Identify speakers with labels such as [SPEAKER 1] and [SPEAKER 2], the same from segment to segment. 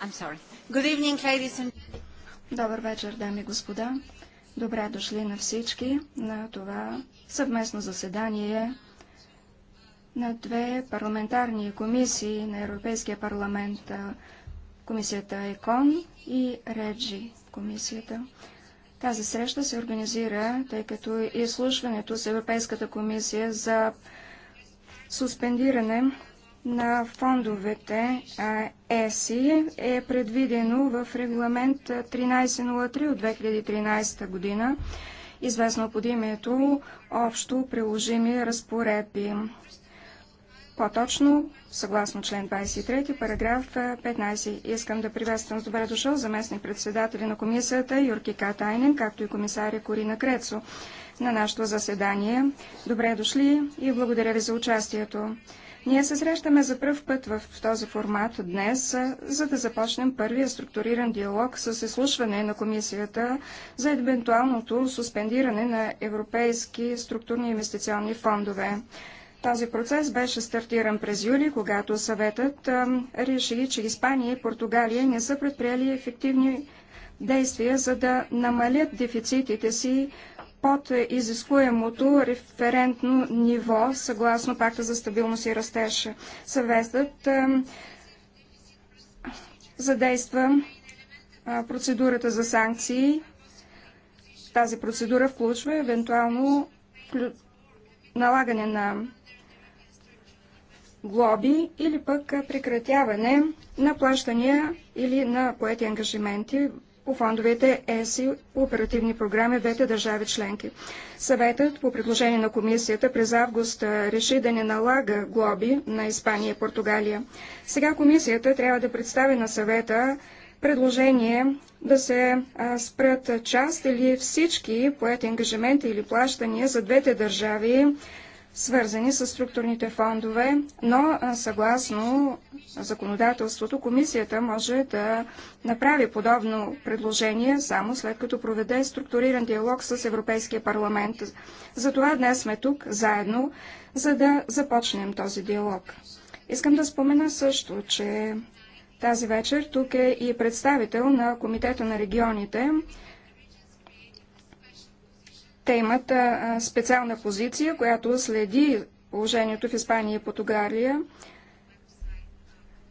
[SPEAKER 1] I'm sorry.
[SPEAKER 2] Good evening, ladies and... Добър вечер, дами и господа. Добре дошли на всички на това съвместно заседание на две парламентарни комисии на Европейския парламент. Комисията ЕКОН и РЕДЖИ комисията. Тази среща се организира, тъй като изслушването с Европейската комисия за суспендиране на фондовете ЕСИ е предвидено в регламент 1303 от 2013 година, известно под името Общо приложими разпоредби. По-точно, съгласно член 23, параграф 15, искам да приветствам с добре дошъл заместник председатели на комисията Юрки Катайнен, както и комисаря Корина Крецо на нашето заседание. Добре дошли и благодаря ви за участието. Ние се срещаме за пръв път в този формат днес, за да започнем първия структуриран диалог с изслушване на комисията за евентуалното суспендиране на европейски структурни инвестиционни фондове. Този процес беше стартиран през юли, когато съветът реши, че Испания и Португалия не са предприели ефективни действия, за да намалят дефицитите си под изискуемото референтно ниво, съгласно Пакта за стабилност и растеж. Съвестът задейства процедурата за санкции. Тази процедура включва евентуално налагане на глоби или пък прекратяване на плащания или на поети ангажименти по фондовете ЕСИ оперативни програми в двете държави членки. Съветът по предложение на комисията през август реши да не налага глоби на Испания и Португалия. Сега комисията трябва да представи на съвета предложение да се спрат част или всички поети ангажименти или плащания за двете държави свързани с структурните фондове, но съгласно законодателството комисията може да направи подобно предложение само след като проведе структуриран диалог с Европейския парламент. Затова днес сме тук заедно, за да започнем този диалог. Искам да спомена също, че тази вечер тук е и представител на Комитета на регионите, те имат специална позиция, която следи положението в Испания и Португалия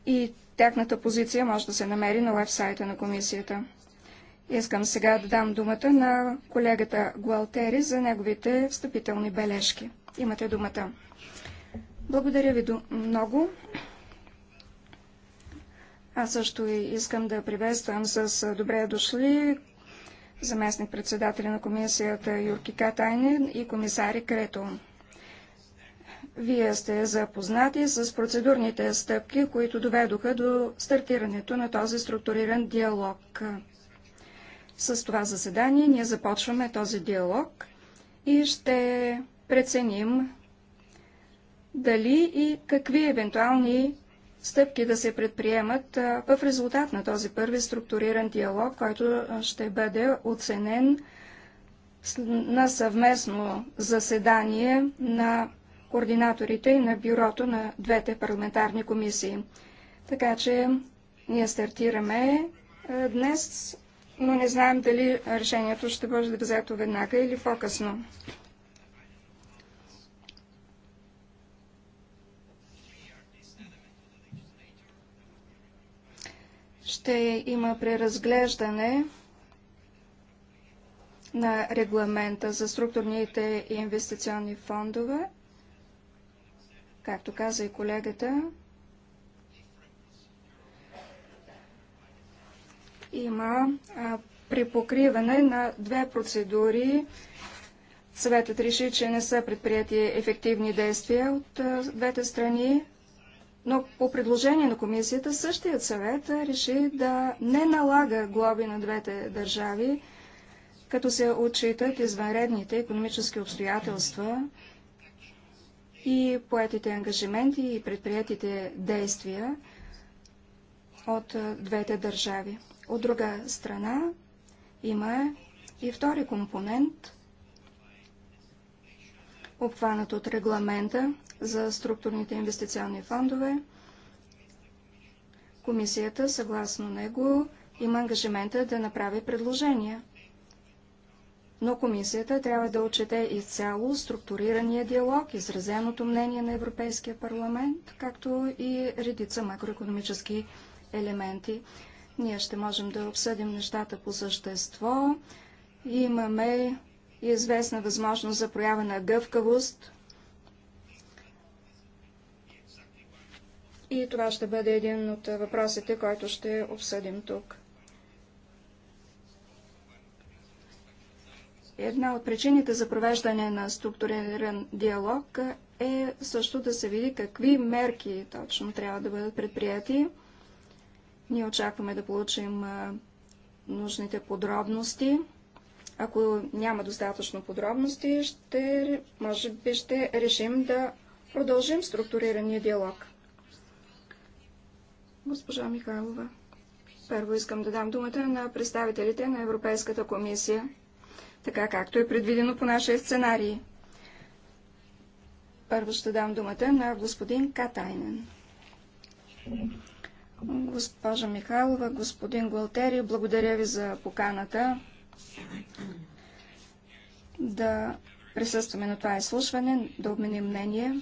[SPEAKER 2] и тяхната позиция може да се намери на вебсайта на комисията. Искам сега да дам думата на колегата Гуалтери за неговите встъпителни бележки. Имате думата. Благодаря ви много. Аз също искам да приветствам с добре дошли заместник председателя на комисията Юрки Катайнен и комисари Крето. Вие сте запознати с процедурните стъпки, които доведоха до стартирането на този структуриран диалог. С това заседание ние започваме този диалог и ще преценим дали и какви евентуални стъпки да се предприемат в резултат на този първи структуриран диалог, който ще бъде оценен на съвместно заседание на координаторите и на бюрото на двете парламентарни комисии. Така че ние стартираме днес, но не знаем дали решението ще бъде взето веднага или по-късно. ще има преразглеждане на регламента за структурните и инвестиционни фондове. Както каза и колегата, има при припокриване на две процедури. Съветът реши, че не са предприяти ефективни действия от двете страни. Но по предложение на комисията същият съвет реши да не налага глоби на двете държави, като се отчитат извънредните економически обстоятелства и поетите ангажименти и предприятите действия от двете държави. От друга страна има и втори компонент – обхванат от регламента за структурните инвестиционни фондове. Комисията, съгласно него, има ангажимента да направи предложения. Но комисията трябва да отчете изцяло структурирания диалог, изразеното мнение на Европейския парламент, както и редица макроекономически елементи. Ние ще можем да обсъдим нещата по същество. Имаме и известна възможност за проява на гъвкавост. И това ще бъде един от въпросите, който ще обсъдим тук. Една от причините за провеждане на структуриран диалог е също да се види какви мерки точно трябва да бъдат предприяти. Ние очакваме да получим нужните подробности. Ако няма достатъчно подробности, ще, може би ще решим да продължим структурирания диалог. Госпожа Михайлова, първо искам да дам думата на представителите на Европейската комисия, така както е предвидено по нашия сценарий. Първо ще дам думата на господин Катайнен. Госпожа Михайлова, господин Гуалтери, благодаря ви за поканата да присъстваме на това изслушване, да обменим мнение.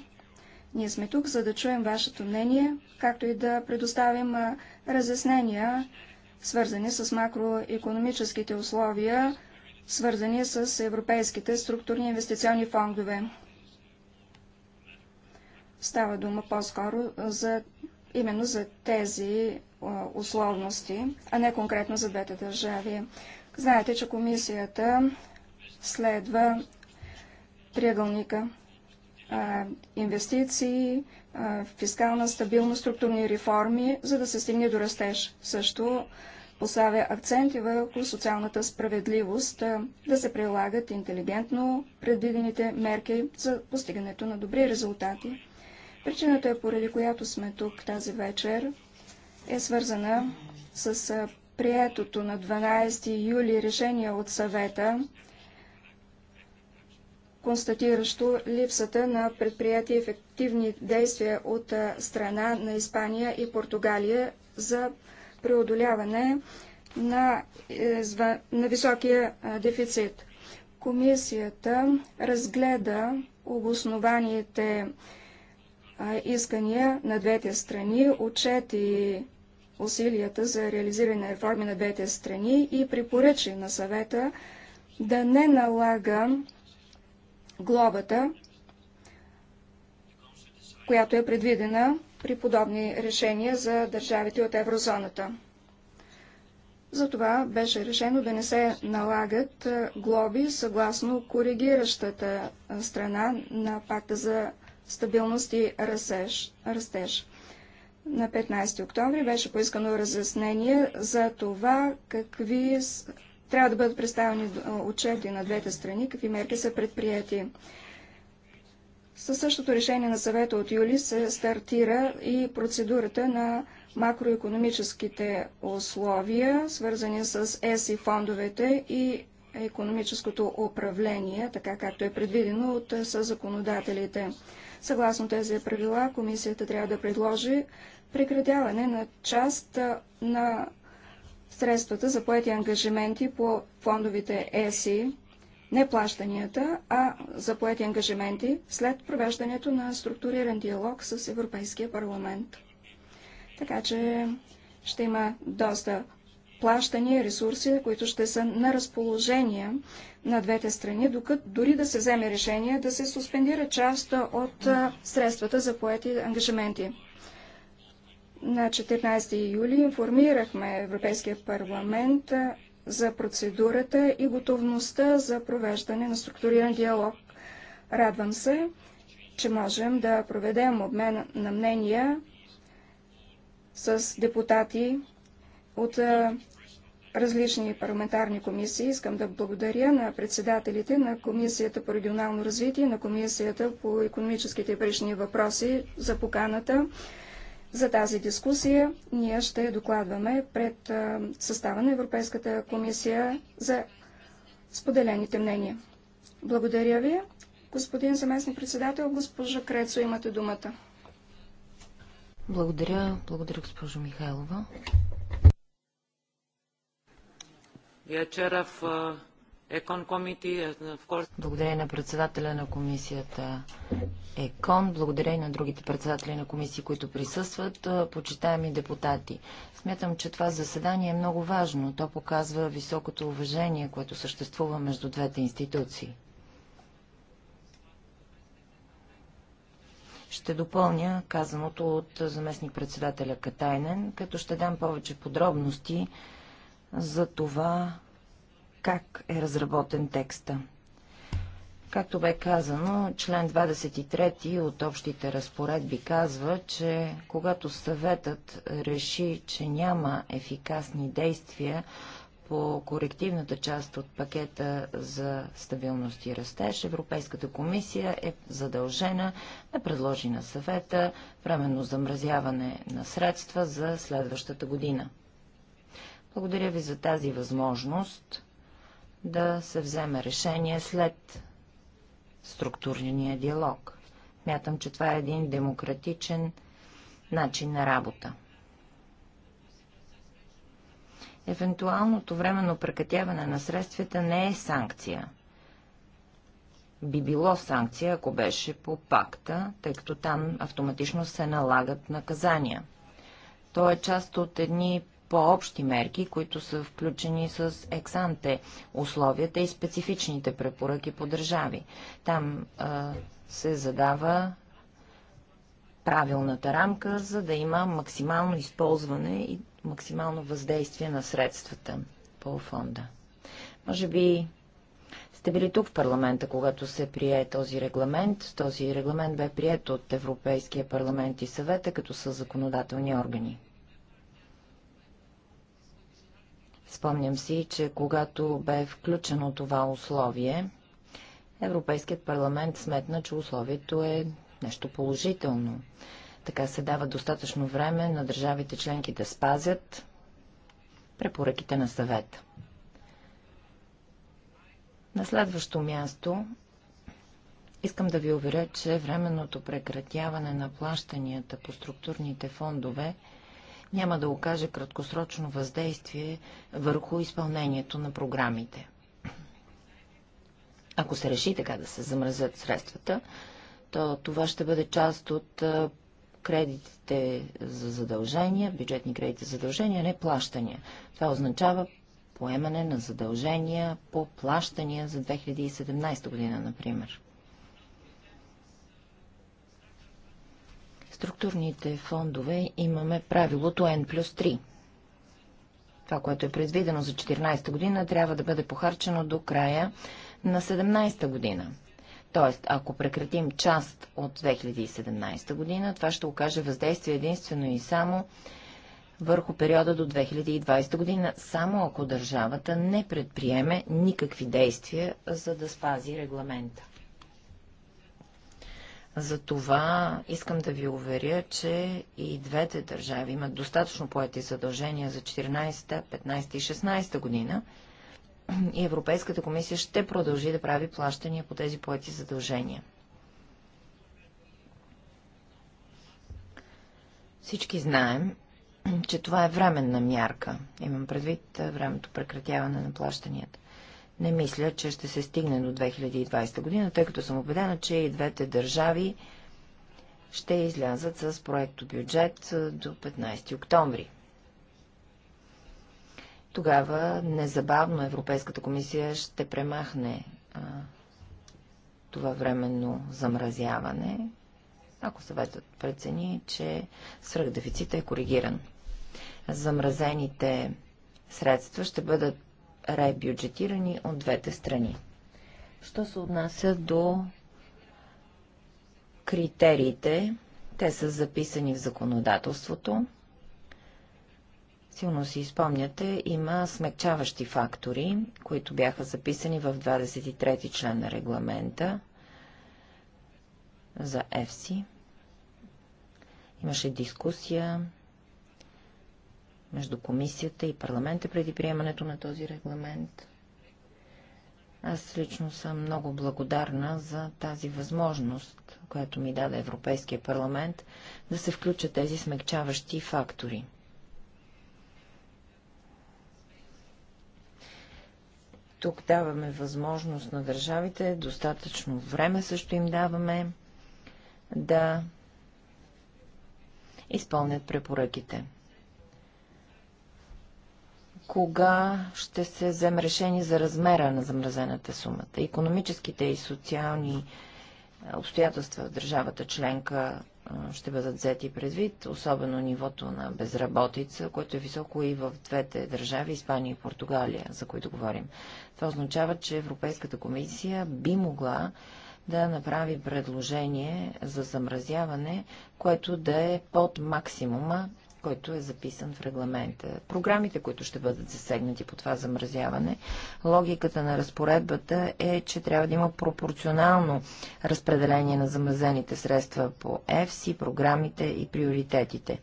[SPEAKER 2] Ние сме тук, за да чуем вашето мнение, както и да предоставим разяснения, свързани с макроекономическите условия, свързани с европейските структурни инвестиционни фондове. Става дума по-скоро за, именно за тези условности, а не конкретно за двете държави. Знаете, че комисията следва триъгълника инвестиции, фискална стабилност, структурни реформи, за да се стигне до растеж. Също поставя акценти върху социалната справедливост, да се прилагат интелигентно предвидените мерки за постигането на добри резултати. Причината, поради която сме тук тази вечер, е свързана с приетото на 12 юли решение от съвета, констатиращо липсата на предприяти ефективни действия от страна на Испания и Португалия за преодоляване на, на високия дефицит. Комисията разгледа обоснованите искания на двете страни, отчети усилията за реализиране на реформи на двете страни и препоръчи на съвета да не налага глобата, която е предвидена при подобни решения за държавите от еврозоната. Затова беше решено да не се налагат глоби съгласно коригиращата страна на пакта за стабилност и растеж на 15 октомври беше поискано разяснение за това какви трябва да бъдат представени отчети на двете страни, какви мерки са предприяти. Със същото решение на съвета от юли се стартира и процедурата на макроекономическите условия, свързани с ЕСИ фондовете и економическото управление, така както е предвидено от съзаконодателите. Съгласно тези правила, комисията трябва да предложи преградяване на част на средствата за поети ангажименти по фондовите ЕСИ, не плащанията, а за поети ангажименти след провеждането на структуриран диалог с Европейския парламент. Така че ще има доста плащания, ресурси, които ще са на разположение на двете страни, докато дори да се вземе решение да се суспендира част от средствата за поети ангажименти. На 14 юли информирахме Европейския парламент за процедурата и готовността за провеждане на структуриран диалог. Радвам се, че можем да проведем обмен на мнения с депутати от различни парламентарни комисии. Искам да благодаря на председателите на Комисията по регионално развитие, на Комисията по економическите и въпроси за поканата. За тази дискусия ние ще докладваме пред състава на Европейската комисия за споделените мнения. Благодаря ви. Господин заместник председател, госпожа Крецо, имате думата.
[SPEAKER 1] Благодаря, благодаря госпожо Михайлова.
[SPEAKER 3] Вечера в е,
[SPEAKER 1] благодаря на председателя на комисията ЕКОН, благодаря и на другите председатели на комисии, които присъстват, е, почитаеми депутати. Смятам, че това заседание е много важно. То показва високото уважение, което съществува между двете институции. Ще допълня казаното от заместник председателя Катайнен, като ще дам повече подробности за това, как е разработен текста. Както бе казано, член 23 от общите разпоредби казва, че когато съветът реши, че няма ефикасни действия по корективната част от пакета за стабилност и растеж, Европейската комисия е задължена да предложи на съвета временно замразяване на средства за следващата година. Благодаря ви за тази възможност да се вземе решение след структурния диалог. Мятам, че това е един демократичен начин на работа. Евентуалното временно прекратяване на средствата не е санкция. Би било санкция, ако беше по пакта, тъй като там автоматично се налагат наказания. То е част от едни по-общи мерки, които са включени с ексанте условията и специфичните препоръки по държави. Там а, се задава правилната рамка, за да има максимално използване и максимално въздействие на средствата по фонда. Може би сте били тук в парламента, когато се прие този регламент. Този регламент бе прият от Европейския парламент и съвета, като са законодателни органи. Спомням си, че когато бе включено това условие, Европейският парламент сметна, че условието е нещо положително. Така се дава достатъчно време на държавите членки да спазят препоръките на съвета. На следващо място искам да ви уверя, че временното прекратяване на плащанията по структурните фондове – няма да окаже краткосрочно въздействие върху изпълнението на програмите. Ако се реши така да се замразят средствата, то това ще бъде част от кредитите за задължения, бюджетни кредити за задължения, не плащания. Това означава поемане на задължения по плащания за 2017 година, например. структурните фондове имаме правилото N плюс 3. Това, което е предвидено за 14-та година, трябва да бъде похарчено до края на 17-та година. Тоест, ако прекратим част от 2017 година, това ще окаже въздействие единствено и само върху периода до 2020 година, само ако държавата не предприеме никакви действия, за да спази регламента. Затова искам да ви уверя, че и двете държави имат достатъчно поети задължения за 14, 15 и 16 година и Европейската комисия ще продължи да прави плащания по тези поети задължения. Всички знаем, че това е временна мярка. Имам предвид времето прекратяване на плащанията не мисля, че ще се стигне до 2020 година, тъй като съм убедена, че и двете държави ще излязат с проекто бюджет до 15 октомври. Тогава незабавно Европейската комисия ще премахне а, това временно замразяване, ако съветът прецени, че сръхдефицита е коригиран. Замразените средства ще бъдат ребюджетирани от двете страни. Що се отнася до критериите, те са записани в законодателството. Силно си изпомняте, има смягчаващи фактори, които бяха записани в 23 член на регламента за ЕФСИ. Имаше дискусия между комисията и парламента преди приемането на този регламент. Аз лично съм много благодарна за тази възможност, която ми даде Европейския парламент, да се включат тези смягчаващи фактори. Тук даваме възможност на държавите, достатъчно време също им даваме да изпълнят препоръките кога ще се вземе решение за размера на замразената сумата. Економическите и социални е, обстоятелства в държавата членка е, ще бъдат взети предвид, особено нивото на безработица, което е високо и в двете държави, Испания и Португалия, за които говорим. Това означава, че Европейската комисия би могла да направи предложение за замразяване, което да е под максимума който е записан в регламента. Програмите, които ще бъдат засегнати по това замразяване, логиката на разпоредбата е, че трябва да има пропорционално разпределение на замразените средства по ЕФСИ, програмите и приоритетите.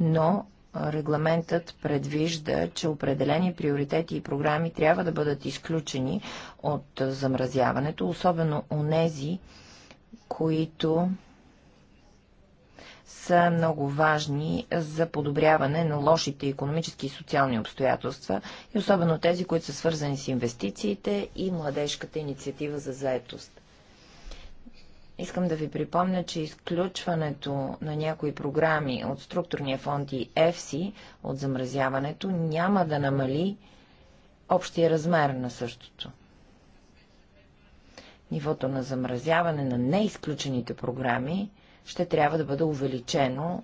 [SPEAKER 1] Но регламентът предвижда, че определени приоритети и програми трябва да бъдат изключени от замразяването, особено нези, които са много важни за подобряване на лошите економически и социални обстоятелства, и особено тези, които са свързани с инвестициите и младежката инициатива за заетост. Искам да ви припомня, че изключването на някои програми от структурния фонд и Ефси от замразяването няма да намали общия размер на същото. Нивото на замразяване на неизключените програми ще трябва да бъде увеличено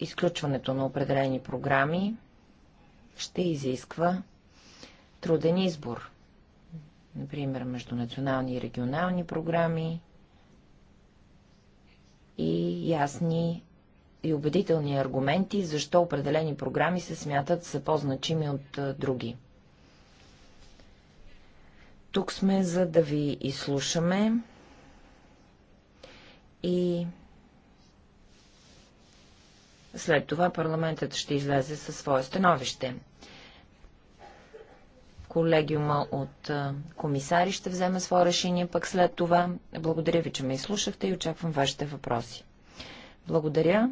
[SPEAKER 1] изключването на определени програми ще изисква труден избор. Например, между национални и регионални програми и ясни и убедителни аргументи, защо определени програми се смятат са по-значими от други. Тук сме, за да ви изслушаме, и след това парламентът ще излезе със свое становище. Колегиума от комисари ще вземе свое решение, пък след това благодаря ви, че ме изслушахте и очаквам вашите въпроси. Благодаря.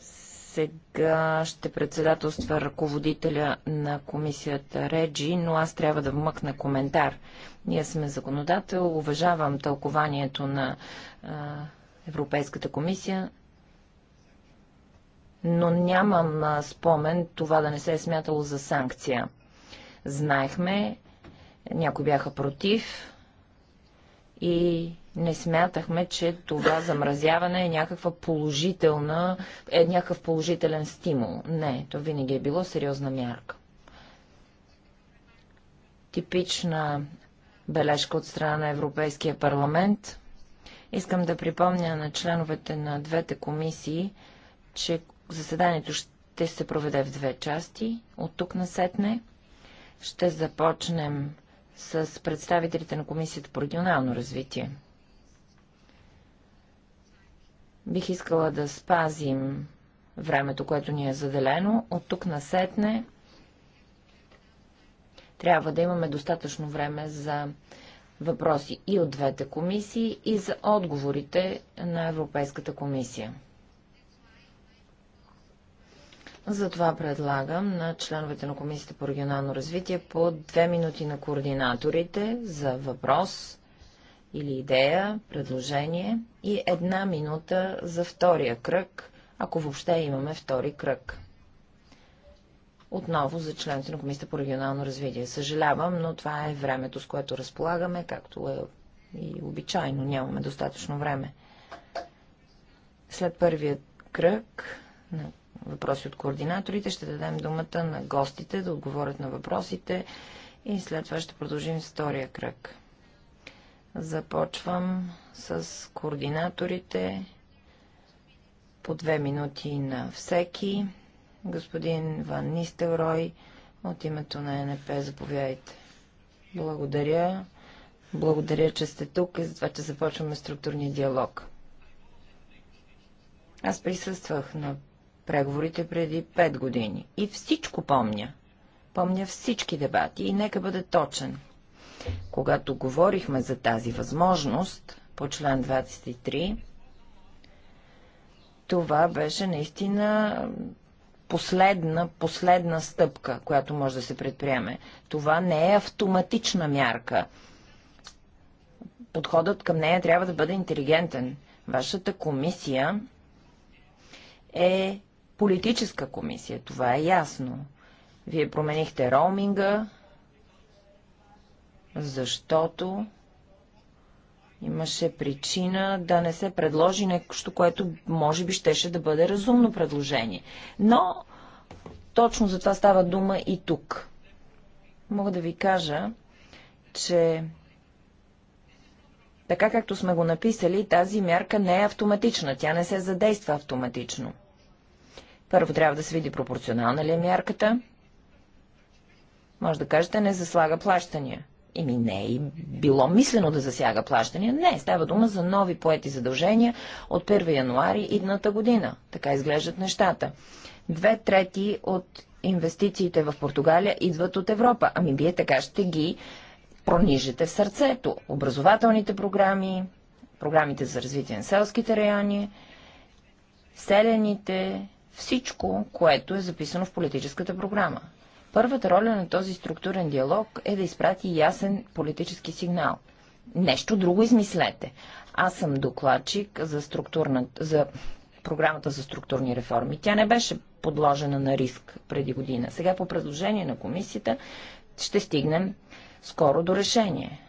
[SPEAKER 1] Сега ще председателства ръководителя на комисията Реджи, но аз трябва да вмъкна коментар. Ние сме законодател, уважавам тълкованието на а, Европейската комисия, но нямам а, спомен това да не се е смятало за санкция. Знаехме, някои бяха против и не смятахме, че това замразяване е някаква положителна, е някакъв положителен стимул. Не, то винаги е било сериозна мярка. Типична бележка от страна на Европейския парламент. Искам да припомня на членовете на двете комисии, че заседанието ще се проведе в две части. От тук на сетне ще започнем с представителите на Комисията по регионално развитие. Бих искала да спазим времето, което ни е заделено. От тук на сетне трябва да имаме достатъчно време за въпроси и от двете комисии, и за отговорите на Европейската комисия. Затова предлагам на членовете на Комисията по регионално развитие по две минути на координаторите за въпрос или идея, предложение и една минута за втория кръг, ако въобще имаме втори кръг отново за членство на Комисията по регионално развитие. Съжалявам, но това е времето, с което разполагаме, както е и обичайно. Нямаме достатъчно време. След първият кръг на въпроси от координаторите ще дадем думата на гостите да отговорят на въпросите и след това ще продължим с втория кръг. Започвам с координаторите по две минути на всеки. Господин Ван Нистелрой от името на НП, заповядайте. Благодаря. Благодаря, че сте тук и за това, че започваме структурния диалог. Аз присъствах на преговорите преди 5 години и всичко помня. Помня всички дебати и нека бъде точен. Когато говорихме за тази възможност по член 23, това беше наистина последна, последна стъпка, която може да се предприеме. Това не е автоматична мярка. Подходът към нея трябва да бъде интелигентен. Вашата комисия е политическа комисия, това е ясно. Вие променихте роуминга, защото Имаше причина да не се предложи нещо, което може би щеше да бъде разумно предложение. Но точно за това става дума и тук. Мога да ви кажа, че така както сме го написали, тази мярка не е автоматична. Тя не се задейства автоматично. Първо трябва да се види пропорционална ли е мярката. Може да кажете, не заслага плащания. Еми не е било мислено да засяга плащания. Не, става дума за нови поети задължения от 1 януари идната година. Така изглеждат нещата. Две трети от инвестициите в Португалия идват от Европа. Ами вие така ще ги пронижите в сърцето. Образователните програми, програмите за развитие на селските райони, селените, всичко, което е записано в политическата програма. Първата роля на този структурен диалог е да изпрати ясен политически сигнал. Нещо друго измислете. Аз съм докладчик за, структурна, за програмата за структурни реформи. Тя не беше подложена на риск преди година. Сега по предложение на комисията ще стигнем скоро до решение.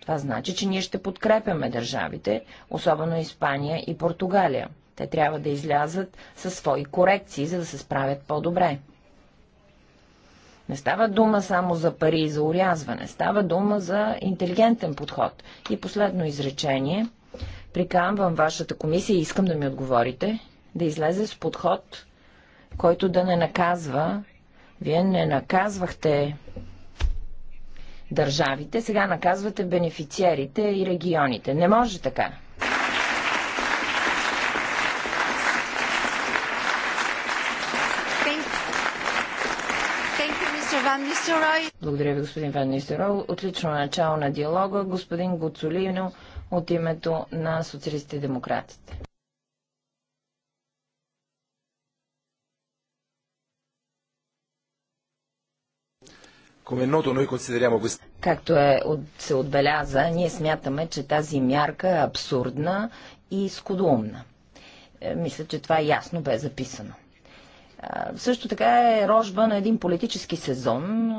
[SPEAKER 1] Това значи, че ние ще подкрепяме държавите, особено Испания и Португалия. Те трябва да излязат със свои корекции, за да се справят по-добре. Не става дума само за пари и за урязване, става дума за интелигентен подход. И последно изречение. Приканвам вашата комисия и искам да ми отговорите да излезе с подход, който да не наказва. Вие не наказвахте държавите, сега наказвате бенефициерите и регионите. Не може така. Благодаря ви, господин Ван Нистерой. Отлично начало на диалога. Господин Гуцулино от името на социалистите и демократите. Както е, от, се отбеляза, ние смятаме, че тази мярка е абсурдна и скудоумна. Е, мисля, че това е ясно бе записано. Също така е рожба на един политически сезон,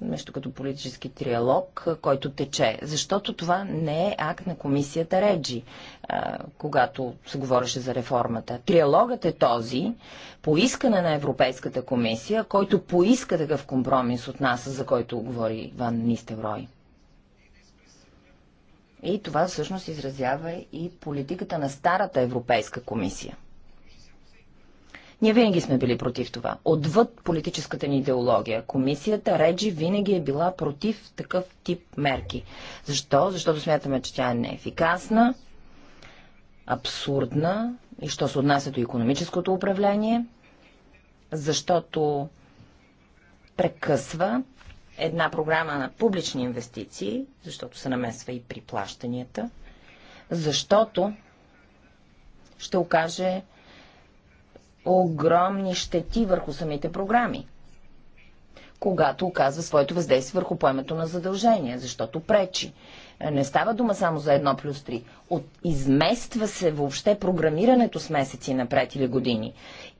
[SPEAKER 1] нещо като политически триалог, който тече. Защото това не е акт на комисията Реджи, когато се говореше за реформата. Триалогът е този, по искане на Европейската комисия, който поиска такъв компромис от нас, за който говори Ван Нистеврой. И това всъщност изразява и политиката на старата Европейска комисия. Ние винаги сме били против това. Отвъд политическата ни идеология. Комисията Реджи винаги е била против такъв тип мерки. Защо? Защото смятаме, че тя е неефикасна, абсурдна и що се отнася до економическото управление, защото прекъсва една програма на публични инвестиции, защото се намесва и при плащанията, защото ще окаже огромни щети върху самите програми, когато оказва своето въздействие върху поемето на задължения, защото пречи. Не става дума само за едно плюс три. От, измества се въобще програмирането с месеци напред или години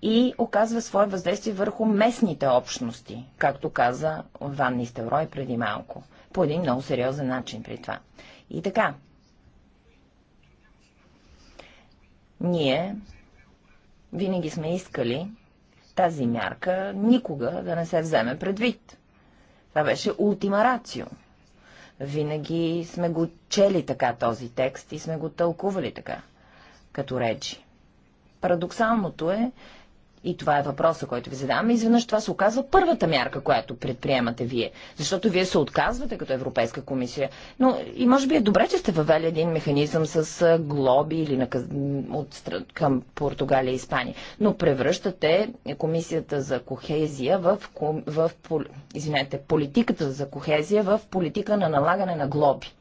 [SPEAKER 1] и оказва свое въздействие върху местните общности, както каза Ван Нистелрой преди малко. По един много сериозен начин при това. И така, ние винаги сме искали тази мярка никога да не се вземе предвид. Това беше ултима рацио. Винаги сме го чели така този текст и сме го тълкували така, като речи. Парадоксалното е, и това е въпроса, който ви задавам. Изведнъж това се оказва първата мярка, която предприемате вие. Защото вие се отказвате като Европейска комисия. Но и може би е добре, че сте въвели един механизъм с глоби или наказ... от... към Португалия и Испания. Но превръщате комисията за кохезия в, в... Извинете, политиката за кохезия в политика на налагане на глоби.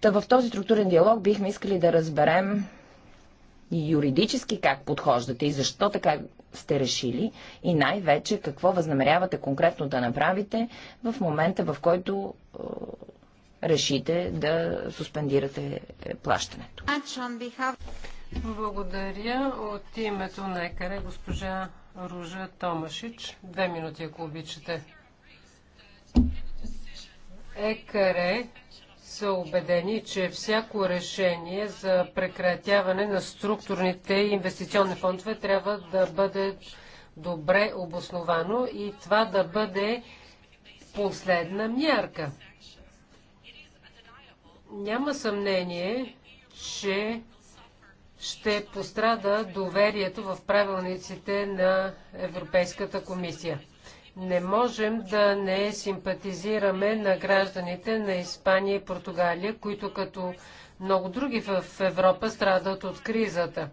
[SPEAKER 1] Та в този структурен диалог бихме искали да разберем юридически как подхождате и защо така сте решили и най-вече какво възнамерявате конкретно да направите в момента, в който е, решите да суспендирате е, плащането.
[SPEAKER 3] Благодаря от името на екаре госпожа Ружа Томашич. Две минути, ако обичате. ЕКАРЕ са убедени, че всяко решение за прекратяване на структурните инвестиционни фондове трябва да бъде добре обосновано и това да бъде последна мярка. Няма съмнение, че ще пострада доверието в правилниците на Европейската комисия. Не можем да не симпатизираме на гражданите на Испания и Португалия, които като много други в Европа страдат от кризата.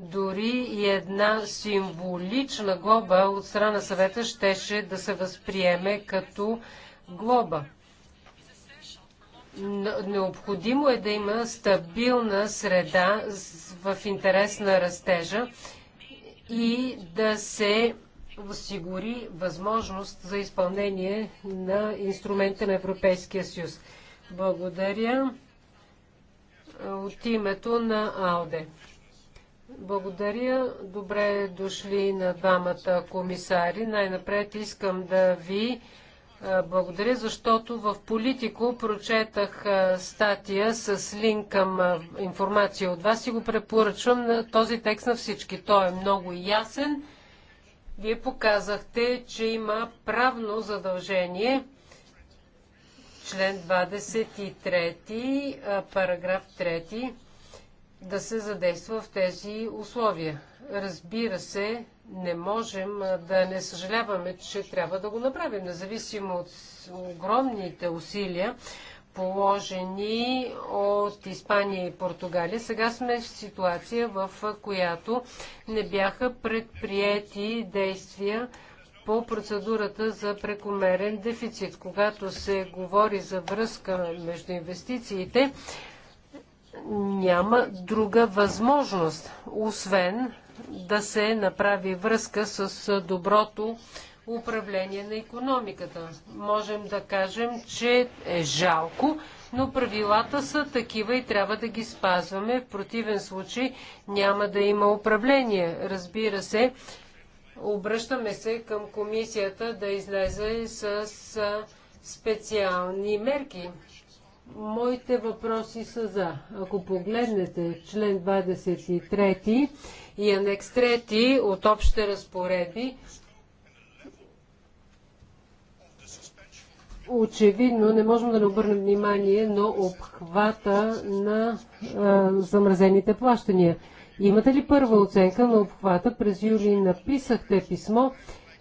[SPEAKER 3] Дори и една символична глоба от страна съвета щеше да се възприеме като глоба. Необходимо е да има стабилна среда в интерес на растежа и да се осигури възможност за изпълнение на инструмента на Европейския съюз. Благодаря от името на АЛДЕ. Благодаря. Добре дошли на двамата комисари. Най-напред искам да ви благодаря, защото в Политико прочетах статия с линк към информация от вас и го препоръчвам на този текст на всички. Той е много ясен вие показахте, че има правно задължение, член 23, параграф 3, да се задейства в тези условия. Разбира се, не можем да не съжаляваме, че трябва да го направим, независимо от огромните усилия, положени от Испания и Португалия. Сега сме в ситуация, в която не бяха предприяти действия по процедурата за прекомерен дефицит. Когато се говори за връзка между инвестициите, няма друга възможност, освен да се направи връзка с доброто управление на економиката. Можем да кажем, че е жалко, но правилата са такива и трябва да ги спазваме. В противен случай няма да има управление. Разбира се, обръщаме се към комисията да излезе с специални мерки. Моите въпроси са за. Ако погледнете член 23 и анекс 3 от общите разпоредби, Очевидно не можем да не обърнем внимание на обхвата на а, замразените плащания. Имате ли първа оценка на обхвата? През юли написахте писмо,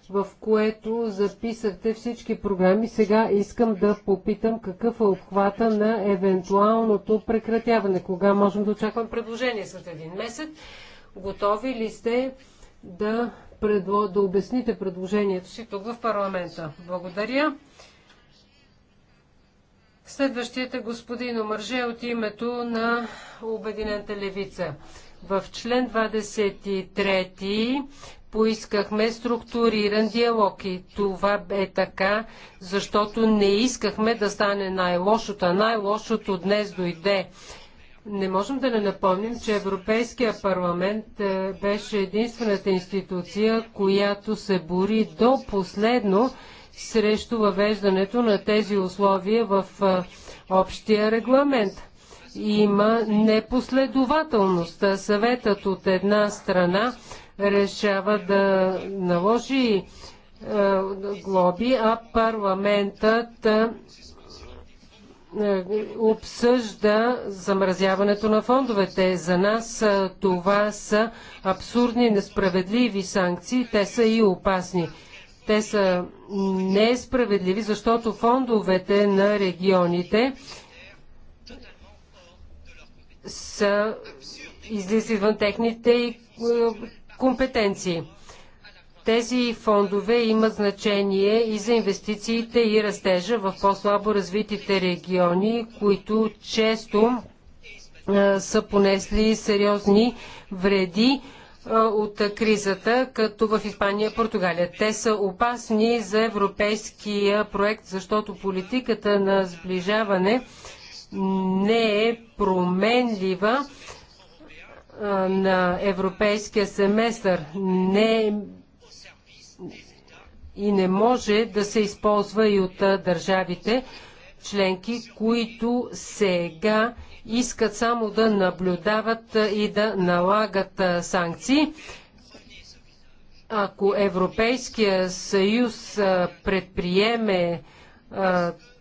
[SPEAKER 3] в което записахте всички програми. Сега искам да попитам какъв е обхвата на евентуалното прекратяване. Кога можем да очаквам предложение след един месец? Готови ли сте да, предло... да обясните предложението си тук в парламента? Благодаря. Следващият е господин Омърже от името на Обединената левица. В член 23 поискахме структуриран диалог и това е така, защото не искахме да стане най-лошото, а най-лошото днес дойде. Не можем да не напомним, че Европейския парламент е, беше единствената институция, която се бори до последно срещу въвеждането на тези условия в общия регламент. Има непоследователност. Съветът от една страна решава да наложи глоби, а парламентът обсъжда замразяването на фондовете. За нас това са абсурдни, несправедливи санкции. Те са и опасни. Те са несправедливи, защото фондовете на регионите са излиза извън техните е, компетенции. Тези фондове имат значение и за инвестициите и растежа в по-слабо развитите региони, които често е, са понесли сериозни вреди от кризата, като в Испания и Португалия. Те са опасни за европейския проект, защото политиката на сближаване не е променлива на европейския семестър. Не и не може да се използва и от държавите членки, които сега искат само да наблюдават и да налагат санкции. Ако Европейския съюз предприеме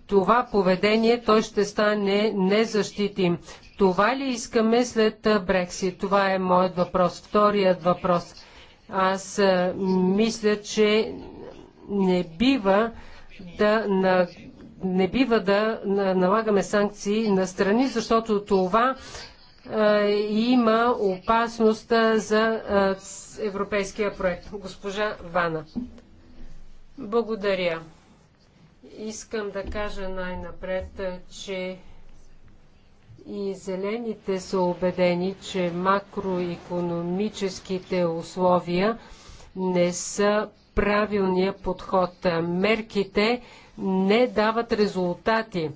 [SPEAKER 3] това поведение, той ще стане незащитим. Това ли искаме след Брексит? Това е моят въпрос. Вторият въпрос. Аз мисля, че не бива да, на, не бива да налагаме санкции на страни, защото това има опасност за европейския проект. Госпожа Вана. Благодаря. Искам да кажа най-напред, че и зелените са убедени, че макроекономическите условия не са правилния подход. Мерките не дават резултати.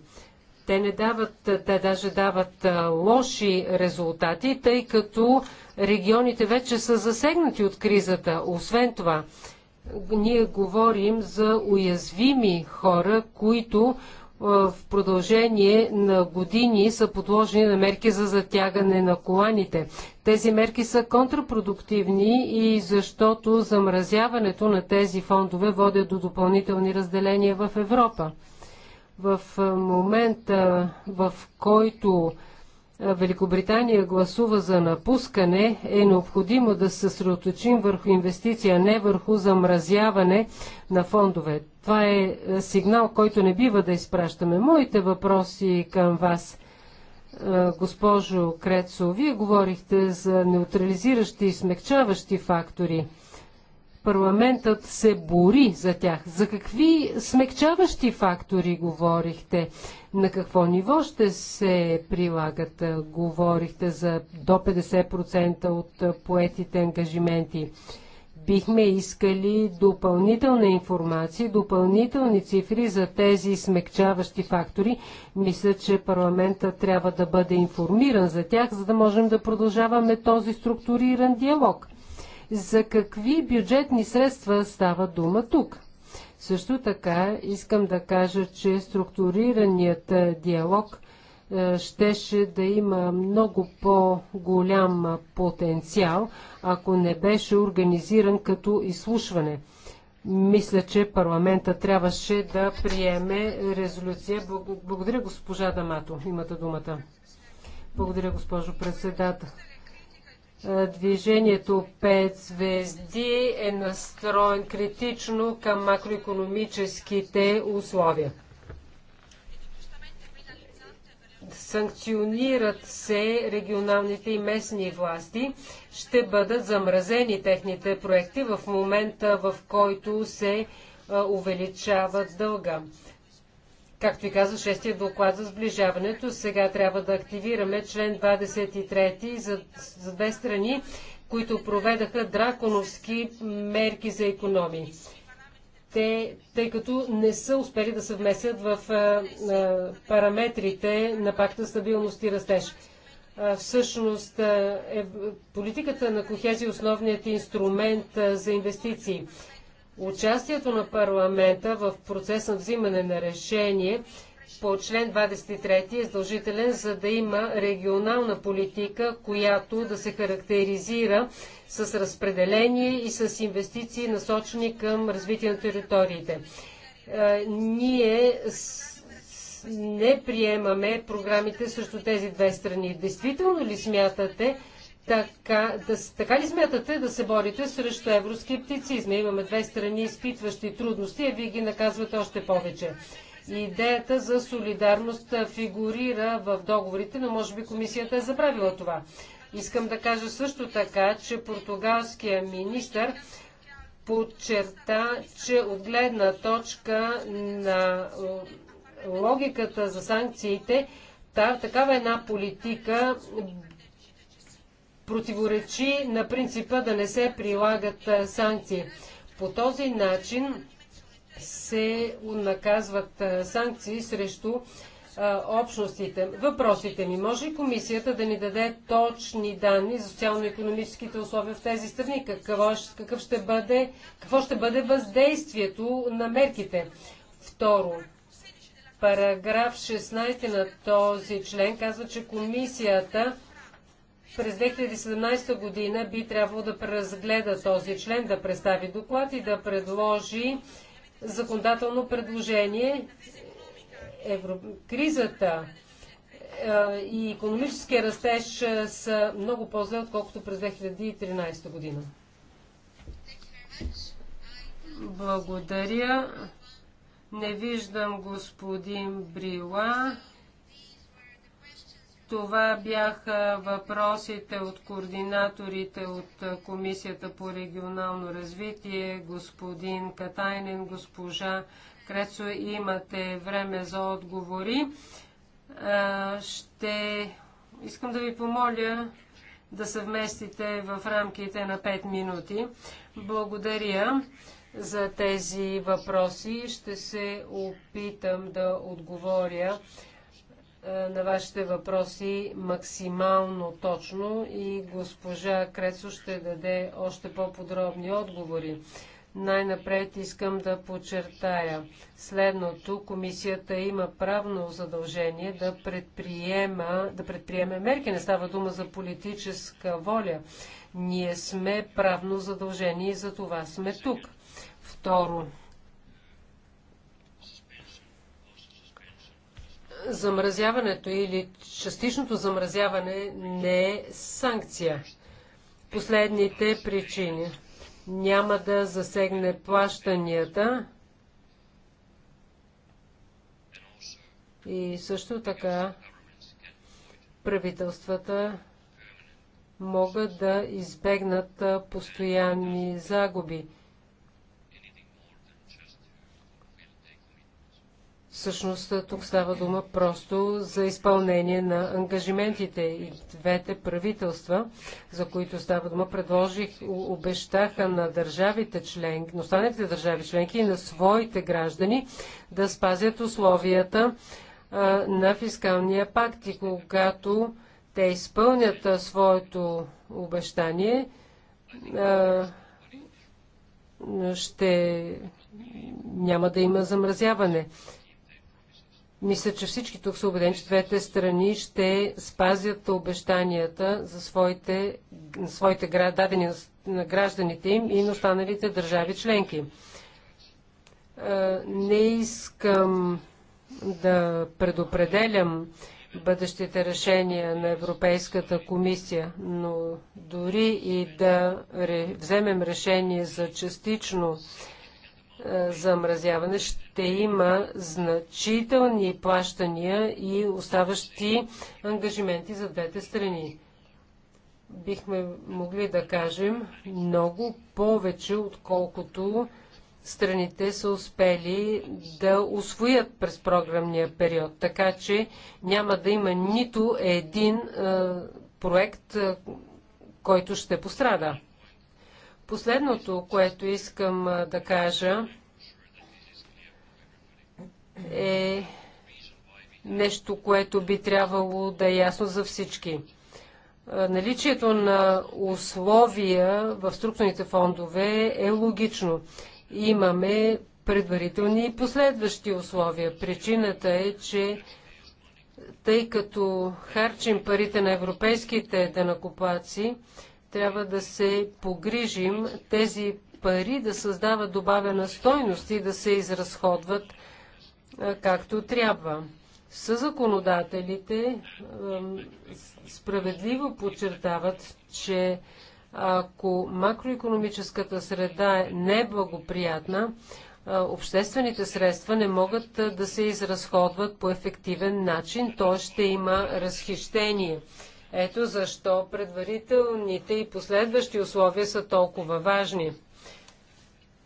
[SPEAKER 3] Те не дават, те даже дават лоши резултати, тъй като регионите вече са засегнати от кризата. Освен това, ние говорим за уязвими хора, които в продължение на години са подложени на мерки за затягане на коланите. Тези мерки са контрапродуктивни и защото замразяването на тези фондове води до допълнителни разделения в Европа. В момента, в който Великобритания гласува за напускане, е необходимо да се съсредоточим върху инвестиция, не върху замразяване на фондове. Това е сигнал, който не бива да изпращаме. Моите въпроси към вас, госпожо Крецо, вие говорихте за неутрализиращи и смягчаващи фактори – парламентът се бори за тях. За какви смекчаващи фактори говорихте? На какво ниво ще се прилагат? Говорихте за до 50% от поетите ангажименти. Бихме искали допълнителна информация, допълнителни цифри за тези смекчаващи фактори. Мисля, че парламента трябва да бъде информиран за тях, за да можем да продължаваме този структуриран диалог за какви бюджетни средства става дума тук. Също така искам да кажа, че структурираният диалог щеше да има много по-голям потенциал, ако не беше организиран като изслушване. Мисля, че парламента трябваше да приеме резолюция. Благодаря, госпожа Дамато. Имате думата. Благодаря, госпожо председател. Е, движението 5 звезди е настроен критично към макроекономическите условия. Санкционират се регионалните и местни власти. Ще бъдат замразени техните проекти в момента, в който се е, увеличават дълга. Както и каза шестия доклад за сближаването, сега трябва да активираме член 23 за, за две страни, които проведаха драконовски мерки за економии. Те, тъй като не са успели да се вмесят в а, а, параметрите на пакта стабилност и растеж. А, всъщност е, политиката на кохезия е основният инструмент за инвестиции Участието на парламента в процес на взимане на решение по член 23 е задължителен, за да има регионална политика, която да се характеризира с разпределение и с инвестиции насочени към развитие на териториите. Е, ние не приемаме програмите срещу тези две страни. Действително ли смятате, така, да, така ли смятате да се борите срещу евроскептицизма? Имаме две страни, изпитващи трудности, а вие ги наказвате още повече. Идеята за солидарност фигурира в договорите, но може би комисията е забравила това. Искам да кажа също така, че португалския министр подчерта, че от гледна точка на е, логиката за санкциите, такава една политика противоречи на принципа да не се прилагат санкции. По този начин се наказват санкции срещу общностите. Въпросите ми. Може ли комисията да ни даде точни данни за социално-економическите условия в тези страни? Какво, е какъв ще бъде, какво ще бъде въздействието на мерките? Второ, параграф 16 на този член казва, че комисията през 2017 година би трябвало да преразгледа този член, да представи доклад и да предложи законодателно предложение. Евро... Кризата и економическия растеж са много по-зле, отколкото през 2013 година. Благодаря. Не виждам господин Брила. Това бяха въпросите от координаторите от Комисията по регионално развитие, господин Катайнен, госпожа Крецо. Имате време за отговори. Ще искам да ви помоля да се вместите в рамките на 5 минути. Благодаря за тези въпроси. Ще се опитам да отговоря е, на вашите въпроси максимално точно и госпожа Крецо ще даде още по-подробни отговори. Най-напред искам да подчертая следното. Комисията има правно задължение да, предприема, да предприеме мерки. Не става дума за политическа воля. Ние сме правно задължени и за това сме тук. Второ, замразяването или частичното замразяване не е санкция. Последните причини няма да засегне плащанията и също така правителствата могат да избегнат постоянни загуби. Всъщност тук става дума просто за изпълнение на ангажиментите и двете правителства, за които става дума, предложих, обещаха на държавите членки, на останалите държави членки и на своите граждани да спазят условията а, на фискалния пакт и когато те изпълнят а, своето обещание, а, ще няма да има замразяване. Мисля, че всички тук са убедени, че двете страни ще спазят обещанията за своите, своите дадени на гражданите им и на останалите държави членки. Не искам да предопределям бъдещите решения на Европейската комисия, но дори и да вземем решение за частично е, замразяване ще има значителни плащания и оставащи ангажименти за двете страни. Бихме могли да кажем много повече, отколкото страните са успели да освоят през програмния период. Така че няма да има нито един е, проект, е, който ще пострада. Последното, което искам да кажа, е нещо, което би трябвало да е ясно за всички. Наличието на условия в структурните фондове е логично. Имаме предварителни и последващи условия. Причината е, че тъй като харчим парите на европейските денакопаци, трябва да се погрижим тези пари да създават добавена стойност и да се изразходват както трябва. Със законодателите справедливо подчертават, че ако макроекономическата среда е неблагоприятна, обществените средства не могат да се изразходват по ефективен начин, то ще има разхищение. Ето защо предварителните и последващи условия са толкова важни.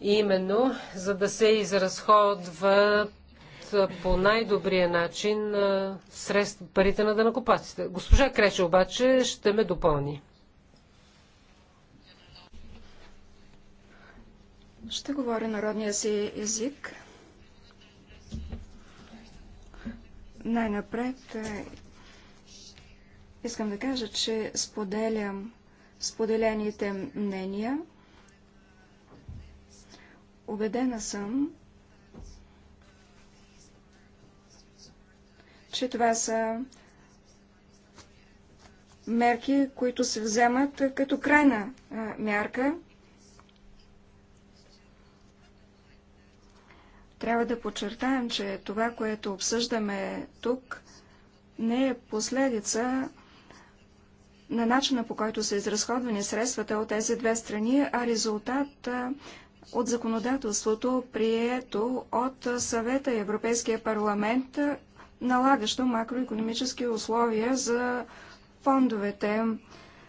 [SPEAKER 3] Именно за да се изразходват по най-добрия начин средства парите на дънакопаците. Госпожа Крече обаче ще ме
[SPEAKER 2] допълни. Ще говоря народния си език. Най-напред е, Искам да кажа, че споделям споделените мнения. Обедена съм, че това са мерки, които се вземат като крайна мярка. Трябва да подчертаем, че това, което обсъждаме тук, не е последица на начина по който са изразходвани средствата от тези две страни, а резултат от законодателството, прието от съвета и Европейския парламент, налагащо макроекономически условия за фондовете.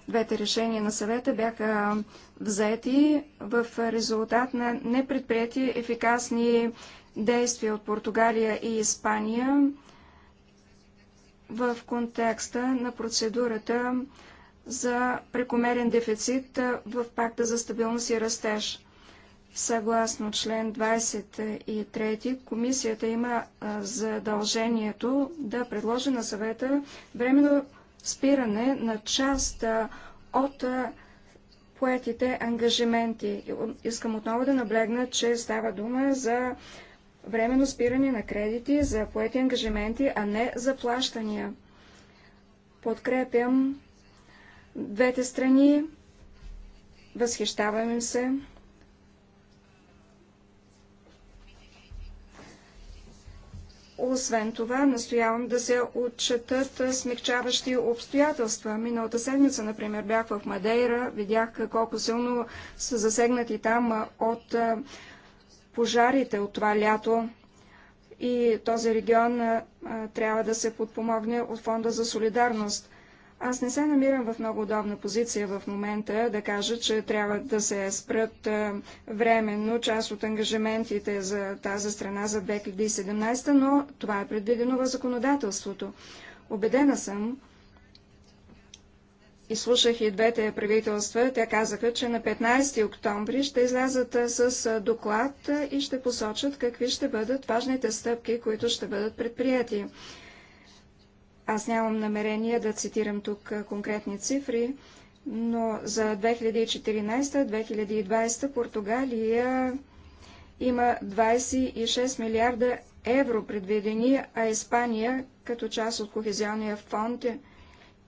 [SPEAKER 2] Двете решения на съвета бяха взети в резултат на непредприяти ефикасни действия от Португалия и Испания в контекста на процедурата за прекомерен дефицит в пакта за стабилност и растеж. Съгласно член 23, комисията има задължението да предложи на съвета временно спиране на част от поетите ангажименти. Искам отново да наблегна, че става дума за временно спиране на кредити, за поети ангажименти, а не за плащания. Подкрепям двете страни. Възхищаваме се. Освен това, настоявам да се отчетат смягчаващи обстоятелства. Миналата седмица, например, бях в Мадейра, видях колко силно са засегнати там от пожарите от това лято. И този регион трябва да се подпомогне от Фонда за солидарност. Аз не се намирам в много удобна позиция в момента да кажа, че трябва да се спрат временно част от ангажиментите за тази страна за 2017, но това е предвидено в законодателството. Обедена съм, и слушах и двете правителства, те казаха, че на 15 октомври ще излязат с доклад и ще посочат какви ще бъдат важните стъпки, които ще бъдат предприяти. Аз нямам намерение да цитирам тук конкретни цифри, но за 2014-2020 Португалия има 26 милиарда евро предвидени, а Испания, като част от Кохезионния фонд,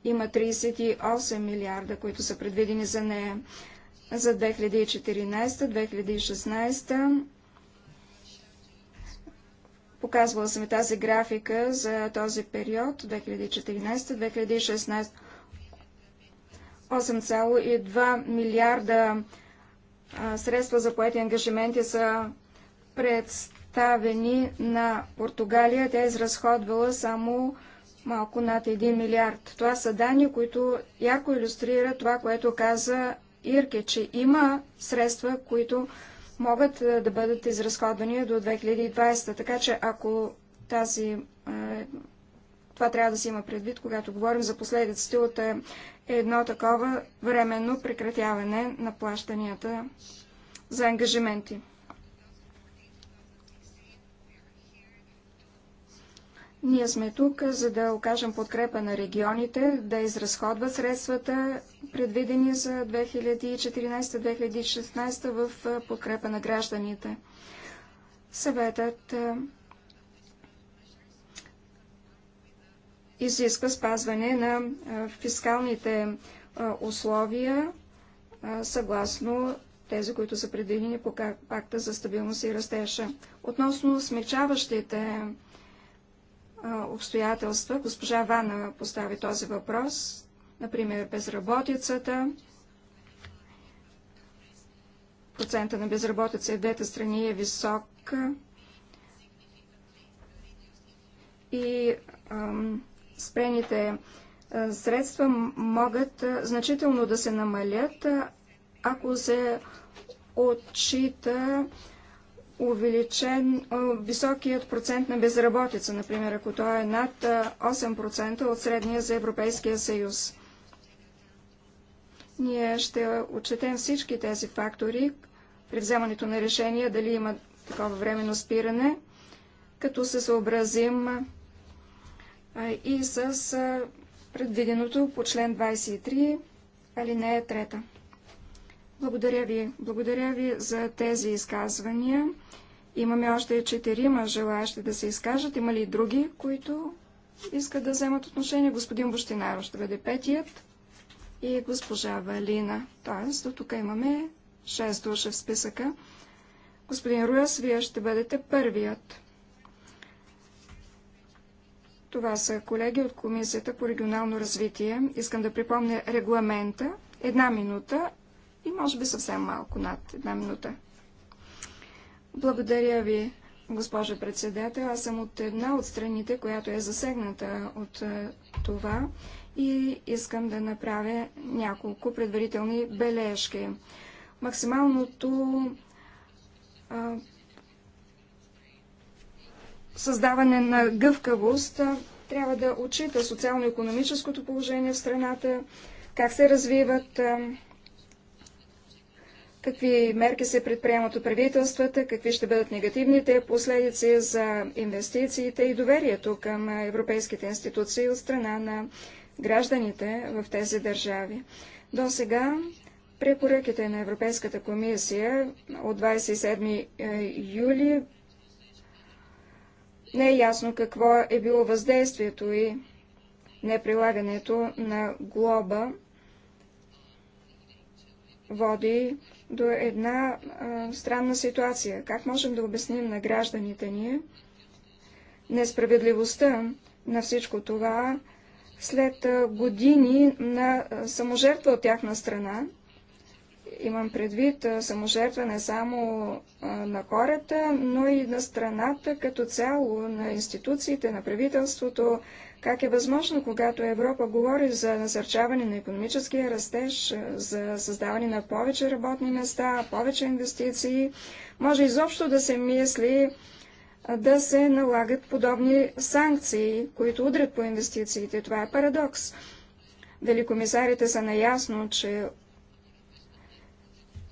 [SPEAKER 2] има 38 милиарда, които са предвидени за нея. За 2014-2016 Показвала съм и тази графика за този период 2014-2016. 8,2 милиарда средства за поети ангажименти са представени на Португалия. Тя е изразходвала само малко над 1 милиард. Това са данни, които яко иллюстрира това, което каза Ирке, че има средства, които могат е, да бъдат изразходвани до 2020. Така че ако тази, е, това трябва да се има предвид, когато говорим за последиците от е, едно такова временно прекратяване на плащанията за ангажименти. Ние сме тук, за да окажем подкрепа на регионите, да изразходват средствата, предвидени за 2014-2016 в подкрепа на гражданите. Съветът изисква спазване на фискалните условия съгласно тези, които са предвидени по пакта за стабилност и растежа. Относно смягчаващите обстоятелства. Госпожа Вана постави този въпрос, например безработицата. Процента на безработица в двете страни е висок и спрените а, средства могат а, значително да се намалят, а, ако се отчита увеличен високият процент на безработица, например, ако той е над 8% от средния за Европейския съюз. Ние ще отчетем всички тези фактори при вземането на решение дали има такова временно спиране, като се съобразим и с предвиденото по член 23, алинея 3. Благодаря ви. Благодаря ви за тези изказвания. Имаме още четирима желаящи да се изкажат. Има ли други, които искат да вземат отношение? Господин Бощинаро ще бъде петият и госпожа Валина. Тоест, до тук имаме 6 души в списъка. Господин Руяс, вие ще бъдете първият. Това са колеги от Комисията по регионално развитие. Искам да припомня регламента. Една минута и може би съвсем малко, над една минута. Благодаря ви, госпожа председател. Аз съм от една от страните, която е засегната от е, това и искам да направя няколко предварителни бележки. Максималното създаване на гъвкавост трябва да отчита социално-економическото положение в страната, как се развиват а, какви мерки се предприемат от правителствата, какви ще бъдат негативните последици за инвестициите и доверието към европейските институции от страна на гражданите в тези държави. До сега препоръките на Европейската комисия от 27 е, юли не е ясно какво е било въздействието и неприлагането на глоба води до една а, странна ситуация. Как можем да обясним на гражданите ни несправедливостта на всичко това след а, години на саможертва от тяхна страна, Имам предвид саможертва не само на хората, но и на страната като цяло, на институциите, на правителството. Как е възможно, когато Европа говори за насърчаване на економическия растеж, за създаване на повече работни места, повече инвестиции, може изобщо да се мисли да се налагат подобни санкции, които удрят по инвестициите. Това е парадокс. Дали комисарите са наясно, че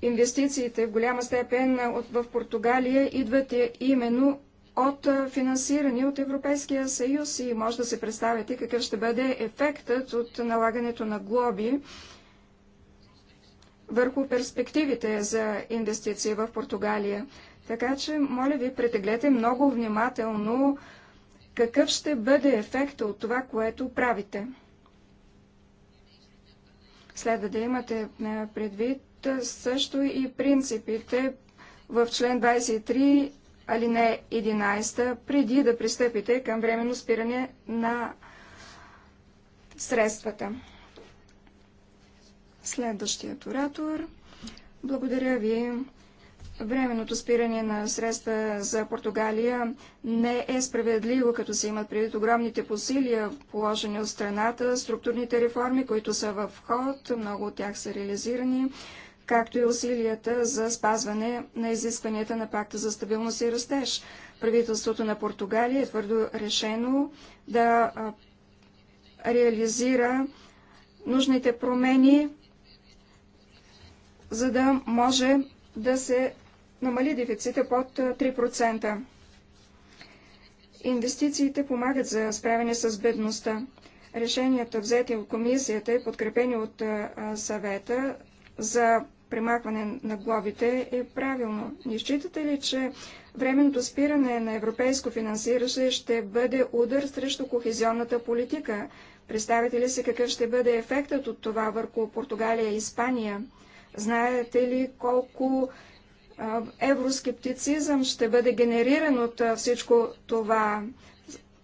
[SPEAKER 2] Инвестициите в голяма степен в Португалия идват именно от финансирани от Европейския съюз и може да се представите какъв ще бъде ефектът от налагането на глоби върху перспективите за инвестиции в Португалия. Така че, моля ви, претеглете много внимателно какъв ще бъде ефектът от това, което правите. Следва да имате предвид, също и принципите в член 23, алинея 11, преди да пристъпите към временно спиране на средствата. Следващият оратор. Благодаря ви. Временното спиране на средства за Португалия не е справедливо, като се имат предвид огромните посилия, положени от страната, структурните реформи, които са в ход, много от тях са реализирани, както и усилията за спазване на изискванията на пакта за стабилност и растеж. Правителството на Португалия е твърдо решено да реализира нужните промени, за да може да се намали дефицита под 3%. Инвестициите помагат за справяне с бедността. Решенията, взети от комисията и подкрепени от съвета, за примахване на глобите е правилно. Не считате ли, че временното спиране на европейско финансиране ще бъде удар срещу кохезионната политика? Представете ли се какъв ще бъде ефектът от това върху Португалия и Испания? Знаете ли колко евроскептицизъм ще бъде генериран от всичко това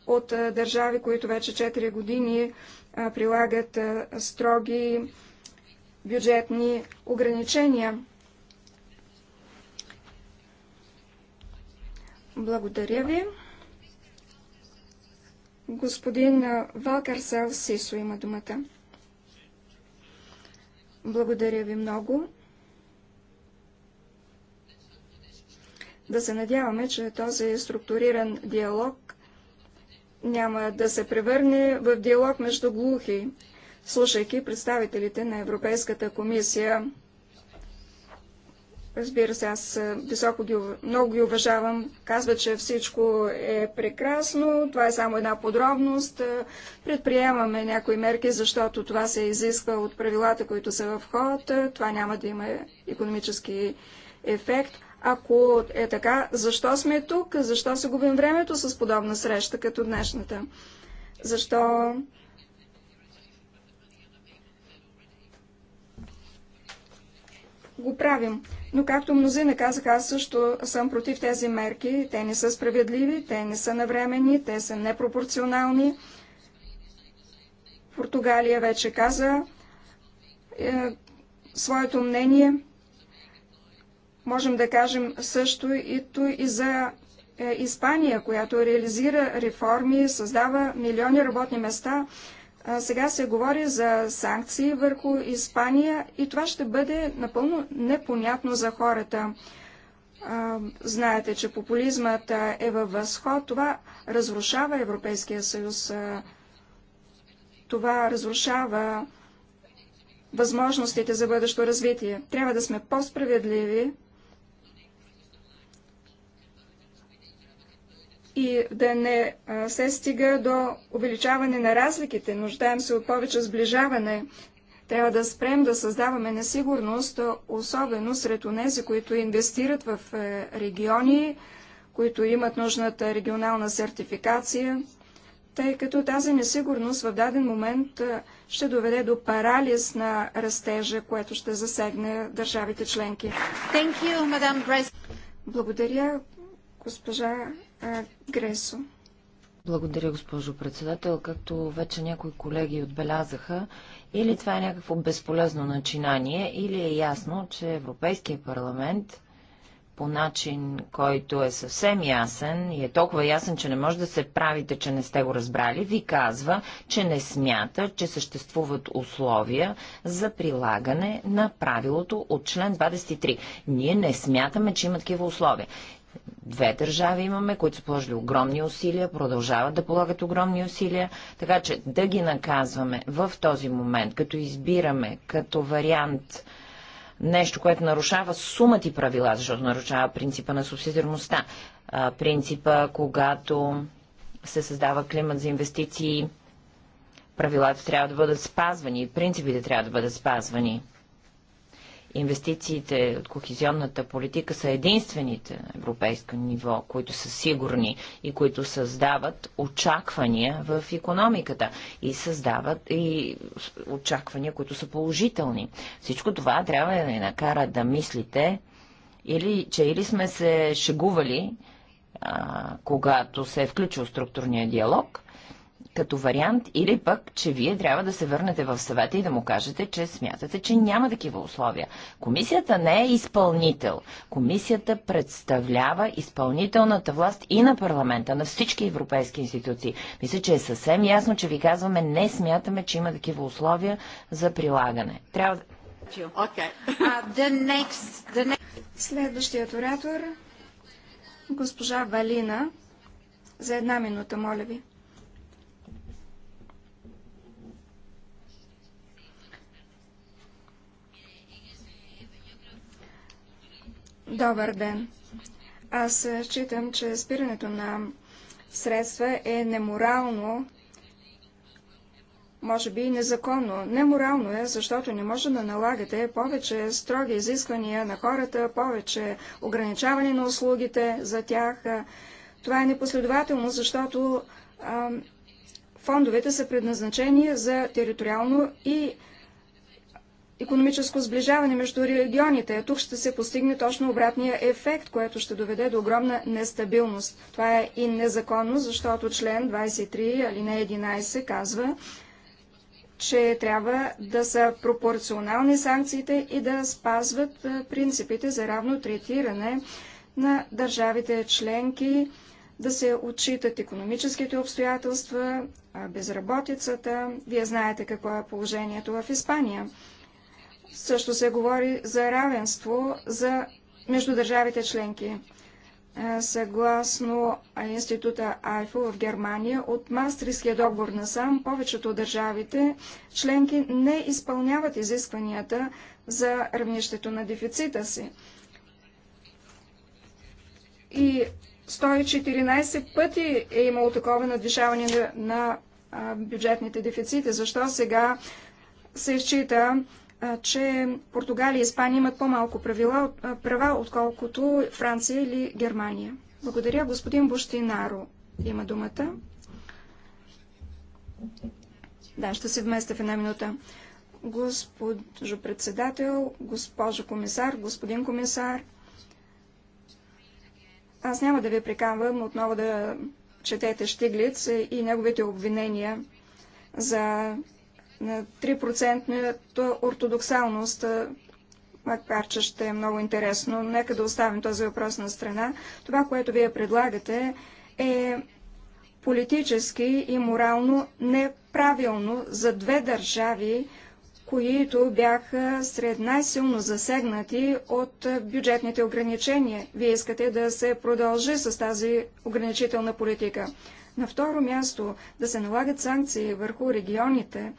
[SPEAKER 2] от държави, които вече 4 години прилагат строги бюджетни ограничения. Благодаря ви. Господин Валкар Сисо има думата. Благодаря ви много. Да се надяваме, че този структуриран диалог няма да се превърне в диалог между глухи слушайки представителите на Европейската комисия. Разбира се, аз високо ги, много ги уважавам. Казва, че всичко е прекрасно, това е само една подробност. Предприемаме някои мерки, защото това се изисква от правилата, които са в ход. Това няма да има економически ефект. Ако е така, защо сме тук? Защо се губим времето с подобна среща като днешната? Защо го правим. Но както мнози наказаха, аз също съм против тези мерки. Те не са справедливи, те не са навремени, те са непропорционални. Португалия вече каза е, своето мнение. Можем да кажем също и, и за е, Испания, която реализира реформи, създава милиони работни места, сега се говори за санкции върху Испания и това ще бъде напълно непонятно за хората. Знаете, че популизмът е във възход. Това разрушава Европейския съюз. Това разрушава възможностите за бъдещо развитие. Трябва да сме по-справедливи, и да не се стига до увеличаване на разликите. Нуждаем се от повече сближаване. Трябва да спрем да създаваме несигурност, особено сред онези, които инвестират в е, региони, които имат нужната регионална сертификация, тъй като тази несигурност в даден момент е, ще доведе до парализ на растежа, което ще засегне държавите членки. Благодаря, госпожа Гресо.
[SPEAKER 1] Благодаря, госпожо председател. Както вече някои колеги отбелязаха, или това е някакво безполезно начинание, или е ясно, че Европейския парламент по начин, който е съвсем ясен и е толкова ясен, че не може да се правите, че не сте го разбрали, ви казва, че не смята, че съществуват условия за прилагане на правилото от член 23. Ние не смятаме, че има такива условия. Две държави имаме, които са положили огромни усилия, продължават да полагат огромни усилия, така че да ги наказваме в този момент, като избираме като вариант нещо, което нарушава сумата и правила, защото нарушава принципа на субсидиарността, принципа, когато се създава климат за инвестиции, правилата трябва да бъдат спазвани, принципите трябва да бъдат спазвани инвестициите от кохезионната политика са единствените на европейско ниво, които са сигурни и които създават очаквания в економиката и създават и очаквания, които са положителни. Всичко това трябва да ни накара да мислите, или, че или сме се шегували, а, когато се е включил структурния диалог, като вариант, или пък, че вие трябва да се върнете в съвета и да му кажете, че смятате, че няма такива условия. Комисията не е изпълнител. Комисията представлява изпълнителната власт и на парламента, на всички европейски институции. Мисля, че е съвсем ясно, че ви казваме, не смятаме, че има такива условия за прилагане. Трябва
[SPEAKER 2] Okay. Uh, the next, the next... Следващият оратор, госпожа Валина, за една минута, моля ви. Добър ден! Аз е, считам, че спирането на средства е неморално, може би и незаконно. Неморално е, защото не може да налагате повече строги изисквания на хората, повече ограничаване на услугите за тях. Това е непоследователно, защото фондовете са предназначени за териториално и економическо сближаване между регионите. Тук ще се постигне точно обратния ефект, което ще доведе до огромна нестабилност. Това е и незаконно, защото член 23, алинея 11 казва, че трябва да са пропорционални санкциите и да спазват принципите за равно третиране на държавите членки, да се отчитат економическите обстоятелства, безработицата. Вие знаете какво е положението в Испания. Също се говори за равенство за между държавите членки. Съгласно института Айфо в Германия, от Мастриския договор насам повечето от държавите членки не изпълняват изискванията за равнището на дефицита си. И 114 пъти е имало такова надвишаване на, на бюджетните дефицити. Защо сега се изчита че Португалия и Испания имат по-малко правила, права, отколкото Франция или Германия. Благодаря. Господин Буштинаро има думата. Да, ще се вместя в една минута. Госпожо председател, госпожо комисар, господин комисар, аз няма да ви приканвам отново да четете Штиглиц и неговите обвинения за 3% ортодоксалност, макар че ще е много интересно. Нека да оставим този въпрос на страна. Това, което вие предлагате, е политически и морално неправилно за две държави, които бяха сред най-силно засегнати от бюджетните ограничения. Вие искате да се продължи с тази ограничителна политика. На второ място да се налагат санкции върху регионите,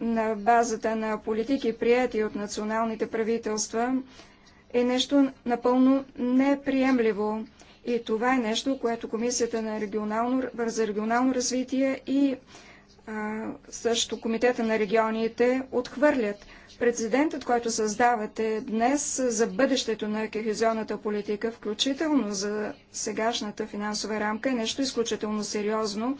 [SPEAKER 2] на базата на политики, прияти от националните правителства, е нещо напълно неприемливо. И това е нещо, което Комисията на регионално, за регионално развитие и а, също Комитета на регионите отхвърлят. Президентът, който създавате днес за бъдещето на кехизионната политика, включително за сегашната финансова рамка, е нещо изключително сериозно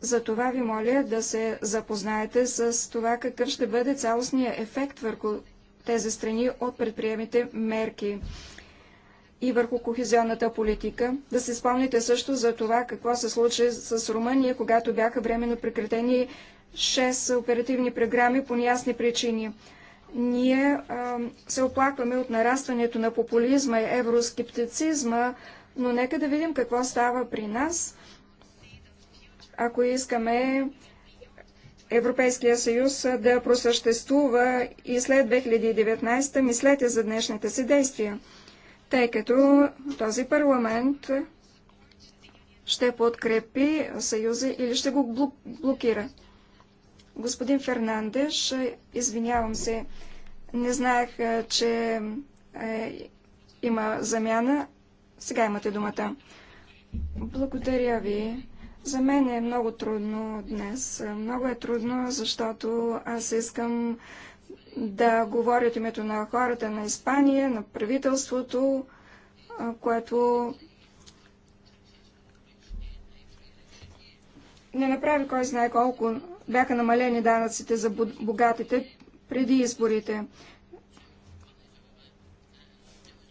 [SPEAKER 2] затова ви моля да се запознаете с това какъв ще бъде цялостният ефект върху тези страни от предприемите мерки и върху кохезионната политика. Да се спомните също за това какво се случи с Румъния, когато бяха временно прекратени 6 оперативни програми по неясни причини. Ние а, се оплакваме от нарастването на популизма и евроскептицизма, но нека да видим какво става при нас ако искаме Европейския съюз да просъществува и след 2019, мислете за днешните си действия, тъй като този парламент ще подкрепи съюза или ще го блокира. Господин Фернандеш, извинявам се, не знаех, е, че е, има замяна. Сега имате думата. Благодаря ви. За мен е много трудно днес. Много е трудно, защото аз искам да говоря от името на хората на Испания, на правителството, което не направи кой знае колко бяха намалени данъците за богатите преди изборите.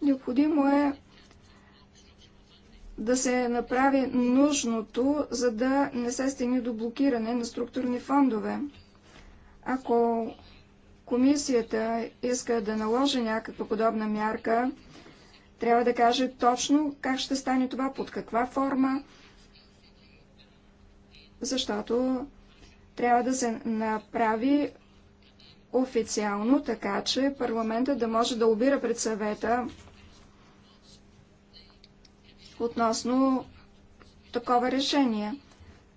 [SPEAKER 2] Необходимо е да се направи нужното, за да не се стигне до блокиране на структурни фондове. Ако комисията иска да наложи някаква подобна мярка, трябва да каже точно как ще стане това, под каква форма, защото трябва да се направи официално, така че парламента да може да обира пред съвета относно такова решение.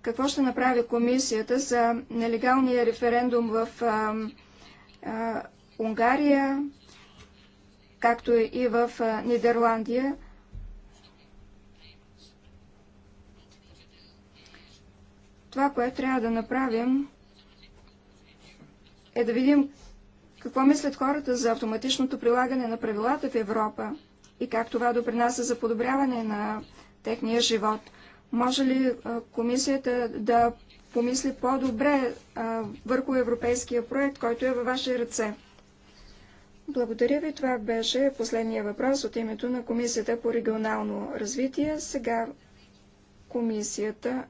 [SPEAKER 2] Какво ще направи комисията за нелегалния референдум в а, а, Унгария, както и в а, Нидерландия? Това, което трябва да направим, е да видим какво мислят хората за автоматичното прилагане на правилата в Европа и как това допринася за подобряване на техния живот. Може ли комисията да помисли по-добре върху европейския проект, който е във ваши ръце? Благодаря ви. Това беше последния въпрос от името на Комисията по регионално развитие. Сега комисията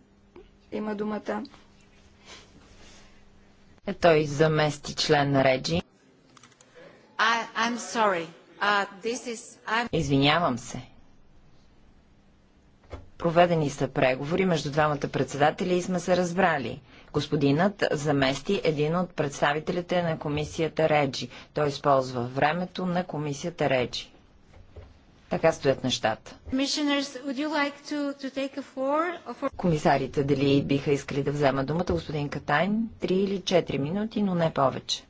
[SPEAKER 2] има думата.
[SPEAKER 1] Е, той замести член на Реджи.
[SPEAKER 2] I, I'm sorry.
[SPEAKER 1] Извинявам се. Проведени са преговори между двамата председатели и сме се разбрали. Господинът замести един от представителите на комисията Реджи. Той използва времето на комисията Реджи. Така стоят нещата. Комисарите дали биха искали да взема думата? Господин Катайн, 3 или 4 минути, но не повече.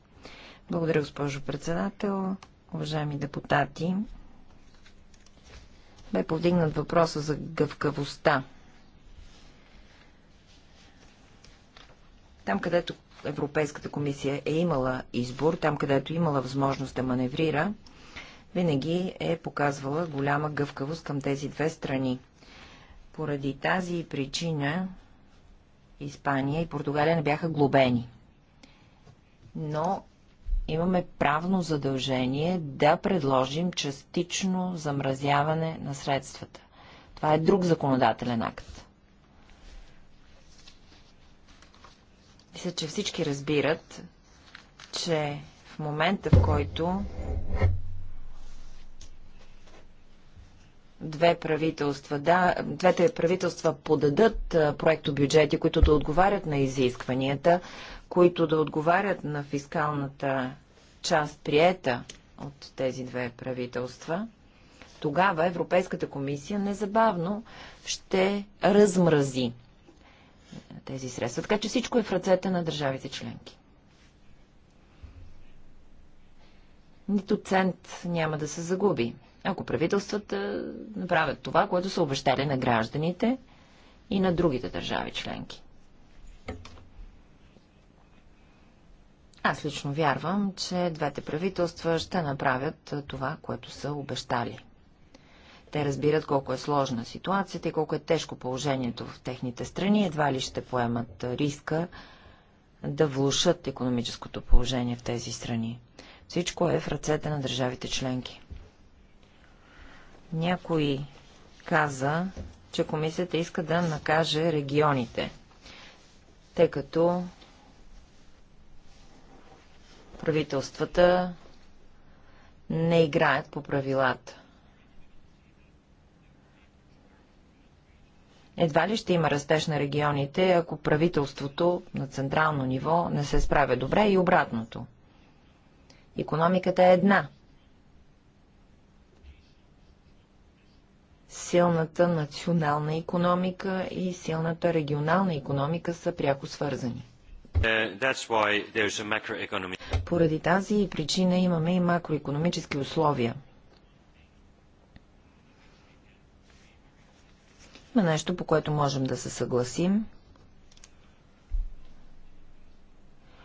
[SPEAKER 1] Благодаря, госпожо председател уважаеми депутати, бе повдигнат въпроса за гъвкавостта. Там, където Европейската комисия е имала избор, там, където е имала възможност да маневрира, винаги е показвала голяма гъвкавост към тези две страни. Поради тази причина Испания и Португалия не бяха глобени. Но имаме правно задължение да предложим частично замразяване на средствата. Това е друг законодателен акт. Мисля, че всички разбират, че в момента, в който две правителства, да, двете правителства подадат проекто бюджети, които да отговарят на изискванията, които да отговарят на фискалната част, приета от тези две правителства, тогава Европейската комисия незабавно ще размрази тези средства. Така че всичко е в ръцете на държавите членки. Нито цент няма да се загуби, ако правителствата направят това, което са обещали на гражданите и на другите държави членки. Аз лично вярвам, че двете правителства ще направят това, което са обещали. Те разбират колко е сложна ситуацията и колко е тежко положението в техните страни, едва ли ще поемат риска да влушат економическото положение в тези страни. Всичко е в ръцете на държавите членки. Някой каза, че комисията иска да накаже регионите, тъй като Правителствата не играят по правилата. Едва ли ще има растеж на регионите, ако правителството на централно ниво не се справя добре и обратното. Економиката е една. Силната национална економика и силната регионална економика са пряко свързани.
[SPEAKER 3] Uh,
[SPEAKER 1] Поради тази причина имаме и макроекономически условия. Има нещо, по което можем да се съгласим.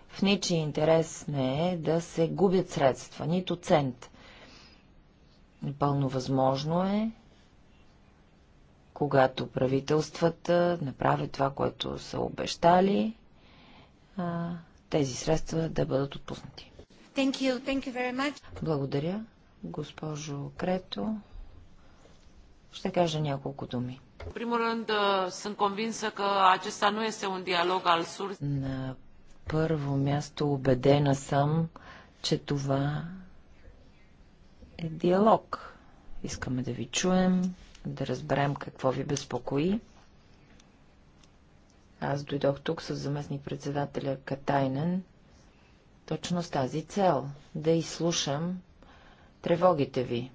[SPEAKER 1] В ничи интерес не е да се губят средства, нито цент. Непълно възможно е, когато правителствата направят това, което са обещали, а, тези средства да бъдат отпуснати.
[SPEAKER 3] Thank you. Thank you very much.
[SPEAKER 1] Благодаря, госпожо Крето. Ще кажа няколко думи. На първо място убедена съм, че това е диалог. Искаме да ви чуем, да разберем какво ви безпокои аз дойдох тук с заместник-председателя Катайнен точно с тази цел – да изслушам тревогите ви,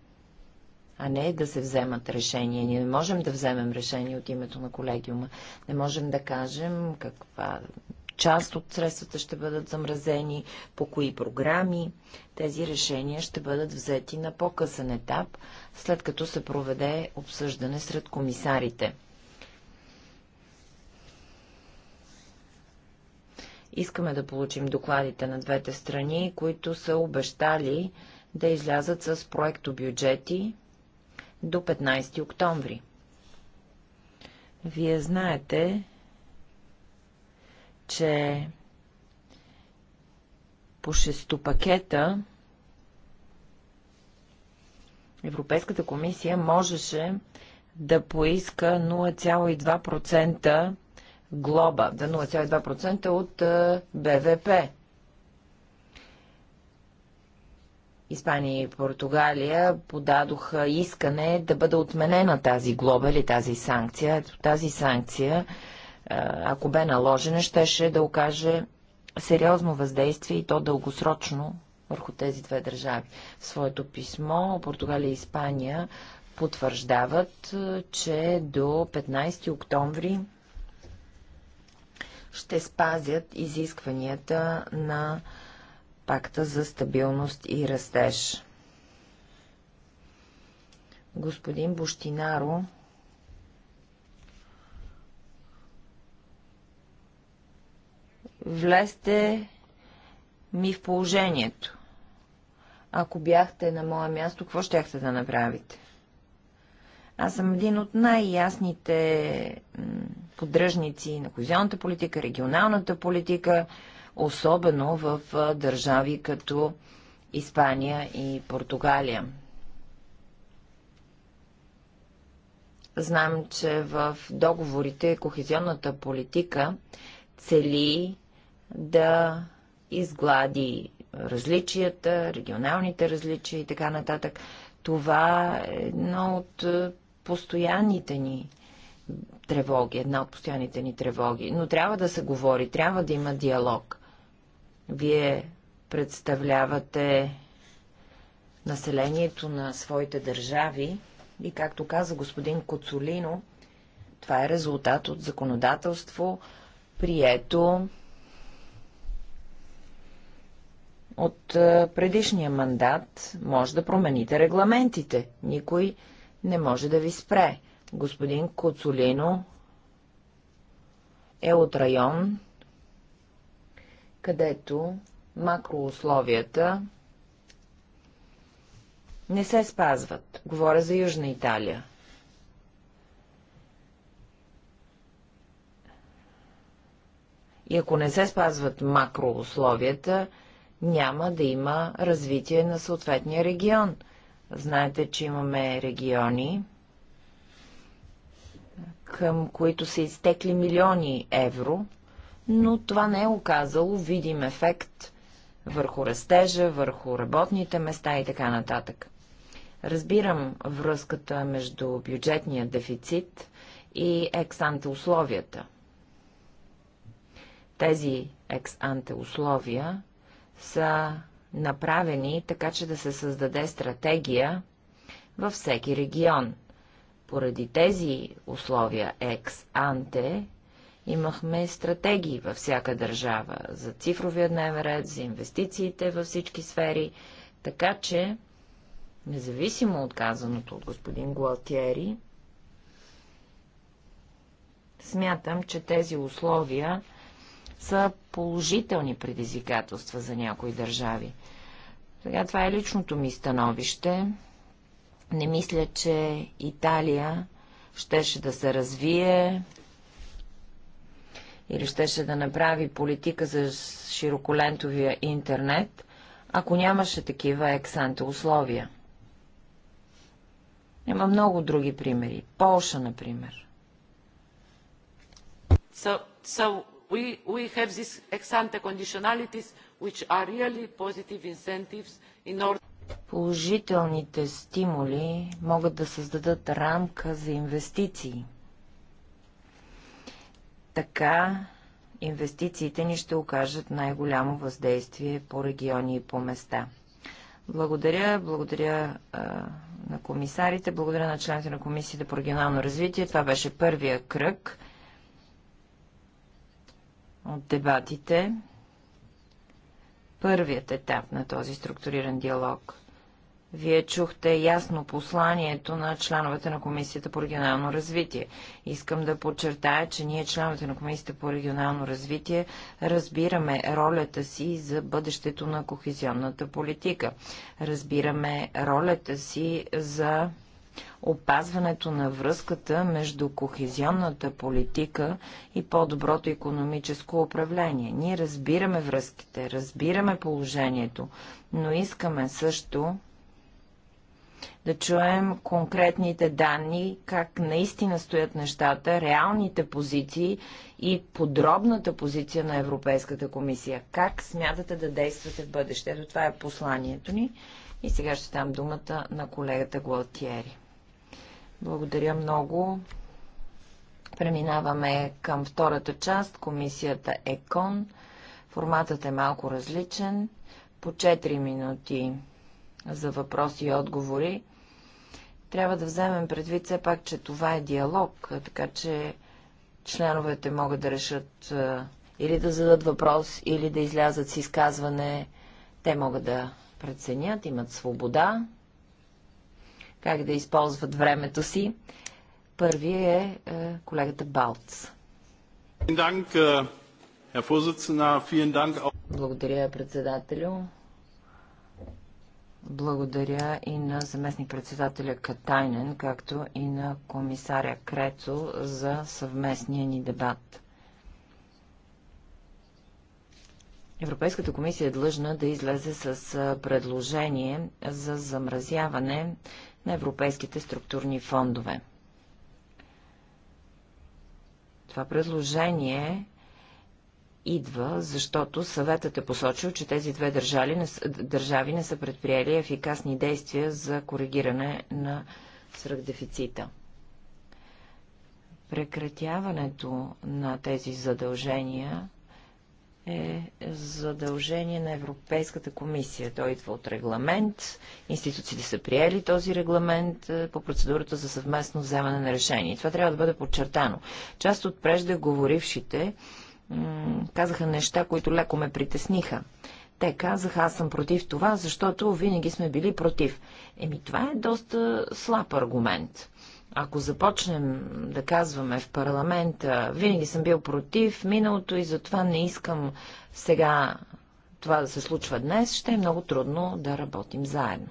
[SPEAKER 1] а не да се вземат решения. Ние не можем да вземем решение от името на колегиума. Не можем да кажем каква част от средствата ще бъдат замразени, по кои програми. Тези решения ще бъдат взети на по-късен етап, след като се проведе обсъждане сред комисарите. Искаме да получим докладите на двете страни, които са обещали да излязат с проекто бюджети до 15 октомври. Вие знаете, че по шестопакета Европейската комисия можеше да поиска 0,2% глоба да 0,2% от БВП. Испания и Португалия подадоха искане да бъде отменена тази глоба или тази санкция. Ето тази санкция, ако бе наложена, щеше да окаже сериозно въздействие и то дългосрочно върху тези две държави. В своето писмо Португалия и Испания потвърждават, че до 15 октомври ще спазят изискванията на пакта за стабилност и растеж. Господин Буштинаро влезте ми в положението. Ако бяхте на мое място, какво щяхте да направите? Аз съм един от най-ясните поддръжници на козионната политика, регионалната политика, особено в държави като Испания и Португалия. Знам, че в договорите кохезионната политика цели да изглади различията, регионалните различия и така нататък. Това е едно от постоянните ни тревоги, една от постоянните ни тревоги. Но трябва да се говори, трябва да има диалог. Вие представлявате населението на своите държави и, както каза господин Коцолино, това е резултат от законодателство, прието от е, предишния мандат. Може да промените регламентите. Никой не може да ви спре. Господин Коцолино е от район, където макроусловията не се спазват. Говоря за Южна Италия. И ако не се спазват макроусловията, няма да има развитие на съответния регион. Знаете, че имаме региони, към които са изтекли милиони евро, но това не е оказало видим ефект върху растежа, върху работните места и така нататък. Разбирам връзката между бюджетния дефицит и ексанте условията. Тези ексанте условия са направени така, че да се създаде стратегия във всеки регион – поради тези условия екс-анте имахме стратегии във всяка държава за цифровия дневен ред, за инвестициите във всички сфери, така че, независимо от казаното от господин Гуалтиери, смятам, че тези условия са положителни предизвикателства за някои държави. Сега това е личното ми становище. Не мисля, че Италия щеше да се развие или щеше да направи политика за широколентовия интернет, ако нямаше такива ексанте условия. Има много други примери. Полша, например.
[SPEAKER 3] So, so we, we have these ex-ante conditionalities, which are really positive incentives in order
[SPEAKER 1] Положителните стимули могат да създадат рамка за инвестиции. Така инвестициите ни ще окажат най-голямо въздействие по региони и по места. Благодаря, благодаря а, на комисарите, благодаря на члените на Комисията по регионално развитие. Това беше първия кръг от дебатите първият етап на този структуриран диалог. Вие чухте ясно посланието на членовете на Комисията по регионално развитие. Искам да подчертая, че ние, членовете на Комисията по регионално развитие, разбираме ролята си за бъдещето на кохезионната политика. Разбираме ролята си за опазването на връзката между кохезионната политика и по-доброто економическо управление. Ние разбираме връзките, разбираме положението, но искаме също да чуем конкретните данни, как наистина стоят нещата, реалните позиции и подробната позиция на Европейската комисия. Как смятате да действате в бъдещето? Това е посланието ни. И сега ще дам думата на колегата Гуалтиери. Благодаря много. Преминаваме към втората част, комисията ЕКОН. Форматът е малко различен. По 4 минути за въпроси и отговори. Трябва да вземем предвид все пак, че това е диалог, така че членовете могат да решат или да зададат въпрос, или да излязат с изказване. Те могат да преценят, имат свобода как да използват времето си. Първият е, е колегата Балц.
[SPEAKER 3] Е,
[SPEAKER 1] Благодаря, председателю. Благодаря и на заместник-председателя Катайнен, както и на комисаря Крецо за съвместния ни дебат. Европейската комисия е длъжна да излезе с е, предложение за замразяване на европейските структурни фондове. Това предложение идва, защото съветът е посочил, че тези две държави не, са, държави не са предприели ефикасни действия за коригиране на свръхдефицита. Прекратяването на тези задължения е задължение на Европейската комисия. Той идва от регламент. Институциите са приели този регламент е, по процедурата за съвместно вземане на решение. Това трябва да бъде подчертано. Част от преждеговорившите казаха неща, които леко ме притесниха. Те казаха, аз съм против това, защото винаги сме били против. Еми, това е доста слаб аргумент. Ако започнем да казваме в парламента, винаги съм бил против миналото и затова не искам сега това да се случва днес, ще е много трудно да работим заедно.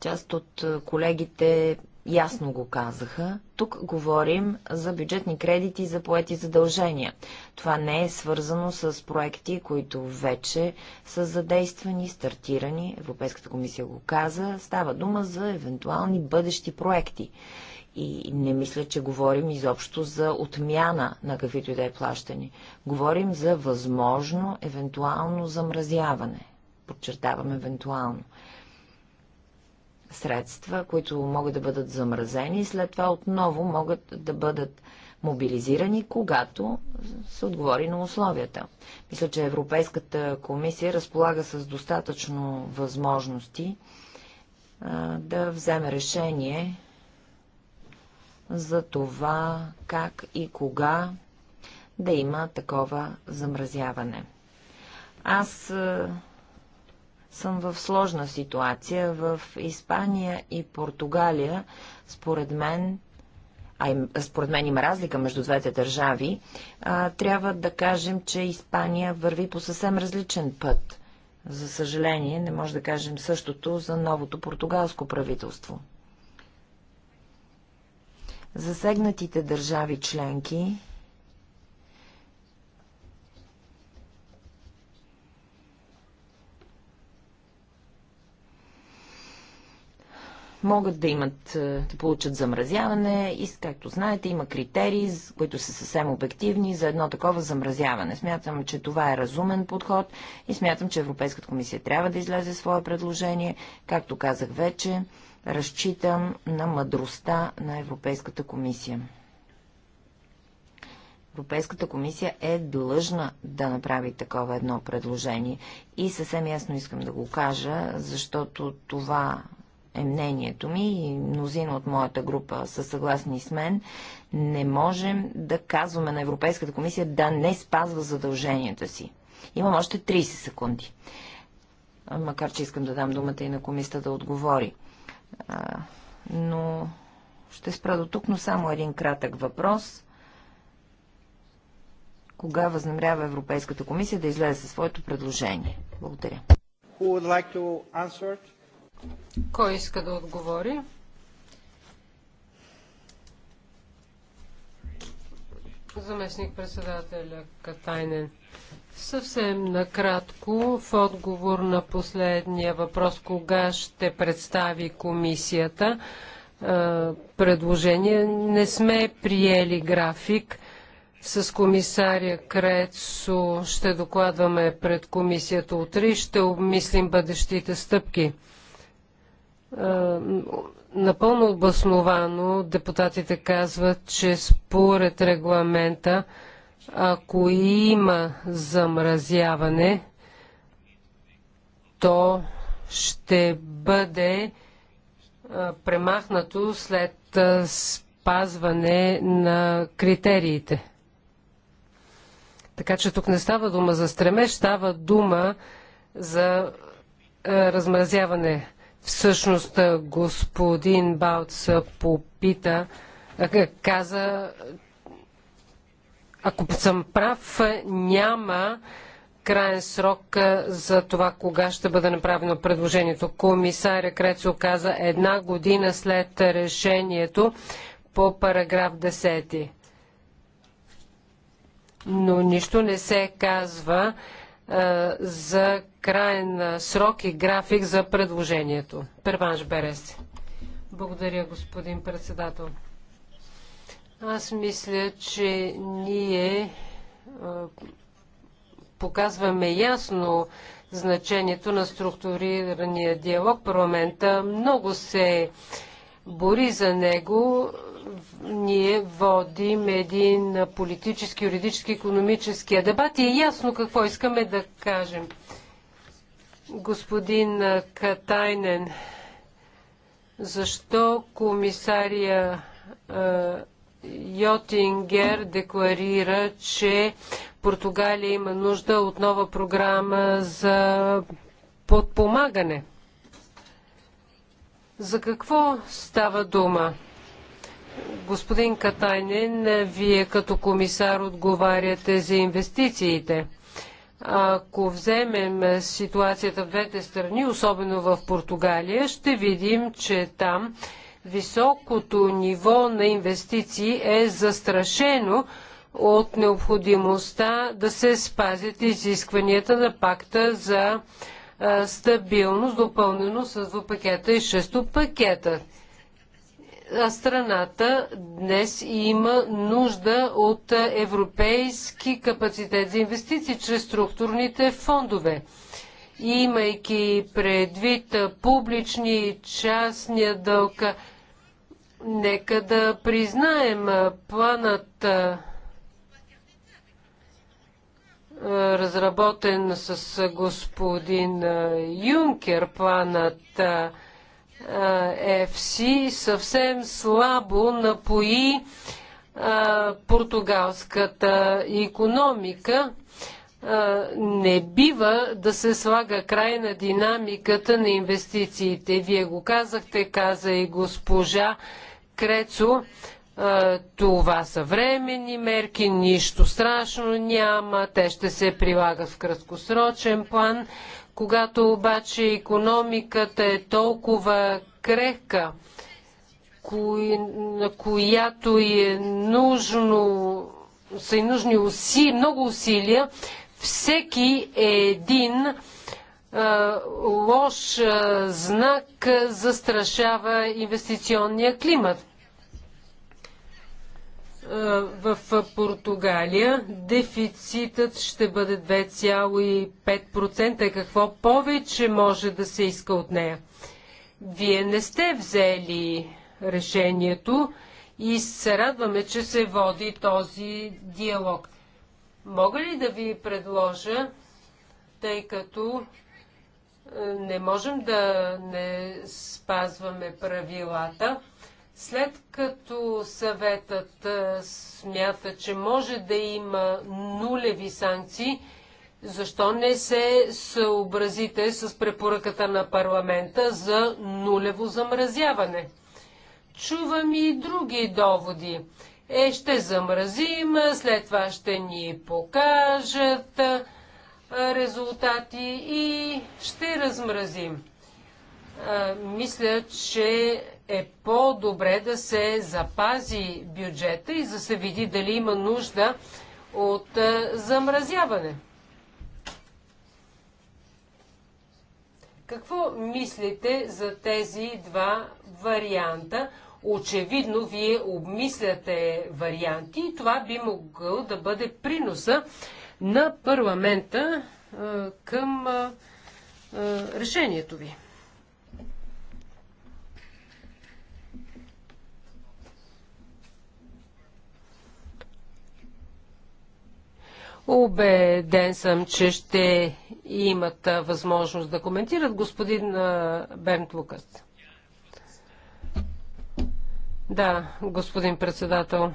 [SPEAKER 1] Част от колегите ясно го казаха, тук говорим за бюджетни кредити за поети задължения. Това не е свързано с проекти, които вече са задействани, стартирани, Европейската комисия го каза, става дума за евентуални бъдещи проекти. И не мисля, че говорим изобщо за отмяна на каквито и да е плащани. Говорим за възможно евентуално замразяване. Подчертавам евентуално средства, които могат да бъдат замразени и след това отново могат да бъдат мобилизирани, когато се отговори на условията. Мисля, че Европейската комисия разполага с достатъчно възможности а, да вземе решение за това как и кога да има такова замразяване. Аз а, съм в сложна ситуация. В Испания и Португалия, според мен, а им, според мен има разлика между двете държави, а, трябва да кажем, че Испания върви по съвсем различен път. За съжаление, не може да кажем същото за новото португалско правителство. Засегнатите държави членки могат да имат, е, да получат замразяване и, както знаете, има критерии, които са съвсем обективни за едно такова замразяване. Смятам, че това е разумен подход и смятам, че Европейската комисия трябва да излезе свое предложение. Както казах вече, разчитам на мъдростта на Европейската комисия. Европейската комисия е длъжна да направи такова едно предложение. И съвсем ясно искам да го кажа, защото това е мнението ми и мнозина от моята група са съгласни с мен, не можем да казваме на Европейската комисия да не спазва задълженията си. Имам още 30 секунди. Макар, че искам да дам думата и на комисията да отговори. А, но ще спра до тук, но само един кратък въпрос. Кога възнамерява Европейската комисия да излезе със своето предложение? Благодаря.
[SPEAKER 3] Who would like to answer? It? Кой иска да отговори? Заместник председателя Катайнен. Съвсем накратко, в отговор на последния въпрос, кога ще представи комисията предложение, не сме приели график. С комисаря Крецо ще докладваме пред комисията утре и ще обмислим бъдещите стъпки. Е, напълно обосновано депутатите казват, че според регламента, ако има замразяване, то ще бъде е, премахнато след е, спазване на критериите. Така че тук не става дума за стремеж, става дума за размразяване. Всъщност господин Балц попита, каза, ако съм прав, няма краен срок за това кога ще бъде направено предложението. Комисаря Крецо каза една година след решението по параграф 10. Но нищо не се казва е, за крайен срок и график за предложението. Перванш Берес. Благодаря, господин председател. Аз мисля, че ние е, показваме ясно значението на структурирания диалог. Парламента много се бори за него ние водим един политически, юридически, економически дебат и е ясно какво искаме да кажем. Господин Катайнен, защо комисария Йотингер декларира, че Португалия има нужда от нова програма за подпомагане. За какво става дума? Господин Катайнен, вие като комисар отговаряте за инвестициите. Ако вземем ситуацията в двете страни, особено в Португалия, ще видим, че там високото ниво на инвестиции е застрашено от необходимостта да се спазят изискванията на пакта за стабилност, допълнено с два пакета и шесто пакета страната днес има нужда от европейски капацитет за инвестиции чрез структурните фондове. Имайки предвид публични и частния дълг, нека да признаем планът разработен с господин Юнкер, планът FC е съвсем слабо напои португалската економика. Не бива да се слага край на динамиката на инвестициите. Вие го казахте, каза и госпожа Крецо. Това са временни мерки, нищо страшно няма, те ще се прилагат в краткосрочен план, когато обаче економиката е толкова крехка, кои, на която е нужно, са и нужни уси, много усилия, всеки е един а, лош а, знак застрашава инвестиционния климат. Е, в Португалия дефицитът ще бъде 2,5%. Какво повече може да се иска от нея? Вие не сте взели решението и се радваме, че се води този диалог. Мога ли да ви предложа, тъй като е, не можем да не спазваме правилата, след като съветът смята, че може да има нулеви санкции, защо не се съобразите с препоръката на парламента за нулево замразяване? Чувам и други доводи. Е, ще замразим, след това ще ни покажат резултати и ще размразим. А, мисля, че е по-добре да се запази бюджета и да се види дали има нужда от е, замразяване. Какво мислите за тези два варианта? Очевидно, вие обмисляте варианти и това би могъл да бъде приноса на парламента е, към е, решението ви. Убеден съм, че ще имат възможност да коментират господин Бернт Лукас. Да, господин председател.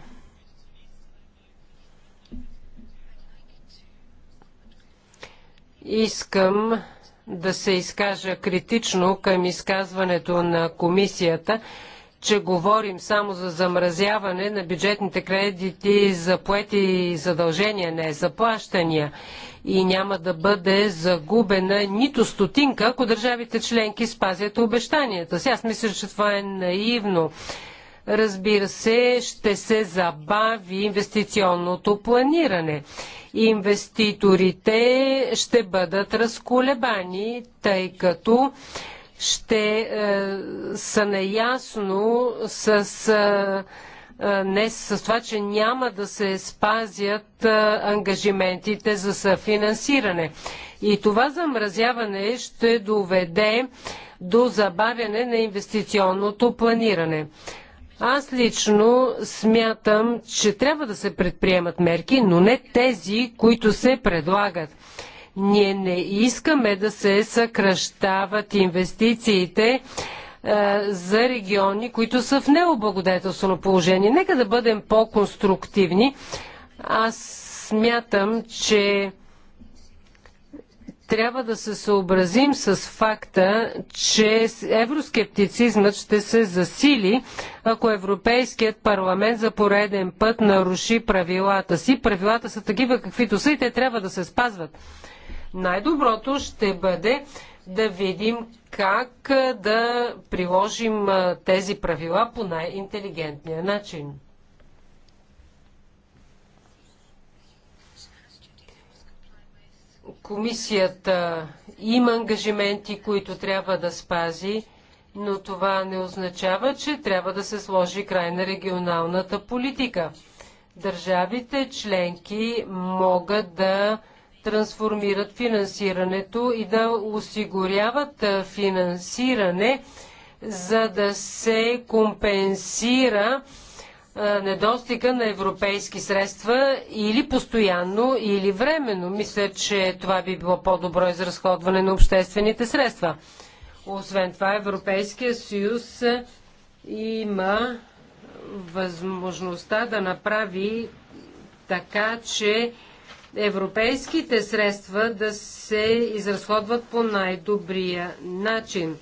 [SPEAKER 3] Искам да се изкажа критично към изказването на комисията че говорим само за замразяване на бюджетните кредити за поети задължения, не за плащания. И няма да бъде загубена нито стотинка, ако държавите членки спазят обещанията си. Аз мисля, че това е наивно. Разбира се, ще се забави инвестиционното планиране. Инвеститорите ще бъдат разколебани, тъй като ще е, са наясно с, е, е, не с това, че няма да се спазят е, ангажиментите за съфинансиране. И това замразяване ще доведе до забавяне на инвестиционното планиране. Аз лично смятам, че трябва да се предприемат мерки, но не тези, които се предлагат ние не искаме да се съкръщават инвестициите е, за региони, които са в необлагодетелствено положение. Нека да бъдем по-конструктивни. Аз смятам, че трябва да се съобразим с факта, че евроскептицизмът ще се засили, ако Европейският парламент за пореден път наруши правилата си. Правилата са такива, каквито са и те трябва да се спазват. Най-доброто ще бъде да видим как да приложим тези правила по най-интелигентния начин. Комисията има ангажименти, които трябва да спази, но това не означава, че трябва да се сложи край на регионалната политика. Държавите членки могат да трансформират финансирането и да осигуряват финансиране, за да се компенсира недостига на европейски средства или постоянно, или временно. Мисля, че това би било по-добро изразходване на обществените средства. Освен това, Европейския съюз има възможността да направи така, че европейските средства да се изразходват по най-добрия начин.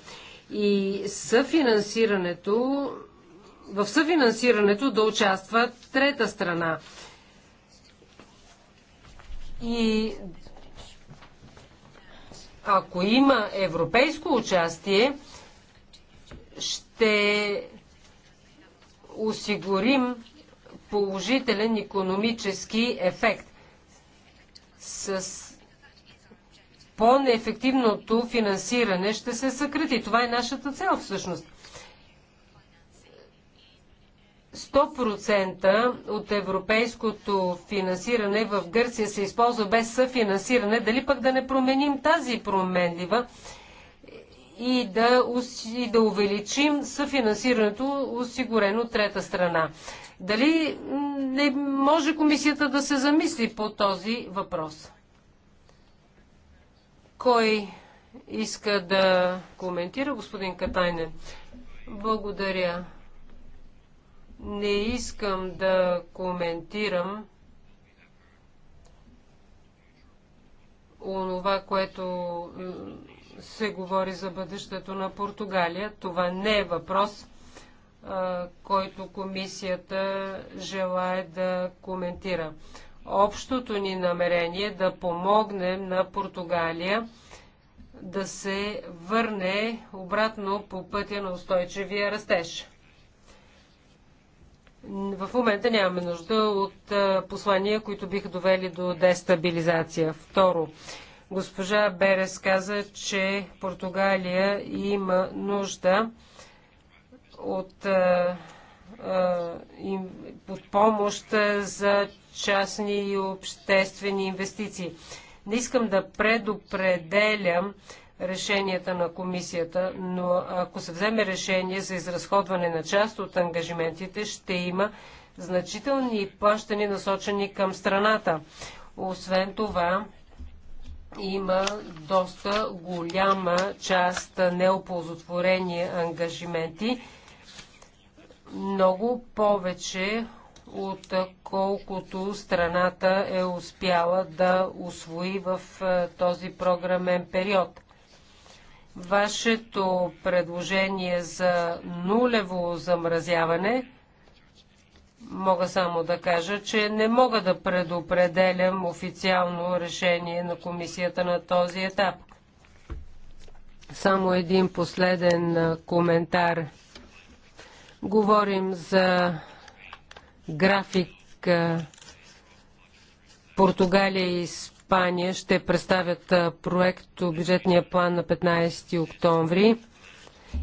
[SPEAKER 3] И съфинансирането, в съфинансирането да участва трета страна. И ако има европейско участие, ще осигурим положителен економически ефект с по-неефективното финансиране ще се съкрати. Това е нашата цел всъщност. 100% от европейското финансиране в Гърция се използва без съфинансиране. Дали пък да не променим тази променлива и да, и да увеличим съфинансирането, осигурено от трета страна? Дали не може комисията да се замисли по този въпрос? Кой иска да коментира, господин Катайне? Благодаря. Не искам да коментирам онова, което се говори за бъдещето на Португалия. Това не е въпрос който комисията желая да коментира. Общото ни намерение е да помогнем на Португалия да се върне обратно по пътя на устойчивия растеж. В момента нямаме нужда от послания, които биха довели до дестабилизация. Второ, госпожа Берес каза, че Португалия има нужда от, под помощ за частни и обществени инвестиции. Не искам да предопределям решенията на комисията, но ако се вземе решение за изразходване на част от ангажиментите, ще има значителни плащани насочени към страната. Освен това, има доста голяма част неоползотворени ангажименти, много повече, отколкото страната е успяла да освои в е, този програмен период. Вашето предложение за нулево замразяване, мога само да кажа, че не мога да предопределям официално решение на комисията на този етап. Само един последен е, коментар – Говорим за график. Португалия и Испания ще представят проект бюджетния план на 15 октомври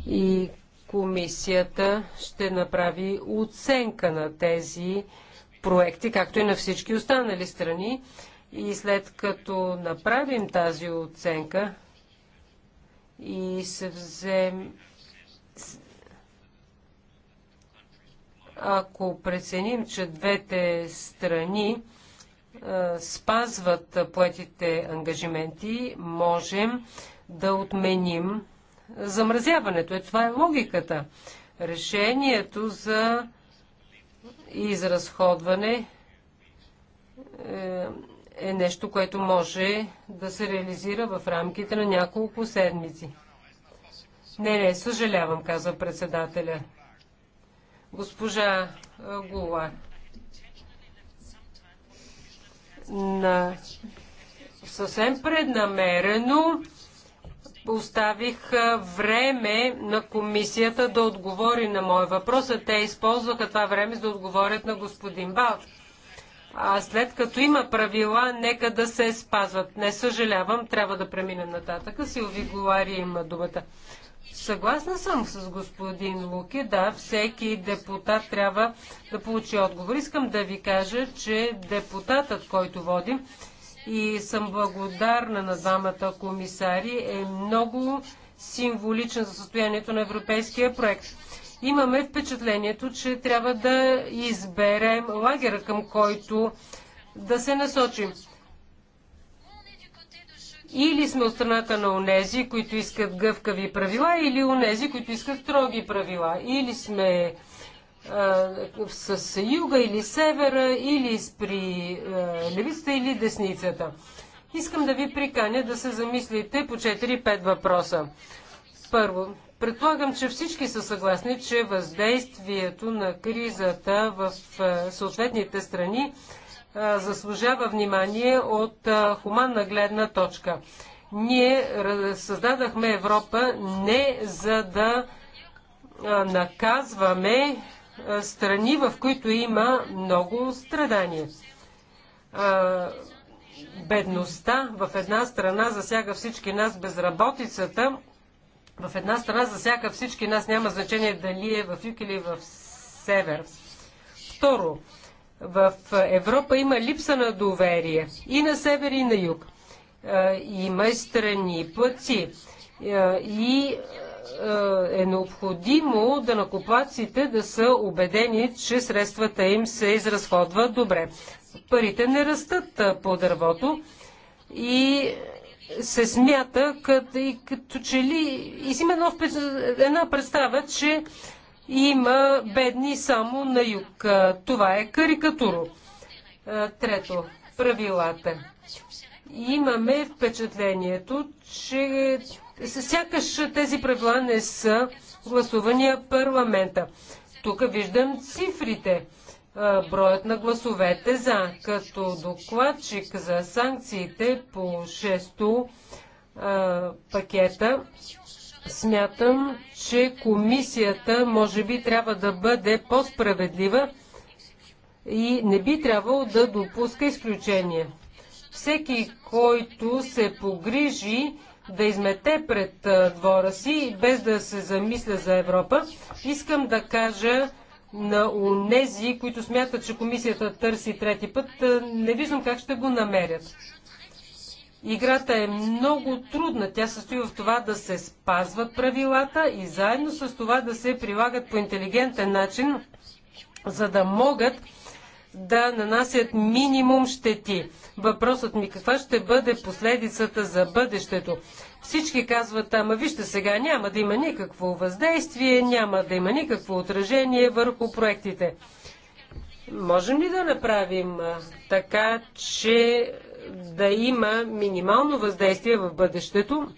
[SPEAKER 3] и комисията ще направи оценка на тези проекти, както и на всички останали страни. И след като направим тази оценка и се взем Ако преценим, че двете страни е, спазват поетите ангажименти, можем да отменим замразяването. Е, това е логиката. Решението за изразходване е, е нещо, което може да се реализира в рамките на няколко седмици. Не, не, съжалявам, казва председателя. Госпожа Гула. На... Съвсем преднамерено оставих време на комисията да отговори на мой въпрос, а те използваха това време за да отговорят на господин Балт. А след като има правила, нека да се спазват. Не съжалявам, трябва да преминем нататък. Силви Гуари има думата. Съгласна съм с господин Луки. Да, всеки депутат трябва да получи отговор. Искам да ви кажа, че депутатът, който води, и съм благодарна на двамата комисари, е много символичен за състоянието на европейския проект. Имаме впечатлението, че трябва да изберем лагера, към който да се насочим. Или сме от страната на онези, които искат гъвкави правила, или онези, които искат строги правила. Или сме а, с юга или севера, или при а, левицата или десницата. Искам да ви приканя да се замислите по 4-5 въпроса. Първо, предполагам, че всички са съгласни, че въздействието на кризата в съответните страни заслужава внимание от хуманна гледна точка. Ние създадахме Европа не за да наказваме страни, в които има много страдания. Бедността в една страна засяга всички нас, безработицата в една страна засяга всички нас, няма значение дали е в юг или в север. Второ, в Европа има липса на доверие и на север, и на юг. Има и страни, пъци. И е необходимо да накоплаците да са убедени, че средствата им се изразходват добре. Парите не растат по дървото и се смята, като, и като че ли... И си има една представа, че има бедни само на юг. Това е карикатуро. Трето, правилата. Имаме впечатлението, че сякаш тези правила не са гласувания парламента. Тук виждам цифрите броят на гласовете за, като докладчик за санкциите по 6 пакета Смятам, че комисията може би трябва да бъде по-справедлива и не би трябвало да допуска изключения. Всеки, който се погрижи да измете пред двора си, без да се замисля за Европа, искам да кажа на унези, които смятат, че комисията търси трети път, не виждам как ще го намерят. Играта е много трудна. Тя състои в това да се спазват правилата и заедно с това да се прилагат по интелигентен начин, за да могат да нанасят минимум щети. Въпросът ми каква ще бъде последицата за бъдещето? Всички казват, ама вижте сега, няма да има никакво въздействие, няма да има никакво отражение върху проектите. Можем ли да направим така, че да има минимално въздействие в бъдещето.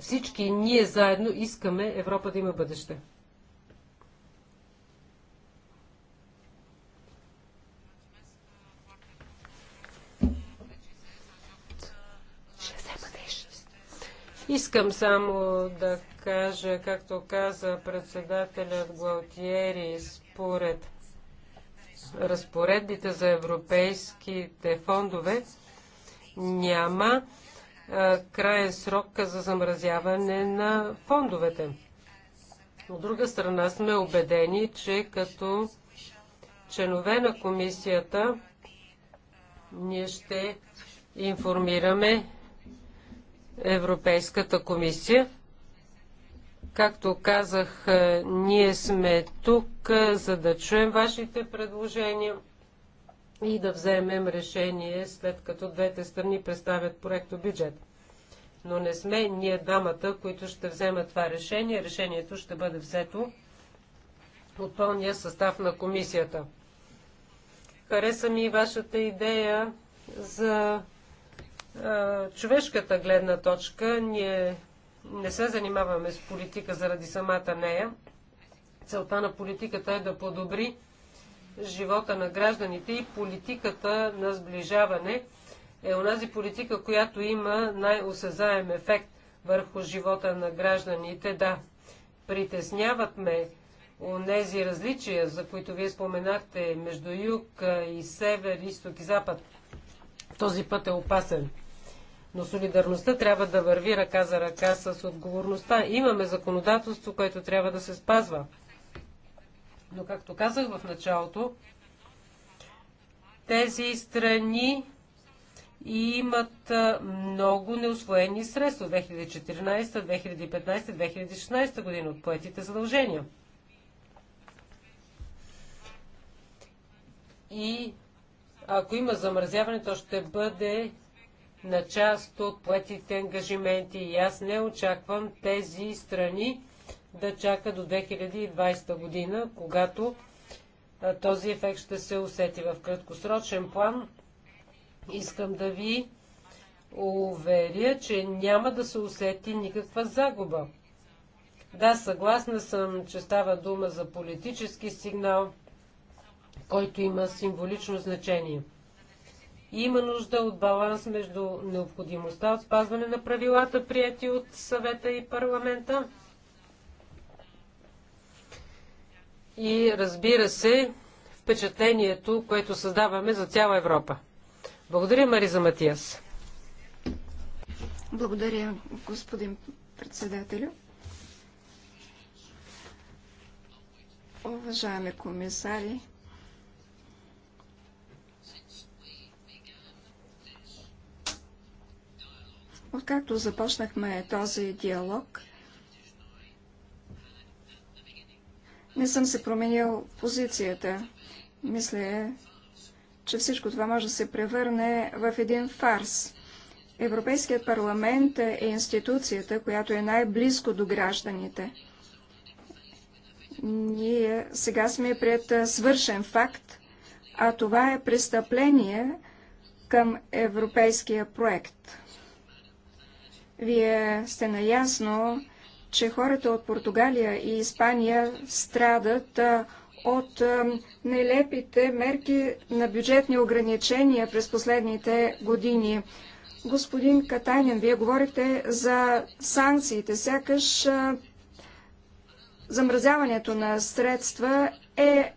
[SPEAKER 3] Всички ние заедно искаме Европа да има бъдеще. Искам само да кажа, както каза председателят Гуалтиери, според разпоредбите за европейските фондове, няма краен срок за замразяване на фондовете. От друга страна сме убедени, че като членове на комисията ние ще информираме Европейската комисия. Както казах, ние сме тук, за да чуем вашите предложения и да вземем решение след като двете страни представят проекто бюджет. Но не сме ние дамата, които ще вземат това решение. Решението ще бъде взето от пълния състав на комисията. Хареса ми и вашата идея за а, човешката гледна точка. Ние не се занимаваме с политика заради самата нея. Целта на политиката е да подобри живота на гражданите и политиката на сближаване е онази политика, която има най-осезаем ефект върху живота на гражданите. Да, притесняват ме онези различия, за които вие споменахте между юг и север, изток и запад. Този път е опасен. Но солидарността трябва да върви ръка за ръка с отговорността. Имаме законодателство, което трябва да се спазва. Но, както казах в началото, тези страни имат много неосвоени средства 2014, 2015, 2016 година от поетите задължения. И ако има замразяване, то ще бъде на част от поетите ангажименти и аз не очаквам тези страни да чака до 2020 година, когато този ефект ще се усети в краткосрочен план. Искам да ви уверя, че няма да се усети никаква загуба. Да, съгласна съм, че става дума за политически сигнал, който има символично значение. Има нужда от баланс между необходимостта от спазване на правилата, прияти от съвета и парламента, и разбира се впечатлението, което създаваме за цяла Европа. Благодаря, Мариза Матиас.
[SPEAKER 2] Благодаря, господин председателю. Уважаеми комисари, Откакто започнахме този диалог, не съм се променил позицията. Мисля, че всичко това може да се превърне в един фарс. Европейският парламент е институцията, която е най-близко до гражданите. Ние сега сме пред свършен факт, а това е престъпление към европейския проект. Вие сте наясно, че хората от Португалия и Испания страдат от нелепите мерки на бюджетни ограничения през последните години. Господин Катанин, вие говорите за санкциите. Сякаш замразяването на средства е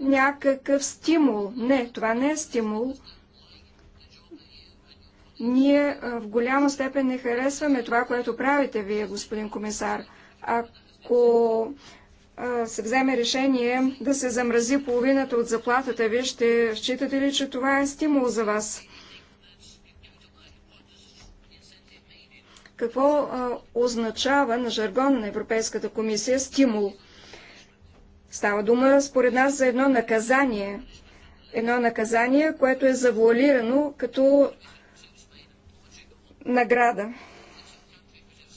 [SPEAKER 2] някакъв стимул. Не, това не е стимул. Ние в голяма степен не харесваме това, което правите вие, господин комисар. Ако се вземе решение да се замрази половината от заплатата ви, ще считате ли, че това е стимул за вас? Какво означава на жаргон на Европейската комисия стимул? Става дума според нас за едно наказание. Едно наказание, което е завуалирано като награда.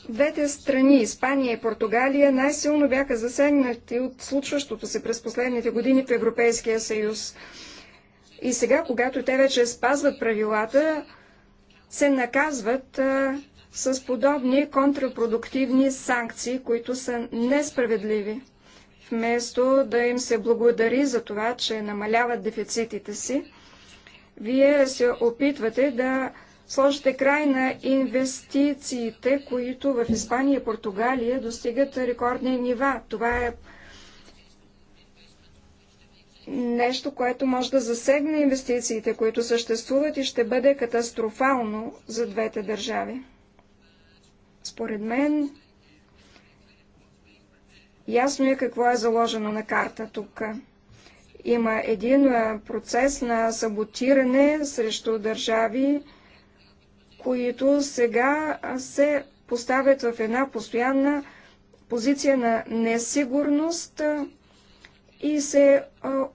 [SPEAKER 2] Двете страни, Испания и Португалия, най-силно бяха засегнати от случващото се през последните години в Европейския съюз. И сега, когато те вече спазват правилата, се наказват а, с подобни контрапродуктивни санкции, които са несправедливи. Вместо да им се благодари за това, че намаляват дефицитите си, вие се опитвате да сложите край на инвестициите, които в Испания и Португалия достигат рекордни нива. Това е нещо, което може да засегне инвестициите, които съществуват и ще бъде катастрофално за двете държави. Според мен, ясно е какво е заложено на карта тук. Има един процес на саботиране срещу държави, които сега се поставят в една постоянна позиция на несигурност и се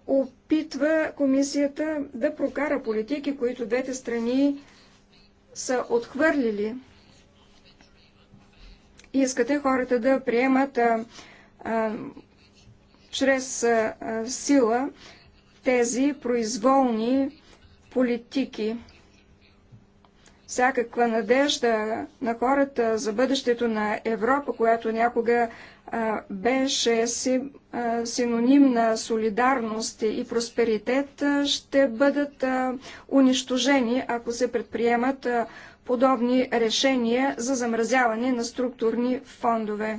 [SPEAKER 2] опитва комисията да прокара политики, които двете страни са отхвърлили. И искате хората да приемат а, а, чрез а, сила тези произволни политики всякаква надежда на хората за бъдещето на Европа, която някога беше синоним на солидарност и просперитет, ще бъдат унищожени, ако се предприемат подобни решения за замразяване на структурни фондове.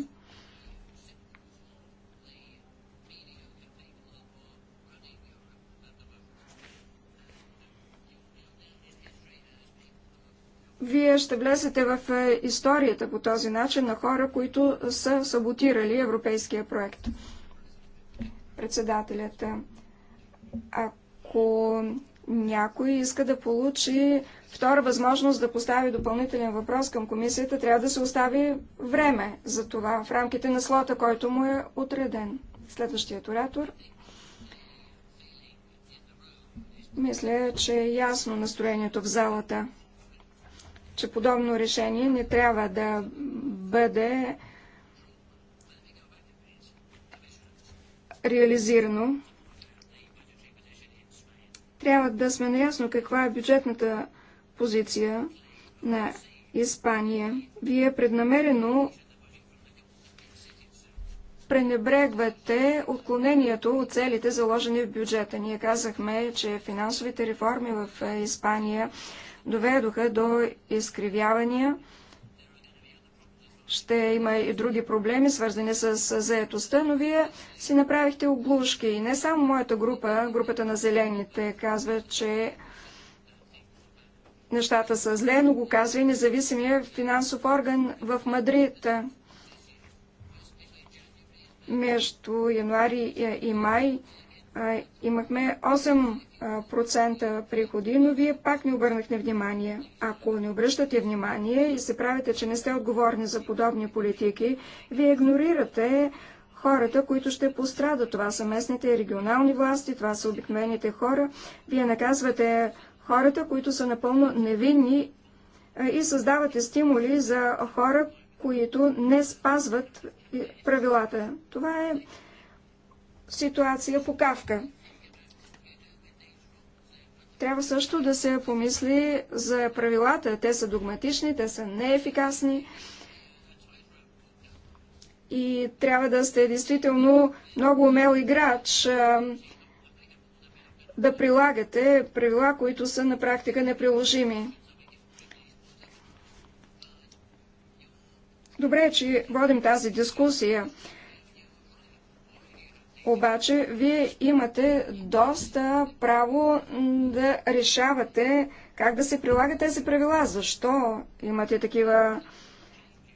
[SPEAKER 2] вие ще влезете в е, историята по този начин на хора, които са саботирали европейския проект. Председателят, е, ако някой иска да получи втора възможност да постави допълнителен въпрос към комисията, трябва да се остави време за това в рамките на слота, който му е отреден. Следващият оратор. Мисля, че е ясно настроението в залата че подобно решение не трябва да бъде реализирано. Трябва да сме наясно каква е бюджетната позиция на Испания. Вие преднамерено пренебрегвате отклонението от целите, заложени в бюджета. Ние казахме, че финансовите реформи в Испания доведоха до изкривявания. Ще има и други проблеми, свързани с заетостта, но вие си направихте облушки. И не само моята група, групата на зелените, казва, че нещата са зле, но го казва и независимия финансов орган в Мадрид. Между януари и май имахме 8% приходи, но вие пак не обърнахте внимание. Ако не обръщате внимание и се правите, че не сте отговорни за подобни политики, вие игнорирате хората, които ще пострадат. Това са местните и регионални власти, това са обикновените хора. Вие наказвате хората, които са напълно невинни и създавате стимули за хора, които не спазват правилата. Това е ситуация по Кавка. Трябва също да се помисли за правилата. Те са догматични, те са неефикасни и трябва да сте действително много умел играч да прилагате правила, които са на практика неприложими. Добре, е, че водим тази дискусия, обаче, вие имате доста право да решавате как да се прилагат тези правила. Защо имате такива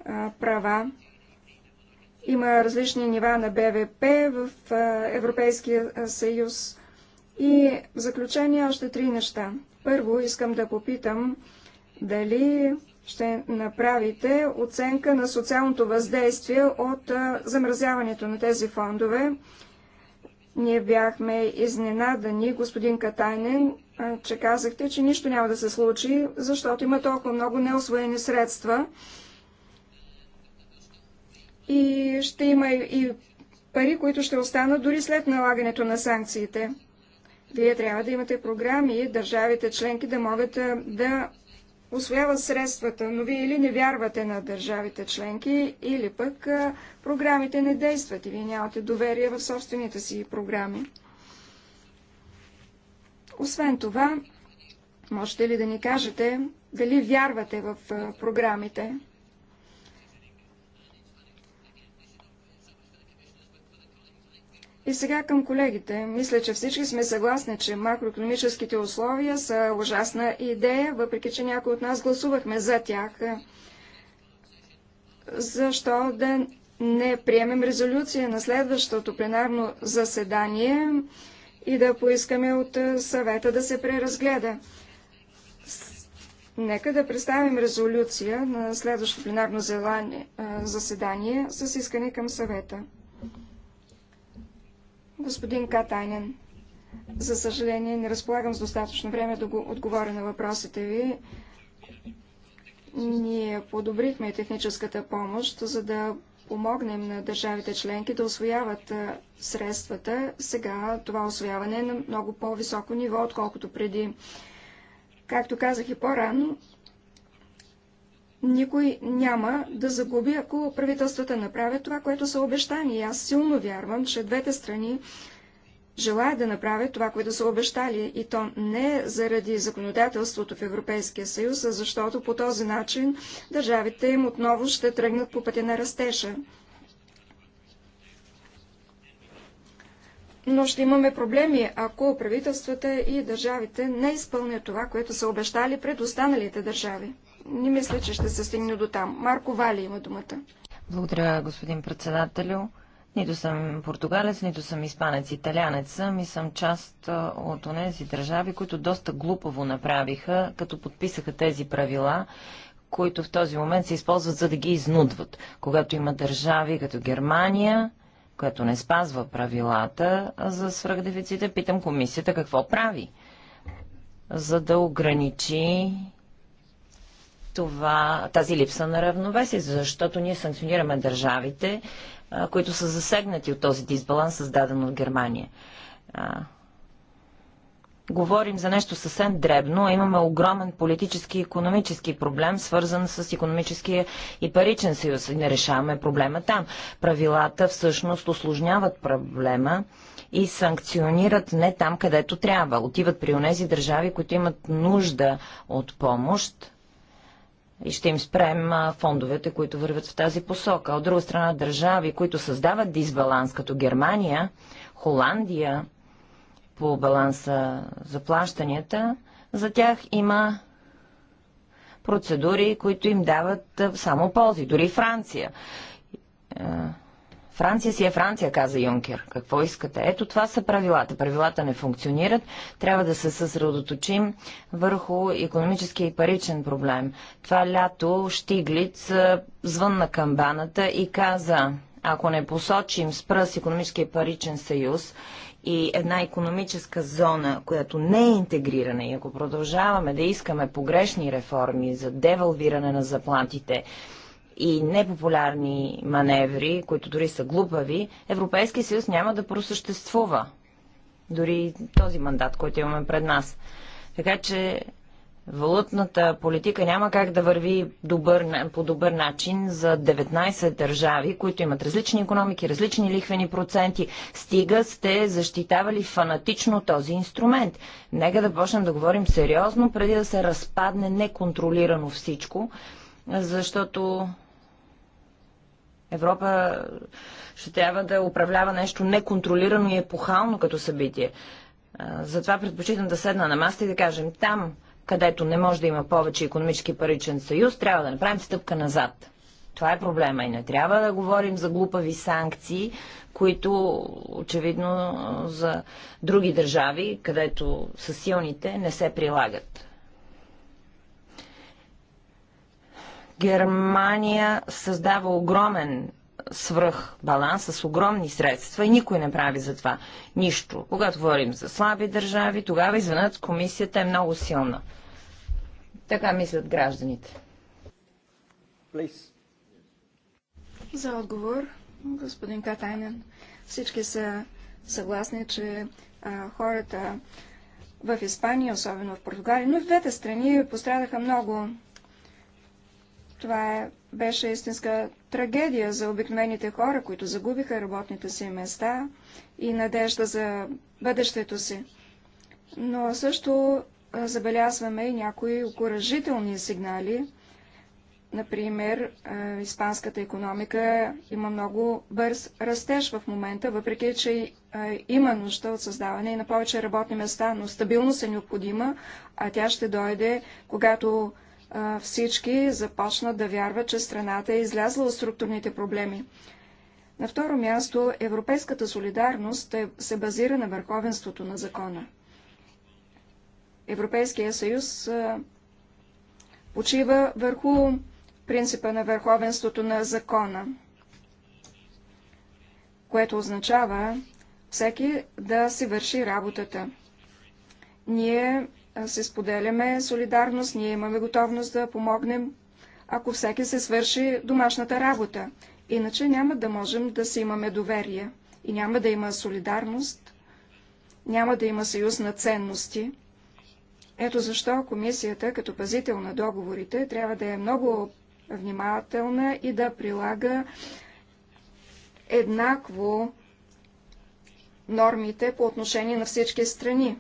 [SPEAKER 2] а, права? Има различни нива на БВП в а, Европейския съюз. И в заключение още три неща. Първо, искам да попитам дали ще направите оценка на социалното въздействие от а, замразяването на тези фондове. Ние бяхме изненадани, господин Катайнен, че казахте, че нищо няма да се случи, защото има толкова много неосвоени средства и ще има и пари, които ще останат дори след налагането на санкциите. Вие трябва да имате програми и държавите членки да могат да освоява средствата, но вие или не вярвате на държавите членки, или пък програмите не действат и вие нямате доверие в собствените си програми. Освен това, можете ли да ни кажете дали вярвате в програмите? И сега към колегите. Мисля, че всички сме съгласни, че макроекономическите условия са ужасна идея, въпреки че някои от нас гласувахме за тях. Защо да не приемем резолюция на следващото пленарно заседание и да поискаме от съвета да се преразгледа? Нека да представим резолюция на следващото пленарно заседание с искане към съвета. Господин Катайнен, за съжаление не разполагам с достатъчно време да го отговоря на въпросите ви. Ние подобрихме техническата помощ, за да помогнем на държавите членки да освояват средствата. Сега това освояване е на много по-високо ниво, отколкото преди. Както казах и по-рано, никой няма да загуби, ако правителствата направят това, което са обещани. И аз силно вярвам, че двете страни желаят да направят това, което са обещали. И то не заради законодателството в Европейския съюз, а защото по този начин държавите им отново ще тръгнат по пътя на растежа. но ще имаме проблеми, ако правителствата и държавите не изпълнят това, което са обещали пред останалите държави не мисля, че ще се стигне до там. Марко Вали има думата.
[SPEAKER 1] Благодаря, господин председателю. Нито съм португалец, нито съм испанец, италянец съм и съм част от тези държави, които доста глупаво направиха, като подписаха тези правила, които в този момент се използват за да ги изнудват. Когато има държави като Германия, която не спазва правилата за свръхдефицита, питам комисията какво прави, за да ограничи това, тази липса на равновесие, защото ние санкционираме държавите, а, които са засегнати от този дисбаланс, създаден от Германия. А, говорим за нещо съвсем дребно, а имаме огромен политически и економически проблем, свързан с економическия и паричен съюз. И не решаваме проблема там. Правилата всъщност осложняват проблема и санкционират не там, където трябва. Отиват при онези държави, които имат нужда от помощ, и ще им спрем фондовете, които вървят в тази посока. От друга страна, държави, които създават дисбаланс, като Германия, Холандия, по баланса за плащанията, за тях има процедури, които им дават само ползи. Дори Франция Франция си е Франция, каза Юнкер. Какво искате? Ето това са правилата. Правилата не функционират. Трябва да се съсредоточим върху економическия и паричен проблем. Това лято Штиглиц звънна камбаната и каза, ако не посочим с пръст економическия и паричен съюз и една економическа зона, която не е интегрирана и ако продължаваме да искаме погрешни реформи за девалвиране на заплатите, и непопулярни маневри, които дори са глупави, Европейския съюз няма да просъществува. Дори този мандат, който имаме пред нас. Така че валутната политика няма как да върви добър, по добър начин за 19 държави, които имат различни економики, различни лихвени проценти. Стига сте защитавали фанатично този инструмент. Нека да почнем да говорим сериозно, преди да се разпадне неконтролирано всичко, защото Европа ще трябва да управлява нещо неконтролирано и епохално като събитие. Затова предпочитам да седна на маста и да кажем там, където не може да има повече економически паричен съюз, трябва да направим стъпка назад. Това е проблема и не трябва да говорим за глупави санкции, които очевидно за други държави, където са силните, не се прилагат. Германия създава огромен свръх баланс с огромни средства и никой не прави за това нищо. Когато говорим за слаби държави, тогава изведнъж комисията е много силна. Така мислят гражданите. Please.
[SPEAKER 2] За отговор, господин Катайнен, всички са съгласни, че а, хората в Испания, особено в Португалия, но в двете страни пострадаха много. Това е, беше истинска трагедия за обикновените хора, които загубиха работните си места и надежда за бъдещето си. Но също забелязваме и някои окоръжителни сигнали. Например, испанската економика има много бърз растеж в момента, въпреки че има нужда от създаване и на повече работни места, но стабилност е необходима, а тя ще дойде, когато всички започнат да вярват, че страната е излязла от структурните проблеми. На второ място, европейската солидарност е, се базира на върховенството на закона. Европейския съюз почива върху принципа на върховенството на закона, което означава всеки да си върши работата. Ние се споделяме солидарност, ние имаме готовност да помогнем, ако всеки се свърши домашната работа. Иначе няма да можем да си имаме доверие и няма да има солидарност, няма да има съюз на ценности. Ето защо комисията, като пазител на договорите, трябва да е много внимателна и да прилага еднакво нормите по отношение на всички страни.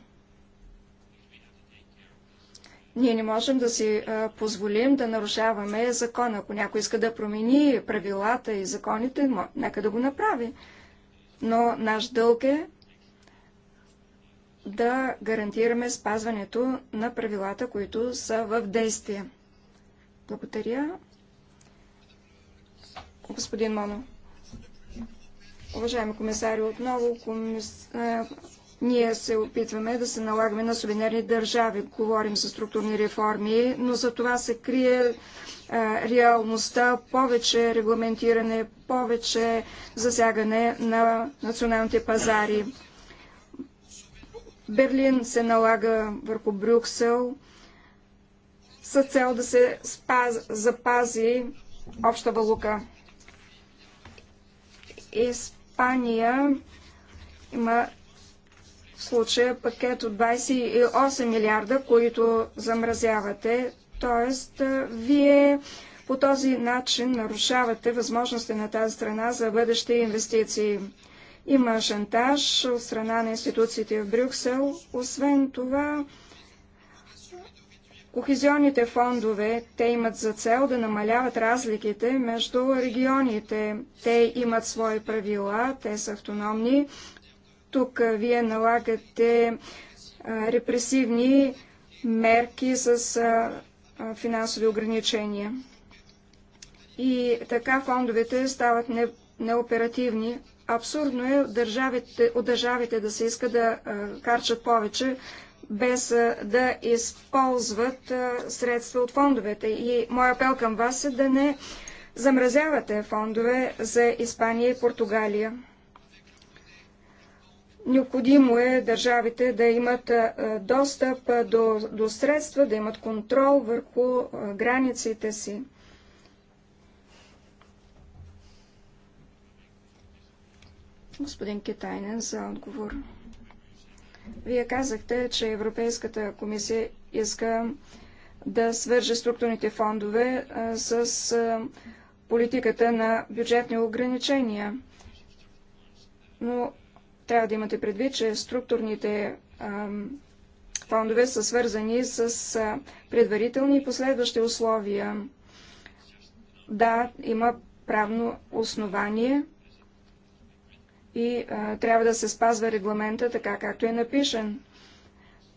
[SPEAKER 2] Ние не можем да си позволим да нарушаваме закона. Ако някой иска да промени правилата и законите, нека да го направи. Но наш дълг е да гарантираме спазването на правилата, които са в действие. Благодаря. Господин Моно. Уважаеми комисари, отново комис... Ние се опитваме да се налагаме на сувенирни държави. Говорим за структурни реформи, но за това се крие а, е, реалността, повече регламентиране, повече засягане на националните пазари. Берлин се налага върху Брюксел с цел да се спаз, запази обща валука. Испания има в случая пакет от 28 милиарда, които замразявате. Тоест, вие по този начин нарушавате възможности на тази страна за бъдещи инвестиции. Има шантаж от страна на институциите в Брюксел. Освен това, Кохезионните фондове, те имат за цел да намаляват разликите между регионите. Те имат свои правила, те са автономни, тук вие налагате репресивни мерки с финансови ограничения. И така фондовете стават неоперативни. Абсурдно е от държавите, от държавите да се иска да карчат повече, без да използват средства от фондовете. И моя апел към вас е да не замразявате фондове за Испания и Португалия. Необходимо е държавите да имат достъп до, до средства, да имат контрол върху границите си. Господин Китайнен за отговор. Вие казахте, че Европейската комисия иска да свърже структурните фондове с политиката на бюджетни ограничения. Но трябва да имате предвид, че структурните фондове са свързани с предварителни и последващи условия. Да, има правно основание и трябва да се спазва регламента така, както е напишен.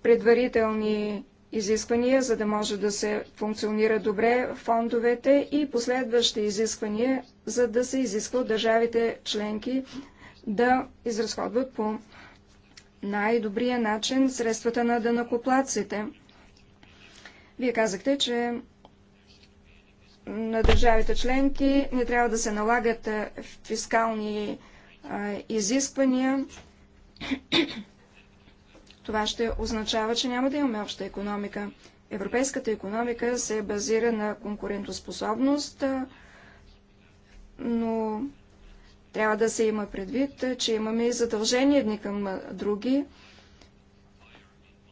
[SPEAKER 2] Предварителни изисквания, за да може да се функционира добре фондовете и последващи изисквания, за да се изисква от държавите членки да изразходват по най-добрия начин средствата на дънакоплаците. Вие казахте, че на държавите членки не трябва да се налагат фискални а, изисквания. Това ще означава, че няма да имаме обща економика. Европейската економика се базира на конкурентоспособност, но трябва да се има предвид, че имаме и задължения едни към други,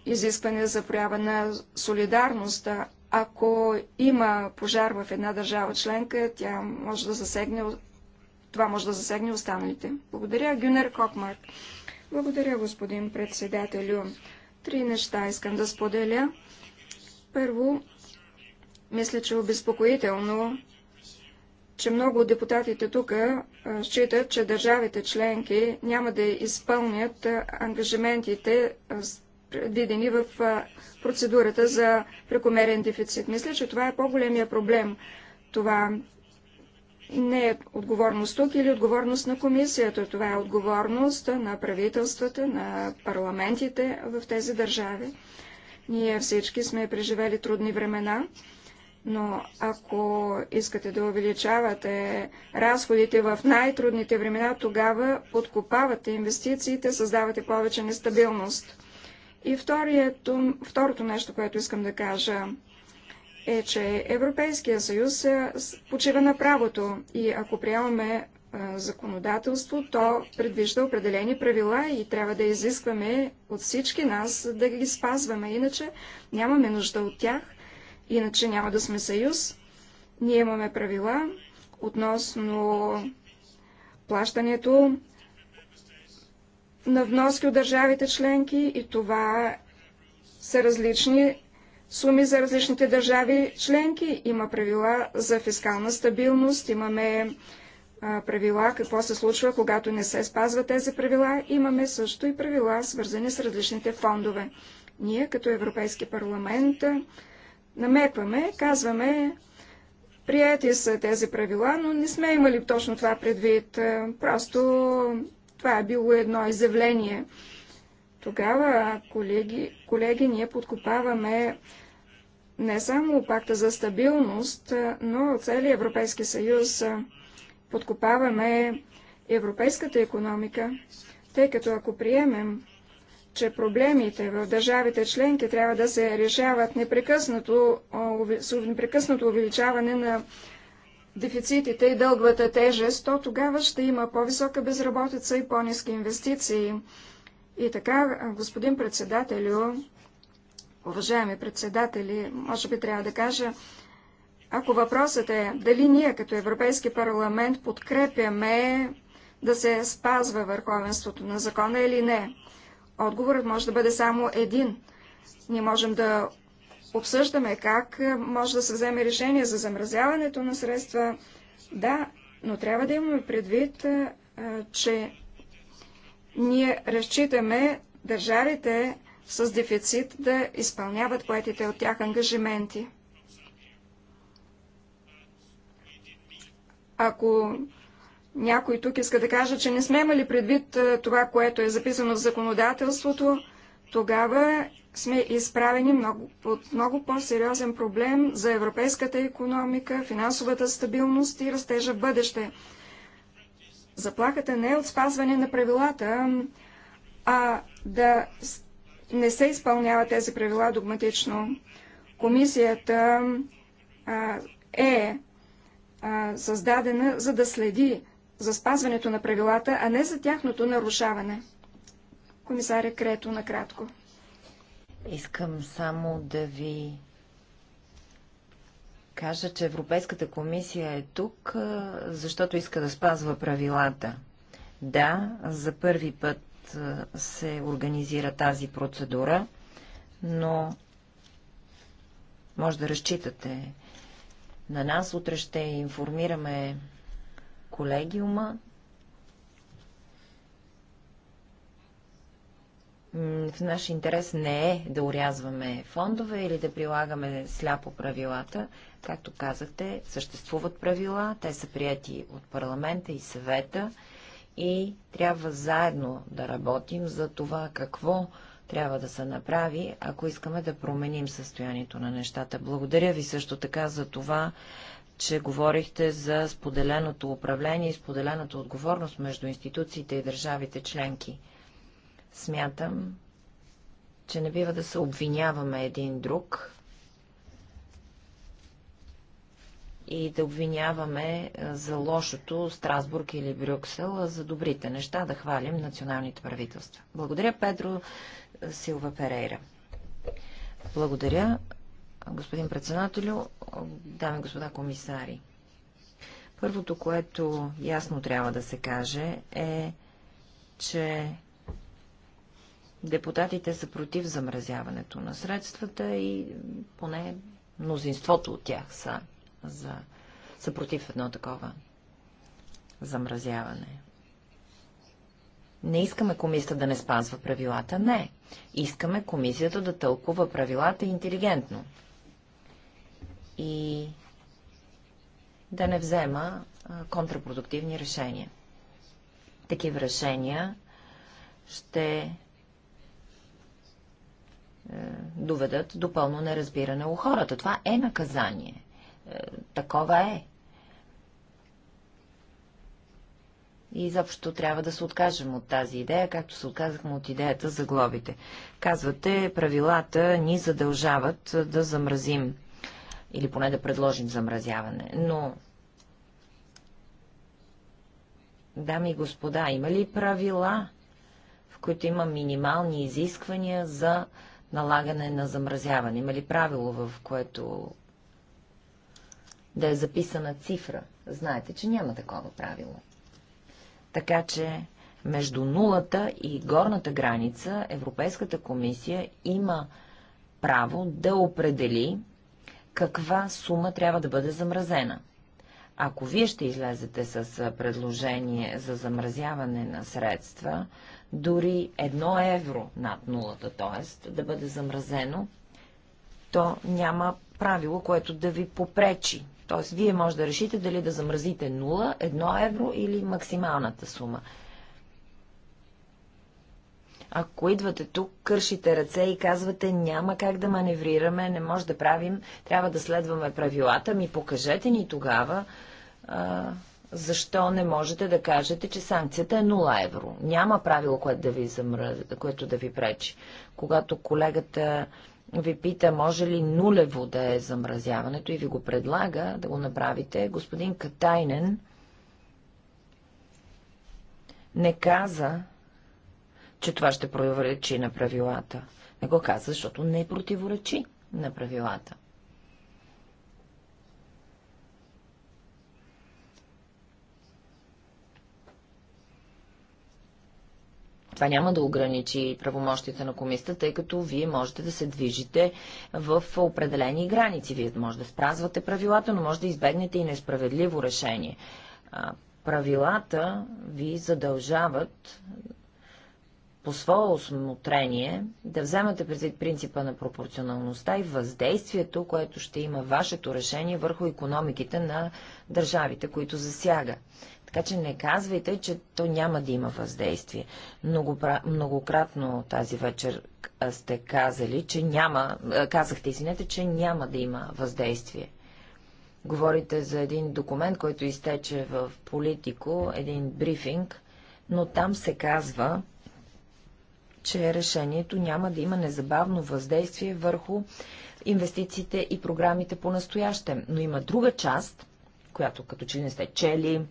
[SPEAKER 2] изискване за проява на солидарност. Ако има пожар в една държава членка, тя може да засегне, това може да засегне останалите. Благодаря, Гюнер Кокмарк. Благодаря, господин председателю. Три неща искам да споделя. Първо, мисля, че е обезпокоително че много от депутатите тук считат, че държавите членки няма да изпълнят ангажиментите, видени в процедурата за прекомерен дефицит. Мисля, че това е по-големия проблем. Това не е отговорност тук или отговорност на комисията. Това е отговорност на правителствата, на парламентите в тези държави. Ние всички сме преживели трудни времена. Но ако искате да увеличавате разходите в най-трудните времена, тогава подкопавате инвестициите, създавате повече нестабилност. И вторието, второто нещо, което искам да кажа, е, че Европейския съюз е почива на правото и ако приемаме законодателство, то предвижда определени правила и трябва да изискваме от всички нас да ги спазваме, иначе нямаме нужда от тях – иначе няма да сме съюз. Ние имаме правила относно плащането на вноски от държавите членки и това са различни суми за различните държави членки. Има правила за фискална стабилност, имаме правила какво се случва, когато не се спазват тези правила. Имаме също и правила, свързани с различните фондове. Ние, като Европейски парламент, Намекваме, казваме, прияти са тези правила, но не сме имали точно това предвид. Е, просто това е било едно изявление. Тогава, колеги, колеги ние подкопаваме не само пакта за стабилност, е, но целият Европейски съюз е, подкопаваме европейската економика, тъй като ако приемем, че проблемите в държавите членки трябва да се решават непрекъснато, с непрекъснато увеличаване на дефицитите и дълговата тежест, то тогава ще има по-висока безработица и по-низки инвестиции. И така, господин председателю, уважаеми председатели, може би трябва да кажа, ако въпросът е дали ние като Европейски парламент подкрепяме да се спазва върховенството на закона или не, Отговорът може да бъде само един. Ние можем да обсъждаме как е, може да се вземе решение за замразяването на средства. Да, но трябва да имаме предвид, е, е, че ние разчитаме държавите с дефицит да изпълняват поетите от тях ангажименти. Ако някой тук иска да каже, че не сме имали предвид е, това, което е записано в законодателството. Тогава сме изправени много, от много по-сериозен проблем за европейската економика, финансовата стабилност и растежа в бъдеще. Заплахата не е от спазване на правилата, а да не се изпълнява тези правила догматично. Комисията а, е а, създадена за да следи за спазването на правилата, а не за тяхното нарушаване. Комисаря Крето, накратко.
[SPEAKER 1] Искам само да ви кажа, че Европейската комисия е тук, защото иска да спазва правилата. Да, за първи път се организира тази процедура, но може да разчитате на нас. Утре ще информираме колегиума. В наш интерес не е да урязваме фондове или да прилагаме сляпо правилата. Както казахте, съществуват правила, те са прияти от парламента и съвета и трябва заедно да работим за това какво трябва да се направи, ако искаме да променим състоянието на нещата. Благодаря ви също така за това, че говорихте за споделеното управление и споделената отговорност между институциите и държавите членки. Смятам, че не бива да се обвиняваме един друг и да обвиняваме за лошото Страсбург или Брюксел, а за добрите неща да хвалим националните правителства. Благодаря, Педро Силва Перейра. Благодаря господин председателю, дами и господа комисари. Първото, което ясно трябва да се каже е, че депутатите са против замразяването на средствата и поне мнозинството от тях са, за, са против едно такова замразяване. Не искаме комисията да не спазва правилата, не. Искаме комисията да тълкува правилата интелигентно и да не взема контрапродуктивни решения. Такива решения ще е, доведат до пълно неразбиране у хората. Това е наказание. Е, такова е. И изобщо трябва да се откажем от тази идея, както се отказахме от идеята за глобите. Казвате, правилата ни задължават да замразим или поне да предложим замразяване. Но, дами и господа, има ли правила, в които има минимални изисквания за налагане на замразяване? Има ли правило, в което да е записана цифра? Знаете, че няма такова правило. Така че между нулата и горната граница Европейската комисия има право да определи каква сума трябва да бъде замразена. Ако вие ще излезете с предложение за замразяване на средства, дори едно евро над нулата, т.е. да бъде замразено, то няма правило, което да ви попречи. Т.е. вие може да решите дали да замразите нула, едно евро или максималната сума. Ако идвате тук, кършите ръце и казвате няма как да маневрираме, не може да правим, трябва да следваме правилата, ми покажете ни тогава а, защо не можете да кажете, че санкцията е 0 евро. Няма правило, което да ви, замръ... което да ви пречи. Когато колегата ви пита, може ли нулево да е замразяването и ви го предлага да го направите, господин Катайнен не каза, че това ще противоречи на правилата. Не го каза, защото не противоречи на правилата. това няма да ограничи правомощите на комисията, тъй като вие можете да се движите в определени граници. Вие може да спразвате правилата, но може да избегнете и несправедливо решение. Правилата ви задължават по свое осмотрение да вземате предвид принципа на пропорционалността и въздействието, което ще има вашето решение върху економиките на държавите, които засяга. Така че не казвайте, че то няма да има въздействие. Много, Многократно тази вечер сте казали, че няма, казахте, извинете, че няма да има въздействие. Говорите за един документ, който изтече в Политико, един брифинг, но там се казва, че решението няма да има незабавно въздействие върху инвестициите и програмите по настояще. Но има друга част, която като че не сте чели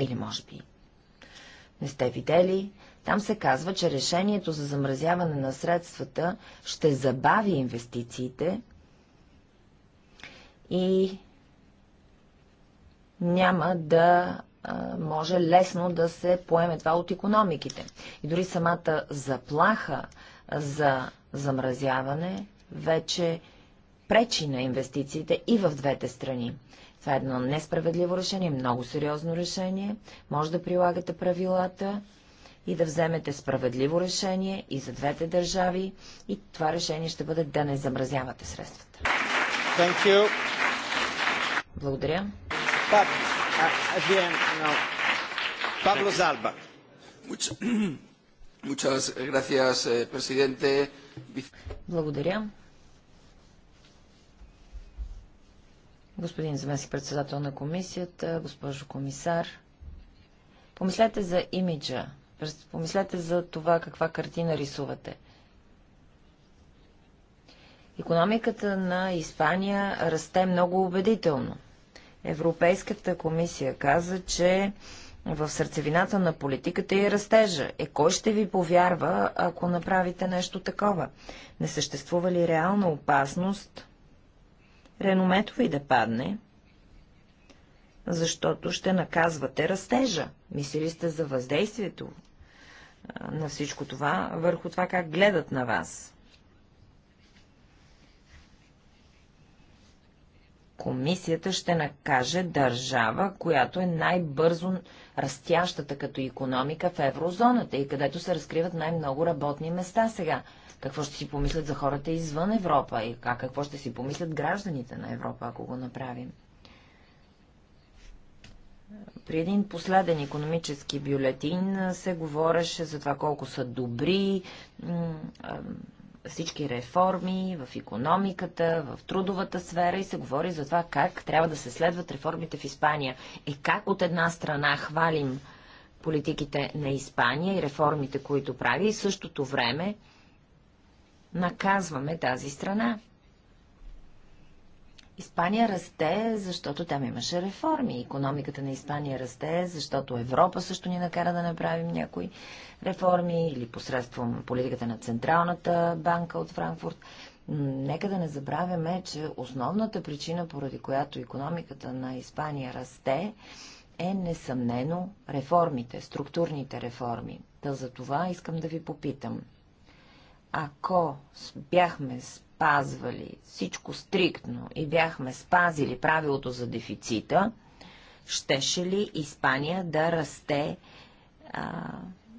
[SPEAKER 1] или може би не сте видели. Там се казва, че решението за замразяване на средствата ще забави инвестициите и няма да може лесно да се поеме това от економиките. И дори самата заплаха за замразяване вече пречи на инвестициите и в двете страни. Това е едно несправедливо решение, много сериозно решение. Може да прилагате правилата и да вземете справедливо решение и за двете държави. И това решение ще бъде да не замразявате средствата. Благодаря.
[SPEAKER 2] Ah, no. Pablo Muchas
[SPEAKER 1] gracias,
[SPEAKER 2] eh, presidente.
[SPEAKER 1] Благодаря. Господин заместник председател на комисията, госпожо комисар, помислете за имиджа, помислете за това каква картина рисувате. Економиката на Испания расте много убедително – Европейската комисия каза, че в сърцевината на политиката и е растежа. Е, кой ще ви повярва, ако направите нещо такова? Не съществува ли реална опасност реномето ви да падне? Защото ще наказвате растежа. Мислили сте за въздействието на всичко това, върху това как гледат на вас. комисията ще накаже държава, която е най-бързо растящата като економика в еврозоната и където се разкриват най-много работни места сега. Какво ще си помислят за хората извън Европа и как, какво ще си помислят гражданите на Европа, ако го направим? При един последен економически бюлетин се говореше за това колко са добри всички реформи в економиката, в трудовата сфера и се говори за това как трябва да се следват реформите в Испания. и е, как от една страна хвалим политиките на Испания и реформите, които прави, и същото време наказваме тази страна. Испания расте, защото там имаше реформи. Економиката на Испания расте, защото Европа също ни накара да направим някои реформи или посредством политиката на Централната банка от Франкфурт. Нека да не забравяме, че основната причина, поради която економиката на Испания расте, е несъмнено реформите, структурните реформи. Та за това искам да ви попитам. Ако бяхме спазвали всичко стриктно и бяхме спазили правилото за дефицита, щеше ли Испания да расте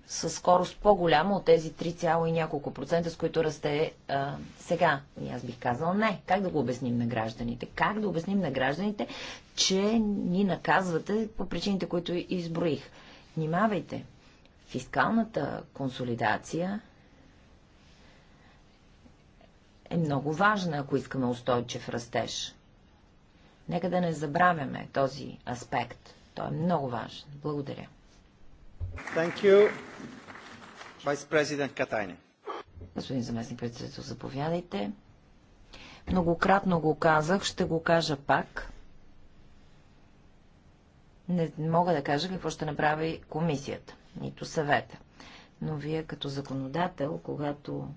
[SPEAKER 1] със скорост по-голяма от тези 3, и няколко процента, с които расте а, сега. И аз бих казал не. Как да го обясним на гражданите? Как да обясним на гражданите, че ни наказвате по причините, които изброих? Внимавайте! Фискалната консолидация е много важна, ако искаме устойчив растеж. Нека да не забравяме този аспект. Той е много важен. Благодаря. Thank you. Vice President Катайне. Господин заместник председател, заповядайте. Многократно го казах, ще го кажа пак. Не мога да кажа какво ще направи комисията, нито съвета. Но вие като законодател, когато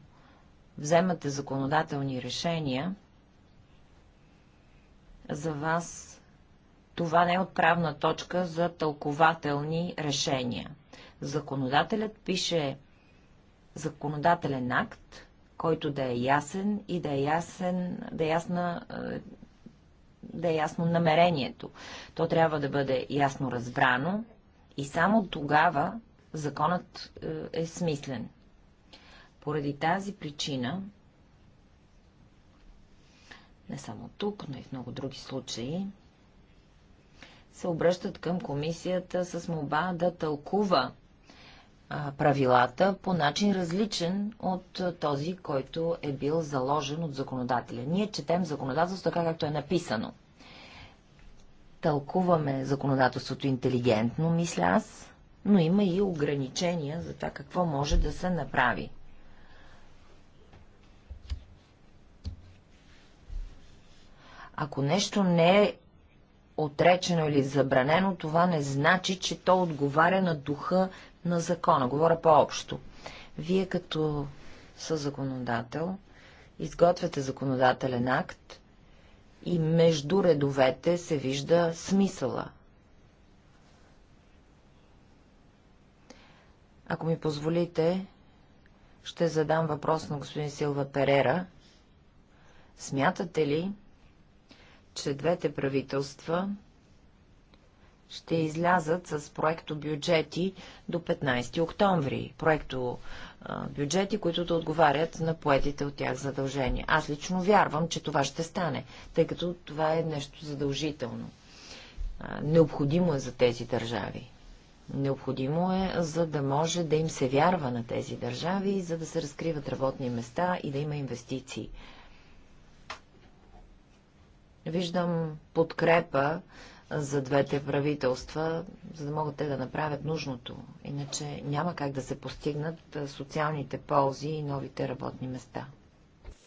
[SPEAKER 1] вземате законодателни решения, за вас това не е отправна точка за тълкователни решения. Законодателят пише законодателен акт, който да е ясен и да е, ясен, да е, ясна, е, да е ясно намерението. То трябва да бъде ясно разбрано и само тогава законът е, е смислен. Поради тази причина, не само тук, но и в много други случаи, се обръщат към комисията с моба да тълкува правилата по начин различен от този, който е бил заложен от законодателя. Ние четем законодателството така, както е написано. Тълкуваме законодателството интелигентно, мисля аз, но има и ограничения за това какво може да се направи. Ако нещо не е отречено или забранено, това не значи, че то отговаря на духа на закона. Говоря по-общо. Вие като съзаконодател изготвяте законодателен акт и между редовете се вижда смисъла. Ако ми позволите, ще задам въпрос на господин Силва Перера. Смятате ли, че двете правителства ще излязат с проекто бюджети до 15 октомври. Проекто бюджети, които да отговарят на поетите от тях задължения. Аз лично вярвам, че това ще стане, тъй като това е нещо задължително. Необходимо е за тези държави. Необходимо е, за да може да им се вярва на тези държави, за да се разкриват работни места и да има инвестиции. Виждам подкрепа за двете правителства, за да могат те да направят нужното. Иначе няма как да се постигнат социалните ползи и новите работни места.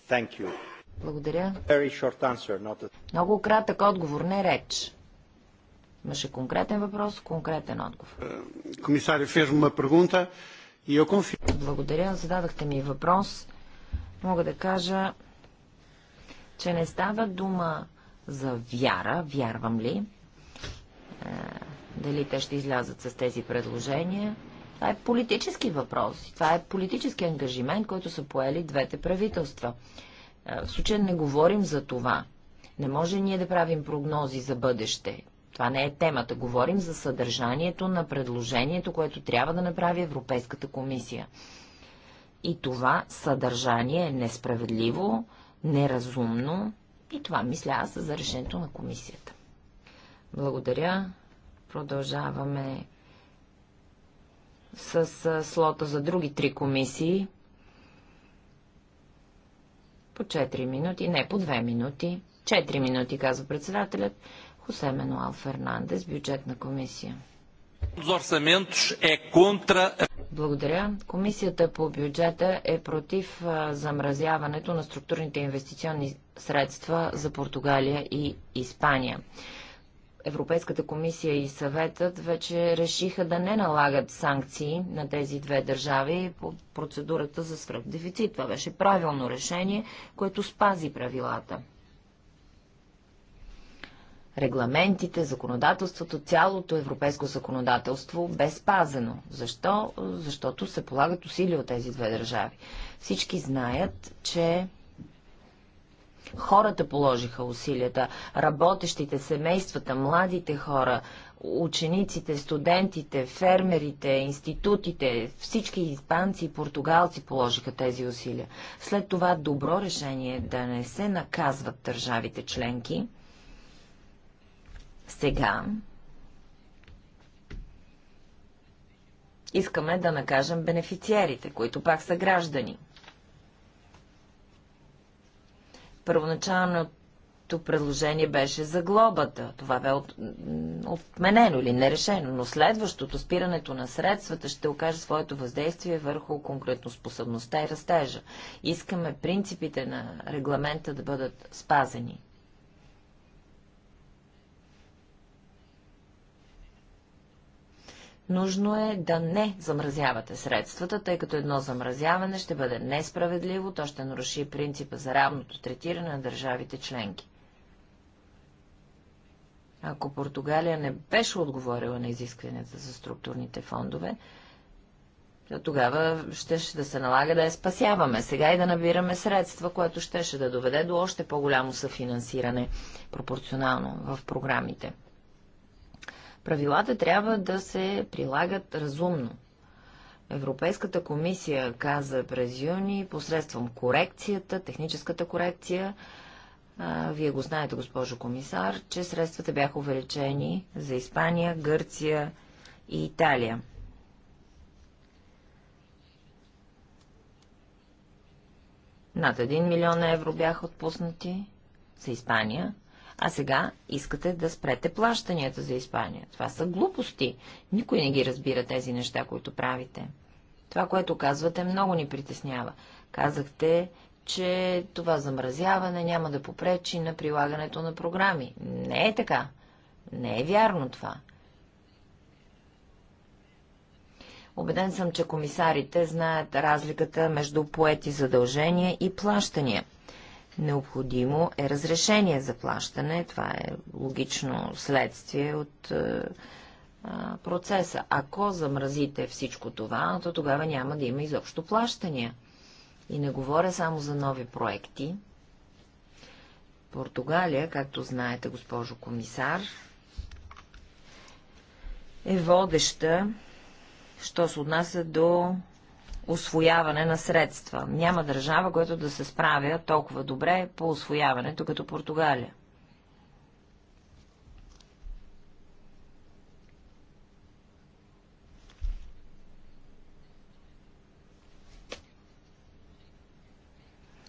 [SPEAKER 1] Thank you. Благодаря.
[SPEAKER 2] Very short answer, not a...
[SPEAKER 1] Много кратък отговор, не реч. Имаше конкретен въпрос, конкретен отговор. Е, Комисаря фирма прегунта и Благодаря, зададахте ми въпрос. Мога да кажа, че не става дума за вяра, вярвам ли, е, дали те ще излязат с тези предложения. Това е политически въпрос. Това е политически ангажимент, който са поели двете правителства. Е, в случая не говорим за това. Не може ние да правим прогнози за бъдеще. Това не е темата. Говорим за съдържанието на предложението, което трябва да направи Европейската комисия. И това съдържание е несправедливо, неразумно, и това мисля аз за решението на комисията. Благодаря. Продължаваме с слота за други три комисии. По 4 минути, не по 2 минути. 4 минути, казва председателят Хосе Менуал Фернандес, бюджетна комисия.
[SPEAKER 3] Е контра...
[SPEAKER 1] Благодаря. Комисията по бюджета е против замразяването на структурните инвестиционни средства за Португалия и Испания. Европейската комисия и съветът вече решиха да не налагат санкции на тези две държави по процедурата за дефицит. Това беше правилно решение, което спази правилата. Регламентите, законодателството, цялото европейско законодателство бе спазено. Защо? Защото се полагат усилия от тези две държави. Всички знаят, че Хората положиха усилията, работещите, семействата, младите хора, учениците, студентите, фермерите, институтите, всички испанци и португалци положиха тези усилия. След това добро решение да не се наказват държавите членки. Сега искаме да накажем бенефициерите, които пак са граждани. Първоначалното предложение беше за глобата. Това бе от, отменено или нерешено, но следващото спирането на средствата ще окаже своето въздействие върху конкретноспособността и растежа. Искаме принципите на регламента да бъдат спазени. Нужно е да не замразявате средствата, тъй като едно замразяване ще бъде несправедливо, то ще наруши принципа за равното третиране на държавите членки. Ако Португалия не беше отговорила на изискванията за структурните фондове, то тогава щеше да се налага да я спасяваме сега и да набираме средства, което щеше да доведе до още по-голямо съфинансиране пропорционално в програмите. Правилата трябва да се прилагат разумно. Европейската комисия каза през юни посредством корекцията, техническата корекция, а, вие го знаете, госпожо комисар, че средствата бяха увеличени за Испания, Гърция и Италия. Над 1 милион евро бяха отпуснати за Испания а сега искате да спрете плащанията за Испания. Това са глупости. Никой не ги разбира тези неща, които правите. Това, което казвате, много ни притеснява. Казахте, че това замразяване няма да попречи на прилагането на програми. Не е така. Не е вярно това. Обеден съм, че комисарите знаят разликата между поети задължения и плащания – необходимо е разрешение за плащане. Това е логично следствие от е, процеса. Ако замразите всичко това, то тогава няма да има изобщо плащания. И не говоря само за нови проекти. Португалия, както знаете, госпожо комисар, е водеща, що се отнася до освояване на средства. Няма държава, която да се справя толкова добре по освояването като Португалия.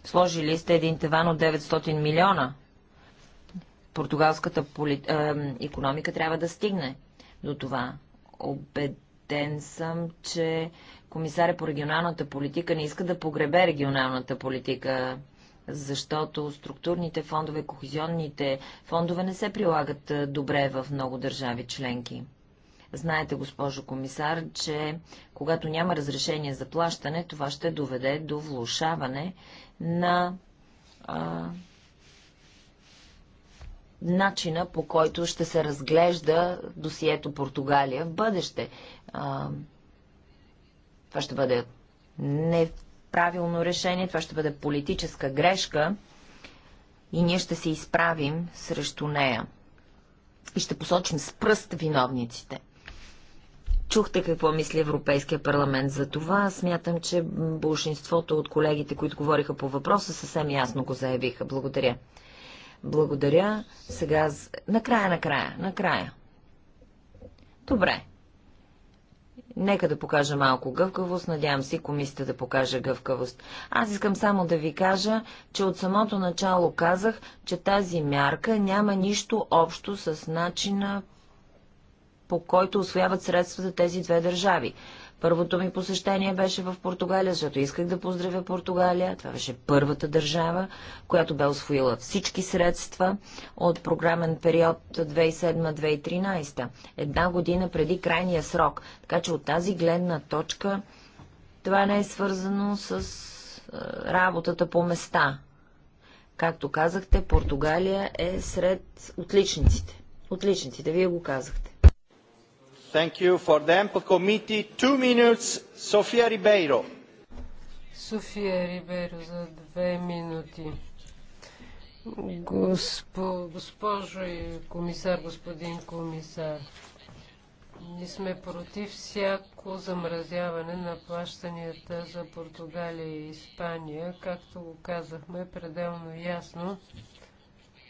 [SPEAKER 1] Сложили сте един таван от 900 милиона. Португалската поли... е, економика трябва да стигне до това. Обед убеден съм, че комисаря по регионалната политика не иска да погребе регионалната политика, защото структурните фондове, кохезионните фондове не се прилагат добре в много държави членки. Знаете, госпожо комисар, че когато няма разрешение за плащане, това ще доведе до влушаване на а, начина по който ще се разглежда досието Португалия в бъдеще. А, това ще бъде неправилно решение, това ще бъде политическа грешка и ние ще се изправим срещу нея. И ще посочим с пръст виновниците. Чухте какво мисли Европейския парламент за това. Смятам, че большинството от колегите, които говориха по въпроса, съвсем ясно го заявиха. Благодаря. Благодаря. Сега... Накрая, накрая, накрая. Добре. Нека да покажа малко гъвкавост. Надявам се комисията да покаже гъвкавост. Аз искам само да ви кажа, че от самото начало казах, че тази мярка няма нищо общо с начина по който освояват средствата тези две държави. Първото ми посещение беше в Португалия, защото исках да поздравя Португалия. Това беше първата държава, която бе освоила всички средства от програмен период 2007-2013. Една година преди крайния срок. Така че от тази гледна точка това не е свързано с е, работата по места. Както казахте, Португалия е сред отличниците. Отличниците, вие го казахте.
[SPEAKER 2] Thank you София Рибейро.
[SPEAKER 3] София Рибейро за две минути. госпожо и комисар, господин комисар, ние сме против всяко замразяване на плащанията за Португалия и Испания, както го казахме пределно ясно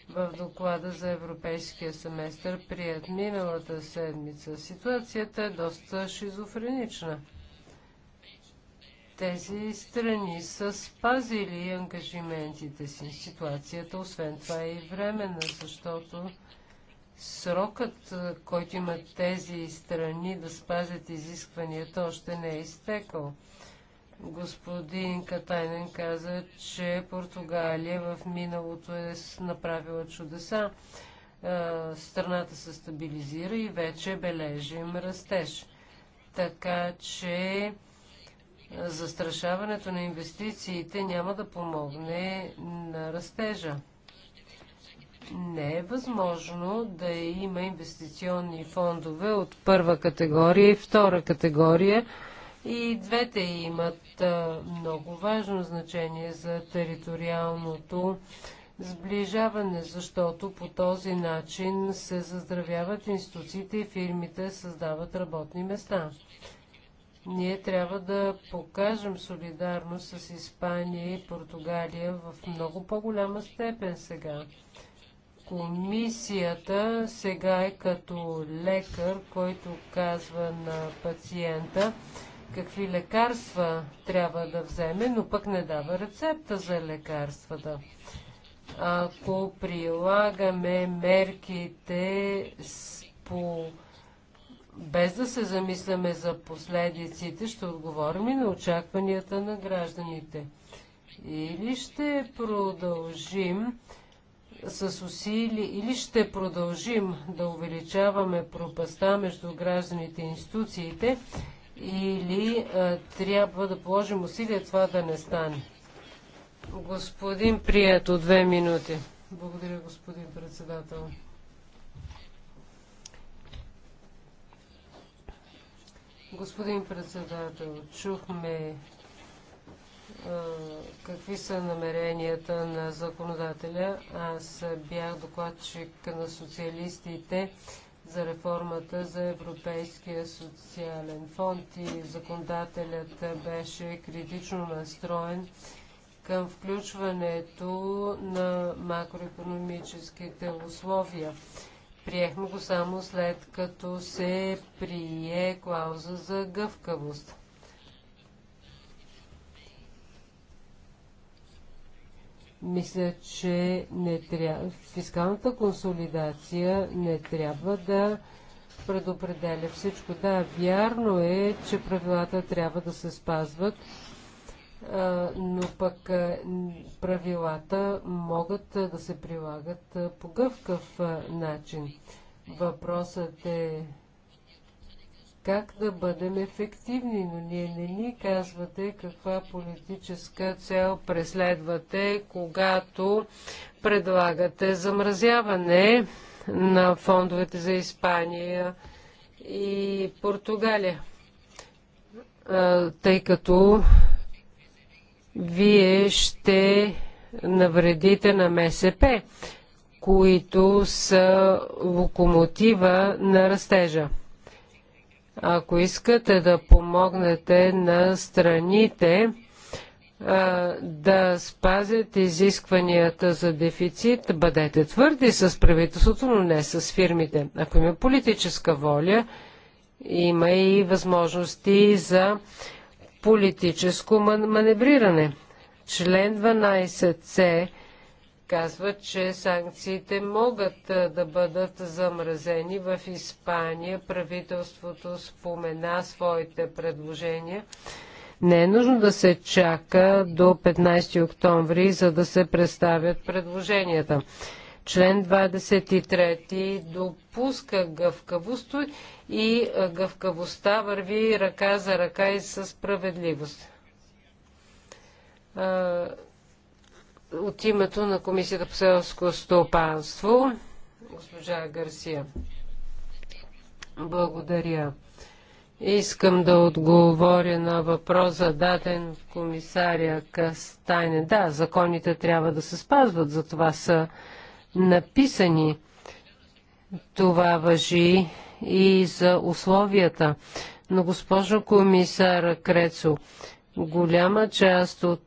[SPEAKER 3] в доклада за европейския семестър, прият миналата седмица. Ситуацията е доста шизофренична. Тези страни са спазили ангажиментите си. Ситуацията, освен това, е и временна, защото срокът, който имат тези страни да спазят изискванията, още не е изтекал. Господин Катайнен каза, че Португалия в миналото е направила чудеса. Е, страната се стабилизира и вече бележим растеж. Така че е, застрашаването на инвестициите няма да помогне на растежа. Не е възможно да има инвестиционни фондове от първа категория и втора категория, и двете имат много важно значение за териториалното сближаване, защото по този начин се заздравяват институциите и фирмите създават работни места. Ние трябва да покажем солидарност с Испания и Португалия в много по-голяма степен сега. Комисията сега е като лекар, който казва на пациента, какви лекарства трябва да вземе, но пък не дава рецепта за лекарствата. Ако прилагаме мерките по... без да се замисляме за последиците, ще отговорим и на очакванията на гражданите. Или ще продължим с усили или ще продължим да увеличаваме пропаста между гражданите и институциите, или а, е, трябва да положим усилия това да не стане. Господин Прието, две минути. Благодаря, господин председател. Господин председател, чухме а, е, какви са намеренията на законодателя. Аз бях докладчик на социалистите за реформата за Европейския социален фонд и законодателят беше критично настроен към включването на макроекономическите условия. Приехме го само след като се прие клауза за гъвкавост. Мисля, че не трябва, фискалната консолидация не трябва да предопределя всичко. Да, вярно е, че правилата трябва да се спазват, но пък правилата могат да се прилагат по гъвкав начин. Въпросът е как да бъдем ефективни, но ние не ни казвате каква политическа цел преследвате, когато предлагате замразяване на фондовете за Испания и Португалия. Тъй като вие ще навредите на МСП, които са локомотива на растежа. Ако искате да помогнете на страните а, да спазят изискванията за дефицит, бъдете твърди с правителството, но не с фирмите. Ако има политическа воля, има и възможности за политическо маневриране. Член 12c казва, че санкциите могат да бъдат замразени. В Испания правителството спомена своите предложения. Не е нужно да се чака до 15 октомври, за да се представят предложенията. Член 23 допуска гъвкавост и гъвкавостта върви ръка за ръка и със справедливост. От името на Комисията по селско стопанство, госпожа Гарсия. Благодаря. Искам да отговоря на въпрос зададен в комисаря Кастайне. Да, законите трябва да се спазват, за това са написани. Това въжи и за условията. Но госпожо комисар Крецо, голяма част от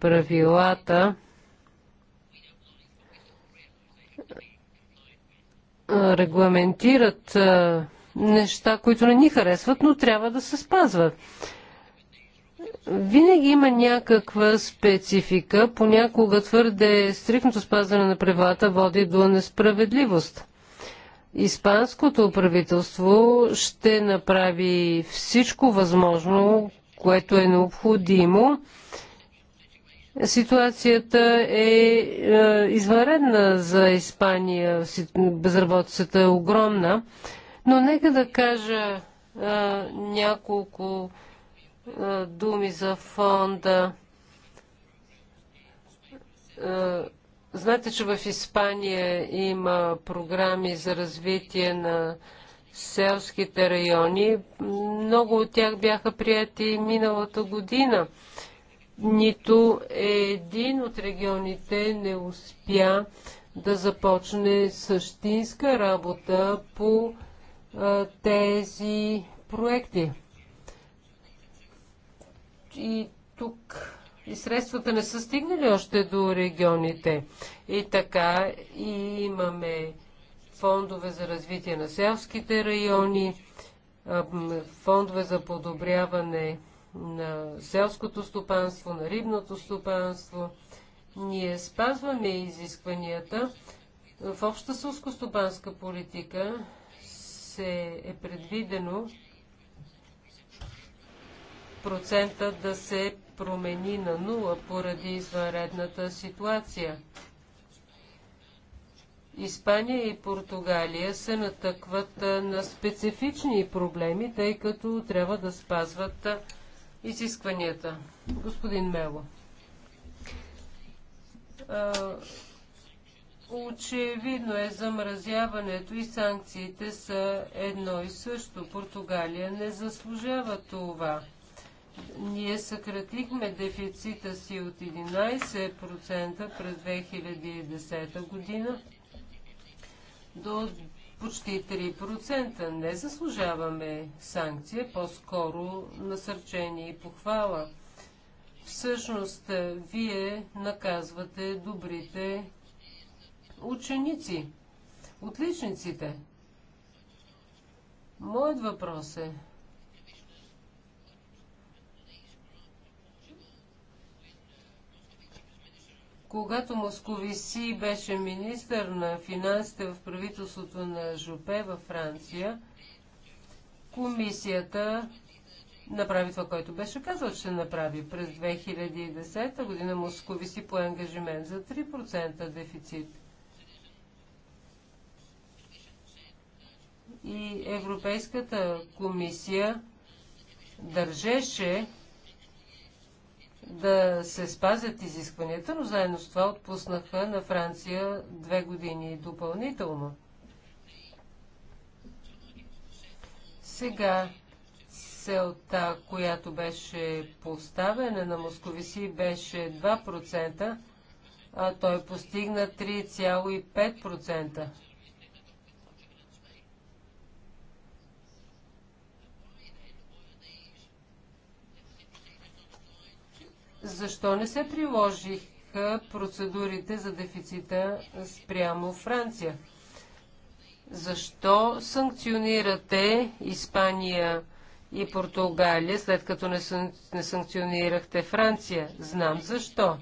[SPEAKER 3] правилата регламентират неща, които не ни харесват, но трябва да се спазват. Винаги има някаква специфика, понякога твърде стрихното спазване на правилата води до несправедливост. Испанското правителство ще направи всичко възможно, което е необходимо, Ситуацията е, е извънредна за Испания. Безработицата е огромна. Но нека да кажа е, няколко е, думи за фонда. Е, знаете, че в Испания има програми за развитие на селските райони. Много от тях бяха прияти миналата година. Нито един от регионите не успя да започне същинска работа по а, тези проекти. И тук и средствата не са стигнали още до регионите. И така и имаме фондове за развитие на селските райони, фондове за подобряване на селското стопанство, на рибното стопанство. Ние спазваме изискванията. В обща сълскостопанска политика се е предвидено процента да се промени на нула поради извънредната ситуация. Испания и Португалия се натъкват на специфични проблеми, тъй като трябва да спазват изискванията. Господин Мело. Очевидно е замразяването и санкциите са едно и също. Португалия не заслужава това. Ние съкратихме дефицита си от 11% през 2010 година до почти 3%. Не заслужаваме санкция, по-скоро насърчение и похвала. Всъщност, вие наказвате добрите ученици, отличниците. Моят въпрос е, Когато Московиси беше министър на финансите в правителството на Жопе във Франция, комисията направи това, което беше казал, че ще направи. През 2010 година Московиси си по ангажимент за 3% дефицит. И Европейската комисия държеше да се спазят изискванията, но заедно с това отпуснаха на Франция две години допълнително. Сега целта, която беше поставена на московиси, беше 2%, а той постигна 3,5%. Защо не се приложиха процедурите за дефицита спрямо Франция? Защо санкционирате Испания и Португалия, след като не, санкционирахте Франция? Знам защо.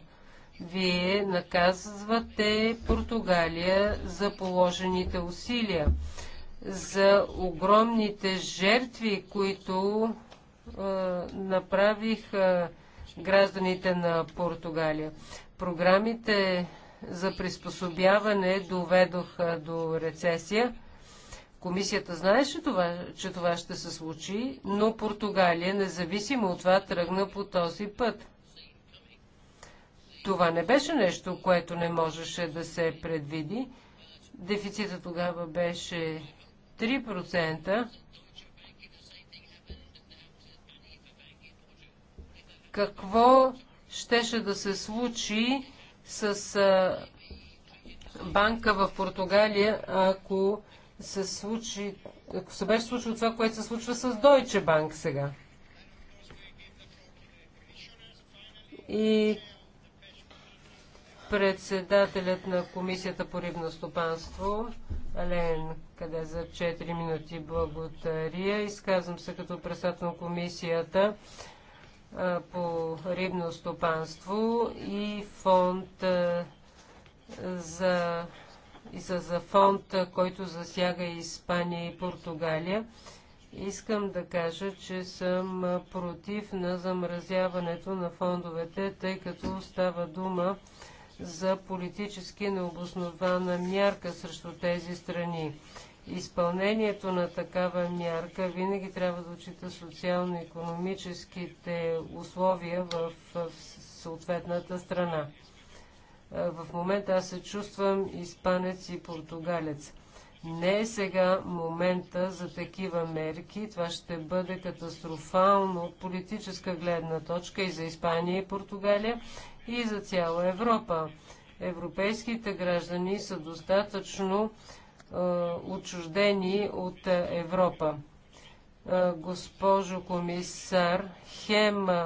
[SPEAKER 3] Вие наказвате Португалия за положените усилия, за огромните жертви, които е, направиха гражданите на Португалия. Програмите за приспособяване доведоха до рецесия. Комисията знаеше, това, че това ще се случи, но Португалия, независимо от това, тръгна по този път. Това не беше нещо, което не можеше да се предвиди. Дефицита тогава беше 3%. какво щеше да се случи с а, банка в Португалия, ако се случи, ако се беше случило това, което се случва с Deutsche Bank сега. И председателят на Комисията по рибно стопанство, Ален Къде за 4 минути благодаря. Изказвам се като председател на комисията по рибно стопанство и фонд за, и за, за фонд, който засяга Испания и Португалия. Искам да кажа, че съм против на замразяването на фондовете, тъй като става дума за политически необоснована мярка срещу тези страни. Изпълнението на такава мярка винаги трябва да отчита социално-економическите условия в съответната страна. В момента аз се чувствам испанец и португалец. Не е сега момента за такива мерки. Това ще бъде катастрофално от политическа гледна точка и за Испания и Португалия, и за цяла Европа. Европейските граждани са достатъчно е, отчуждени от Европа. Е, госпожо комисар, хем, е,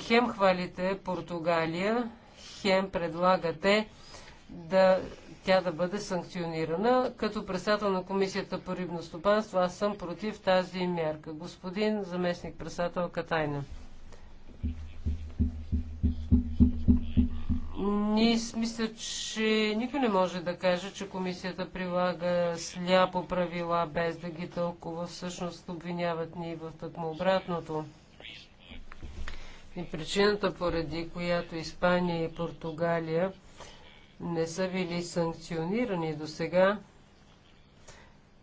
[SPEAKER 3] хем хвалите Португалия, хем предлагате да тя да бъде санкционирана. Като председател на Комисията по рибно стопанство, аз съм против тази мярка. Господин заместник председател Катайна. Ние мисля, че никой не може да каже, че комисията прилага сляпо правила, без да ги тълкува. Всъщност обвиняват ни в тъкмо обратното. И причината, поради която Испания и Португалия не са били санкционирани до сега,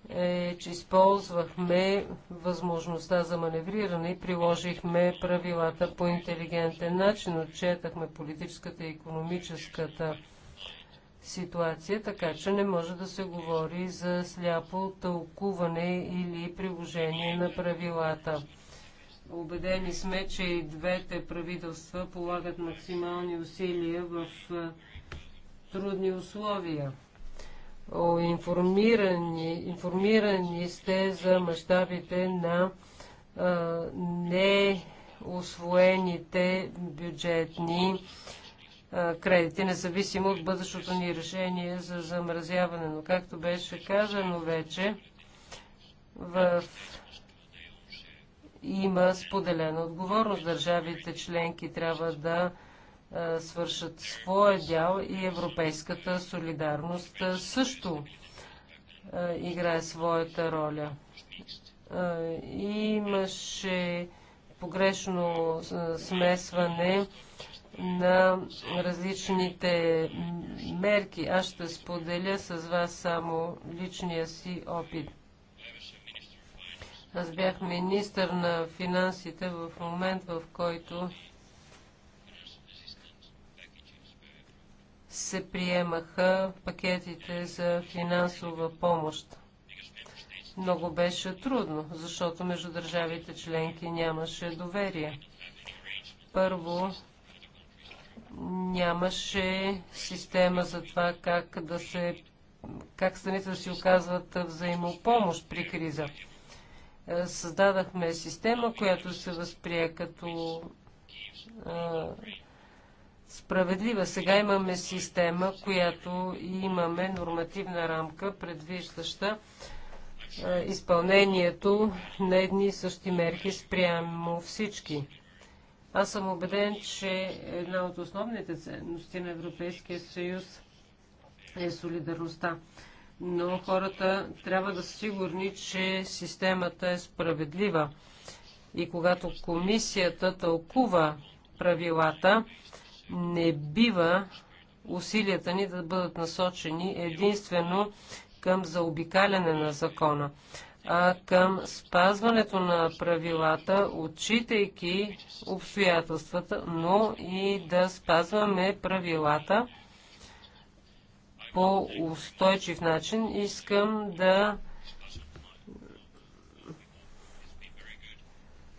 [SPEAKER 3] е, че използвахме възможността за маневриране и приложихме правилата по интелигентен начин. Отчетахме политическата и економическата ситуация, така че не може да се говори за сляпо тълкуване или приложение на правилата. Обедени сме, че и двете правителства полагат максимални усилия в трудни условия информирани, информирани сте за мащабите на а, неосвоените бюджетни а, кредити, независимо от бъдещото ни решение за замразяване. Но както беше казано вече, в има споделена отговорност. Държавите членки трябва да е, свършат своя дял и европейската солидарност е, също е, играе своята роля. Имаше погрешно смесване на различните мерки. Аз ще споделя с вас само личния си опит. Аз бях министър на финансите в момент, в който се приемаха пакетите за финансова помощ. Много беше трудно, защото между държавите членки нямаше доверие. Първо, нямаше система за това как да се как страните да си оказват взаимопомощ при криза. Е, създадахме система, която се възприе като е, справедлива. Сега имаме система, която имаме нормативна рамка, предвиждаща е, изпълнението на едни и същи мерки спрямо всички. Аз съм убеден, че една от основните ценности на Европейския съюз е солидарността. Но хората трябва да са сигурни, че системата е справедлива. И когато комисията тълкува правилата, не бива усилията ни да бъдат насочени единствено към заобикаляне на закона, а към спазването на правилата, отчитайки обстоятелствата, но и да спазваме правилата по устойчив начин. Искам да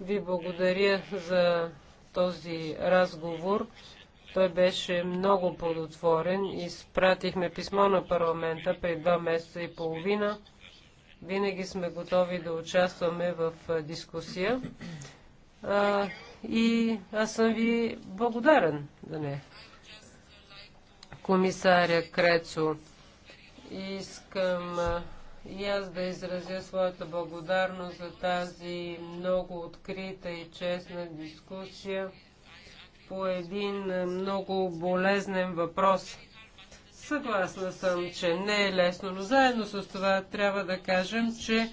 [SPEAKER 3] ви благодаря за този разговор. Той беше много плодотворен. Изпратихме писмо на парламента преди два месеца и половина. Винаги сме готови да участваме в дискусия. А, и аз съм ви благодарен за да нея. Комисаря Крецо, искам и аз да изразя своята благодарност за тази много открита и честна дискусия по един много болезнен въпрос. Съгласна съм, че не е лесно, но заедно с това трябва да кажем, че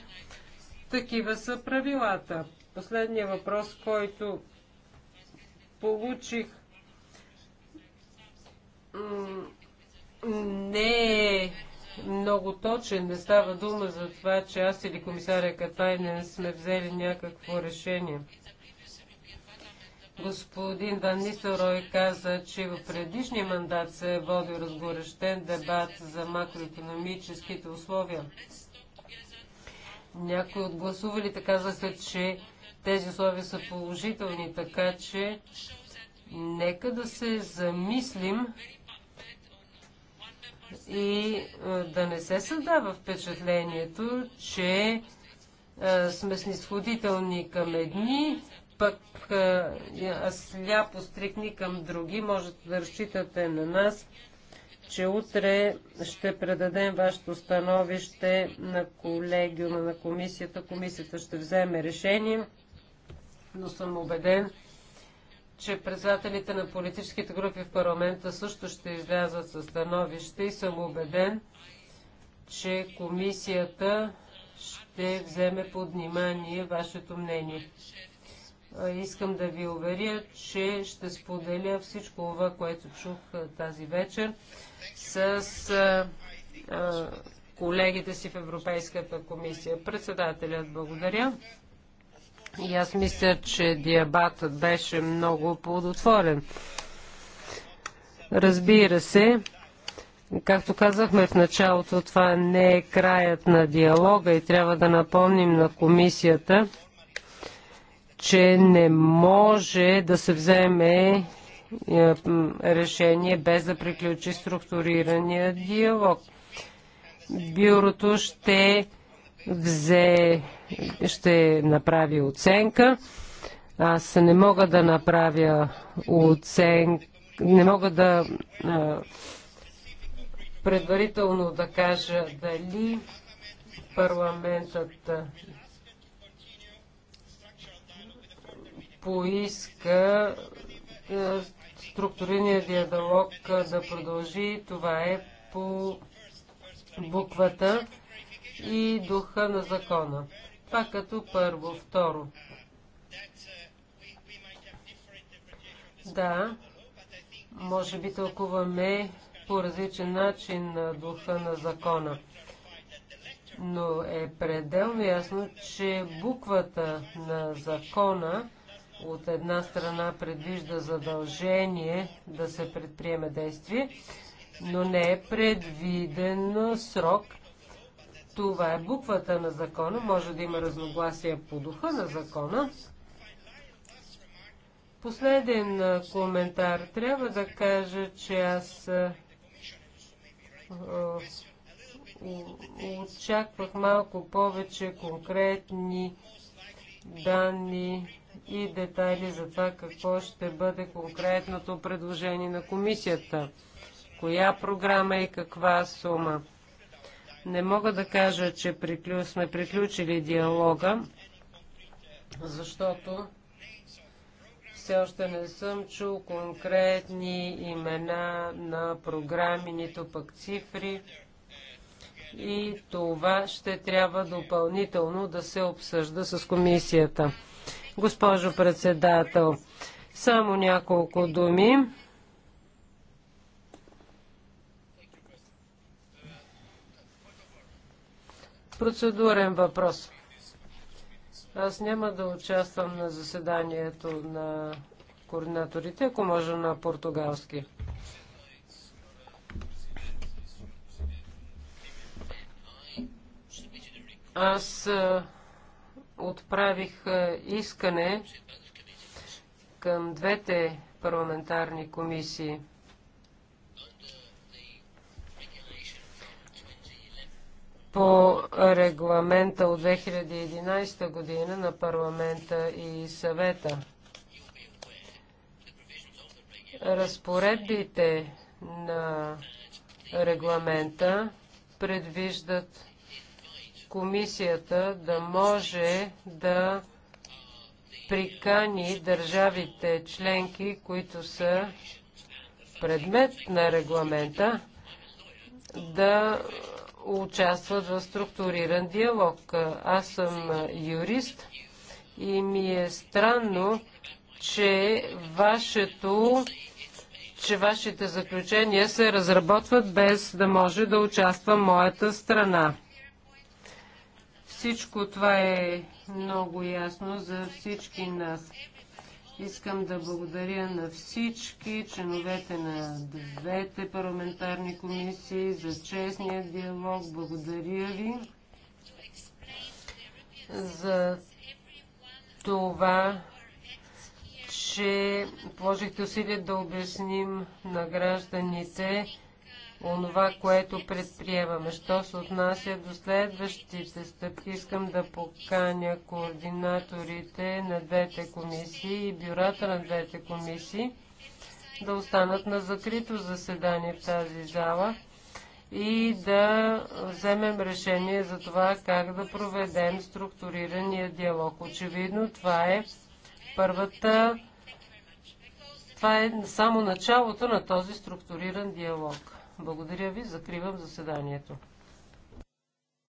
[SPEAKER 3] такива са правилата. Последния въпрос, който получих, не е много точен. Не става дума за това, че аз или комисаря Катайнен сме взели някакво решение. Господин Ван Нисерой каза, че в предишния мандат се е води разгорещен дебат за макроекономическите условия. Някои от гласувалите казаха, че тези условия са положителни, така че нека да се замислим и да не се създава впечатлението, че сме снисходителни към едни пък сляпо стрикни към други, можете да разчитате на нас, че утре ще предадем вашето становище на колегиума на комисията. Комисията ще вземе решение, но съм убеден, че председателите на политическите групи в парламента също ще излязат със становище и съм убеден, че комисията ще вземе под внимание вашето мнение. Искам да ви уверя, че ще споделя всичко това, което чух тази вечер с колегите си в Европейската комисия. Председателят, благодаря. И аз мисля, че диабатът беше много плодотворен. Разбира се, както казахме в началото, това не е краят на диалога и трябва да напомним на комисията, че не може да се вземе е, решение без да приключи структурирания диалог. Бюрото ще взе, ще направи оценка. Аз не мога да направя оценка, не мога да е, предварително да кажа дали парламентът поиска е, структурирания диалог е, да продължи. Това е по буквата и духа на закона. Това като първо. Второ. Да, може би тълкуваме по различен начин на духа на закона. Но е пределно ясно, че буквата на закона от една страна предвижда задължение да се предприеме действие, но не е предвиден срок. Това е буквата на закона. Може да има разногласия по духа на закона. Последен коментар. Трябва да кажа, че аз очаквах малко повече конкретни данни и детайли за това какво ще бъде конкретното предложение на комисията, коя програма и каква сума. Не мога да кажа, че приклю... сме приключили диалога, защото все още не съм чул конкретни имена на програми, нито пък цифри. И това ще трябва допълнително да се обсъжда с комисията. Госпожо председател, само няколко думи. Процедурен въпрос. Аз няма да участвам на заседанието на координаторите, ако може на португалски. Аз отправих е, искане към двете парламентарни комисии. По регламента от 2011 година на парламента и съвета. Разпоредбите на регламента предвиждат комисията да може да прикани държавите членки, които са предмет на регламента, да участват в структуриран диалог. Аз съм юрист и ми е странно, че вашето че вашите заключения се разработват без да може да участва моята страна. Всичко това е много ясно за всички нас. Искам да благодаря на всички членовете на двете парламентарни комисии за честния диалог. Благодаря ви за това, че положихте усилия да обясним на гражданите онова, което предприемаме. Що се отнася до следващите стъпки, искам да поканя координаторите на двете комисии и бюрата на двете комисии да останат на закрито заседание в тази зала и да вземем решение за това как да проведем структурирания диалог. Очевидно това е първата, това е само началото на този структуриран диалог. Благодаря ви. Закривам заседанието.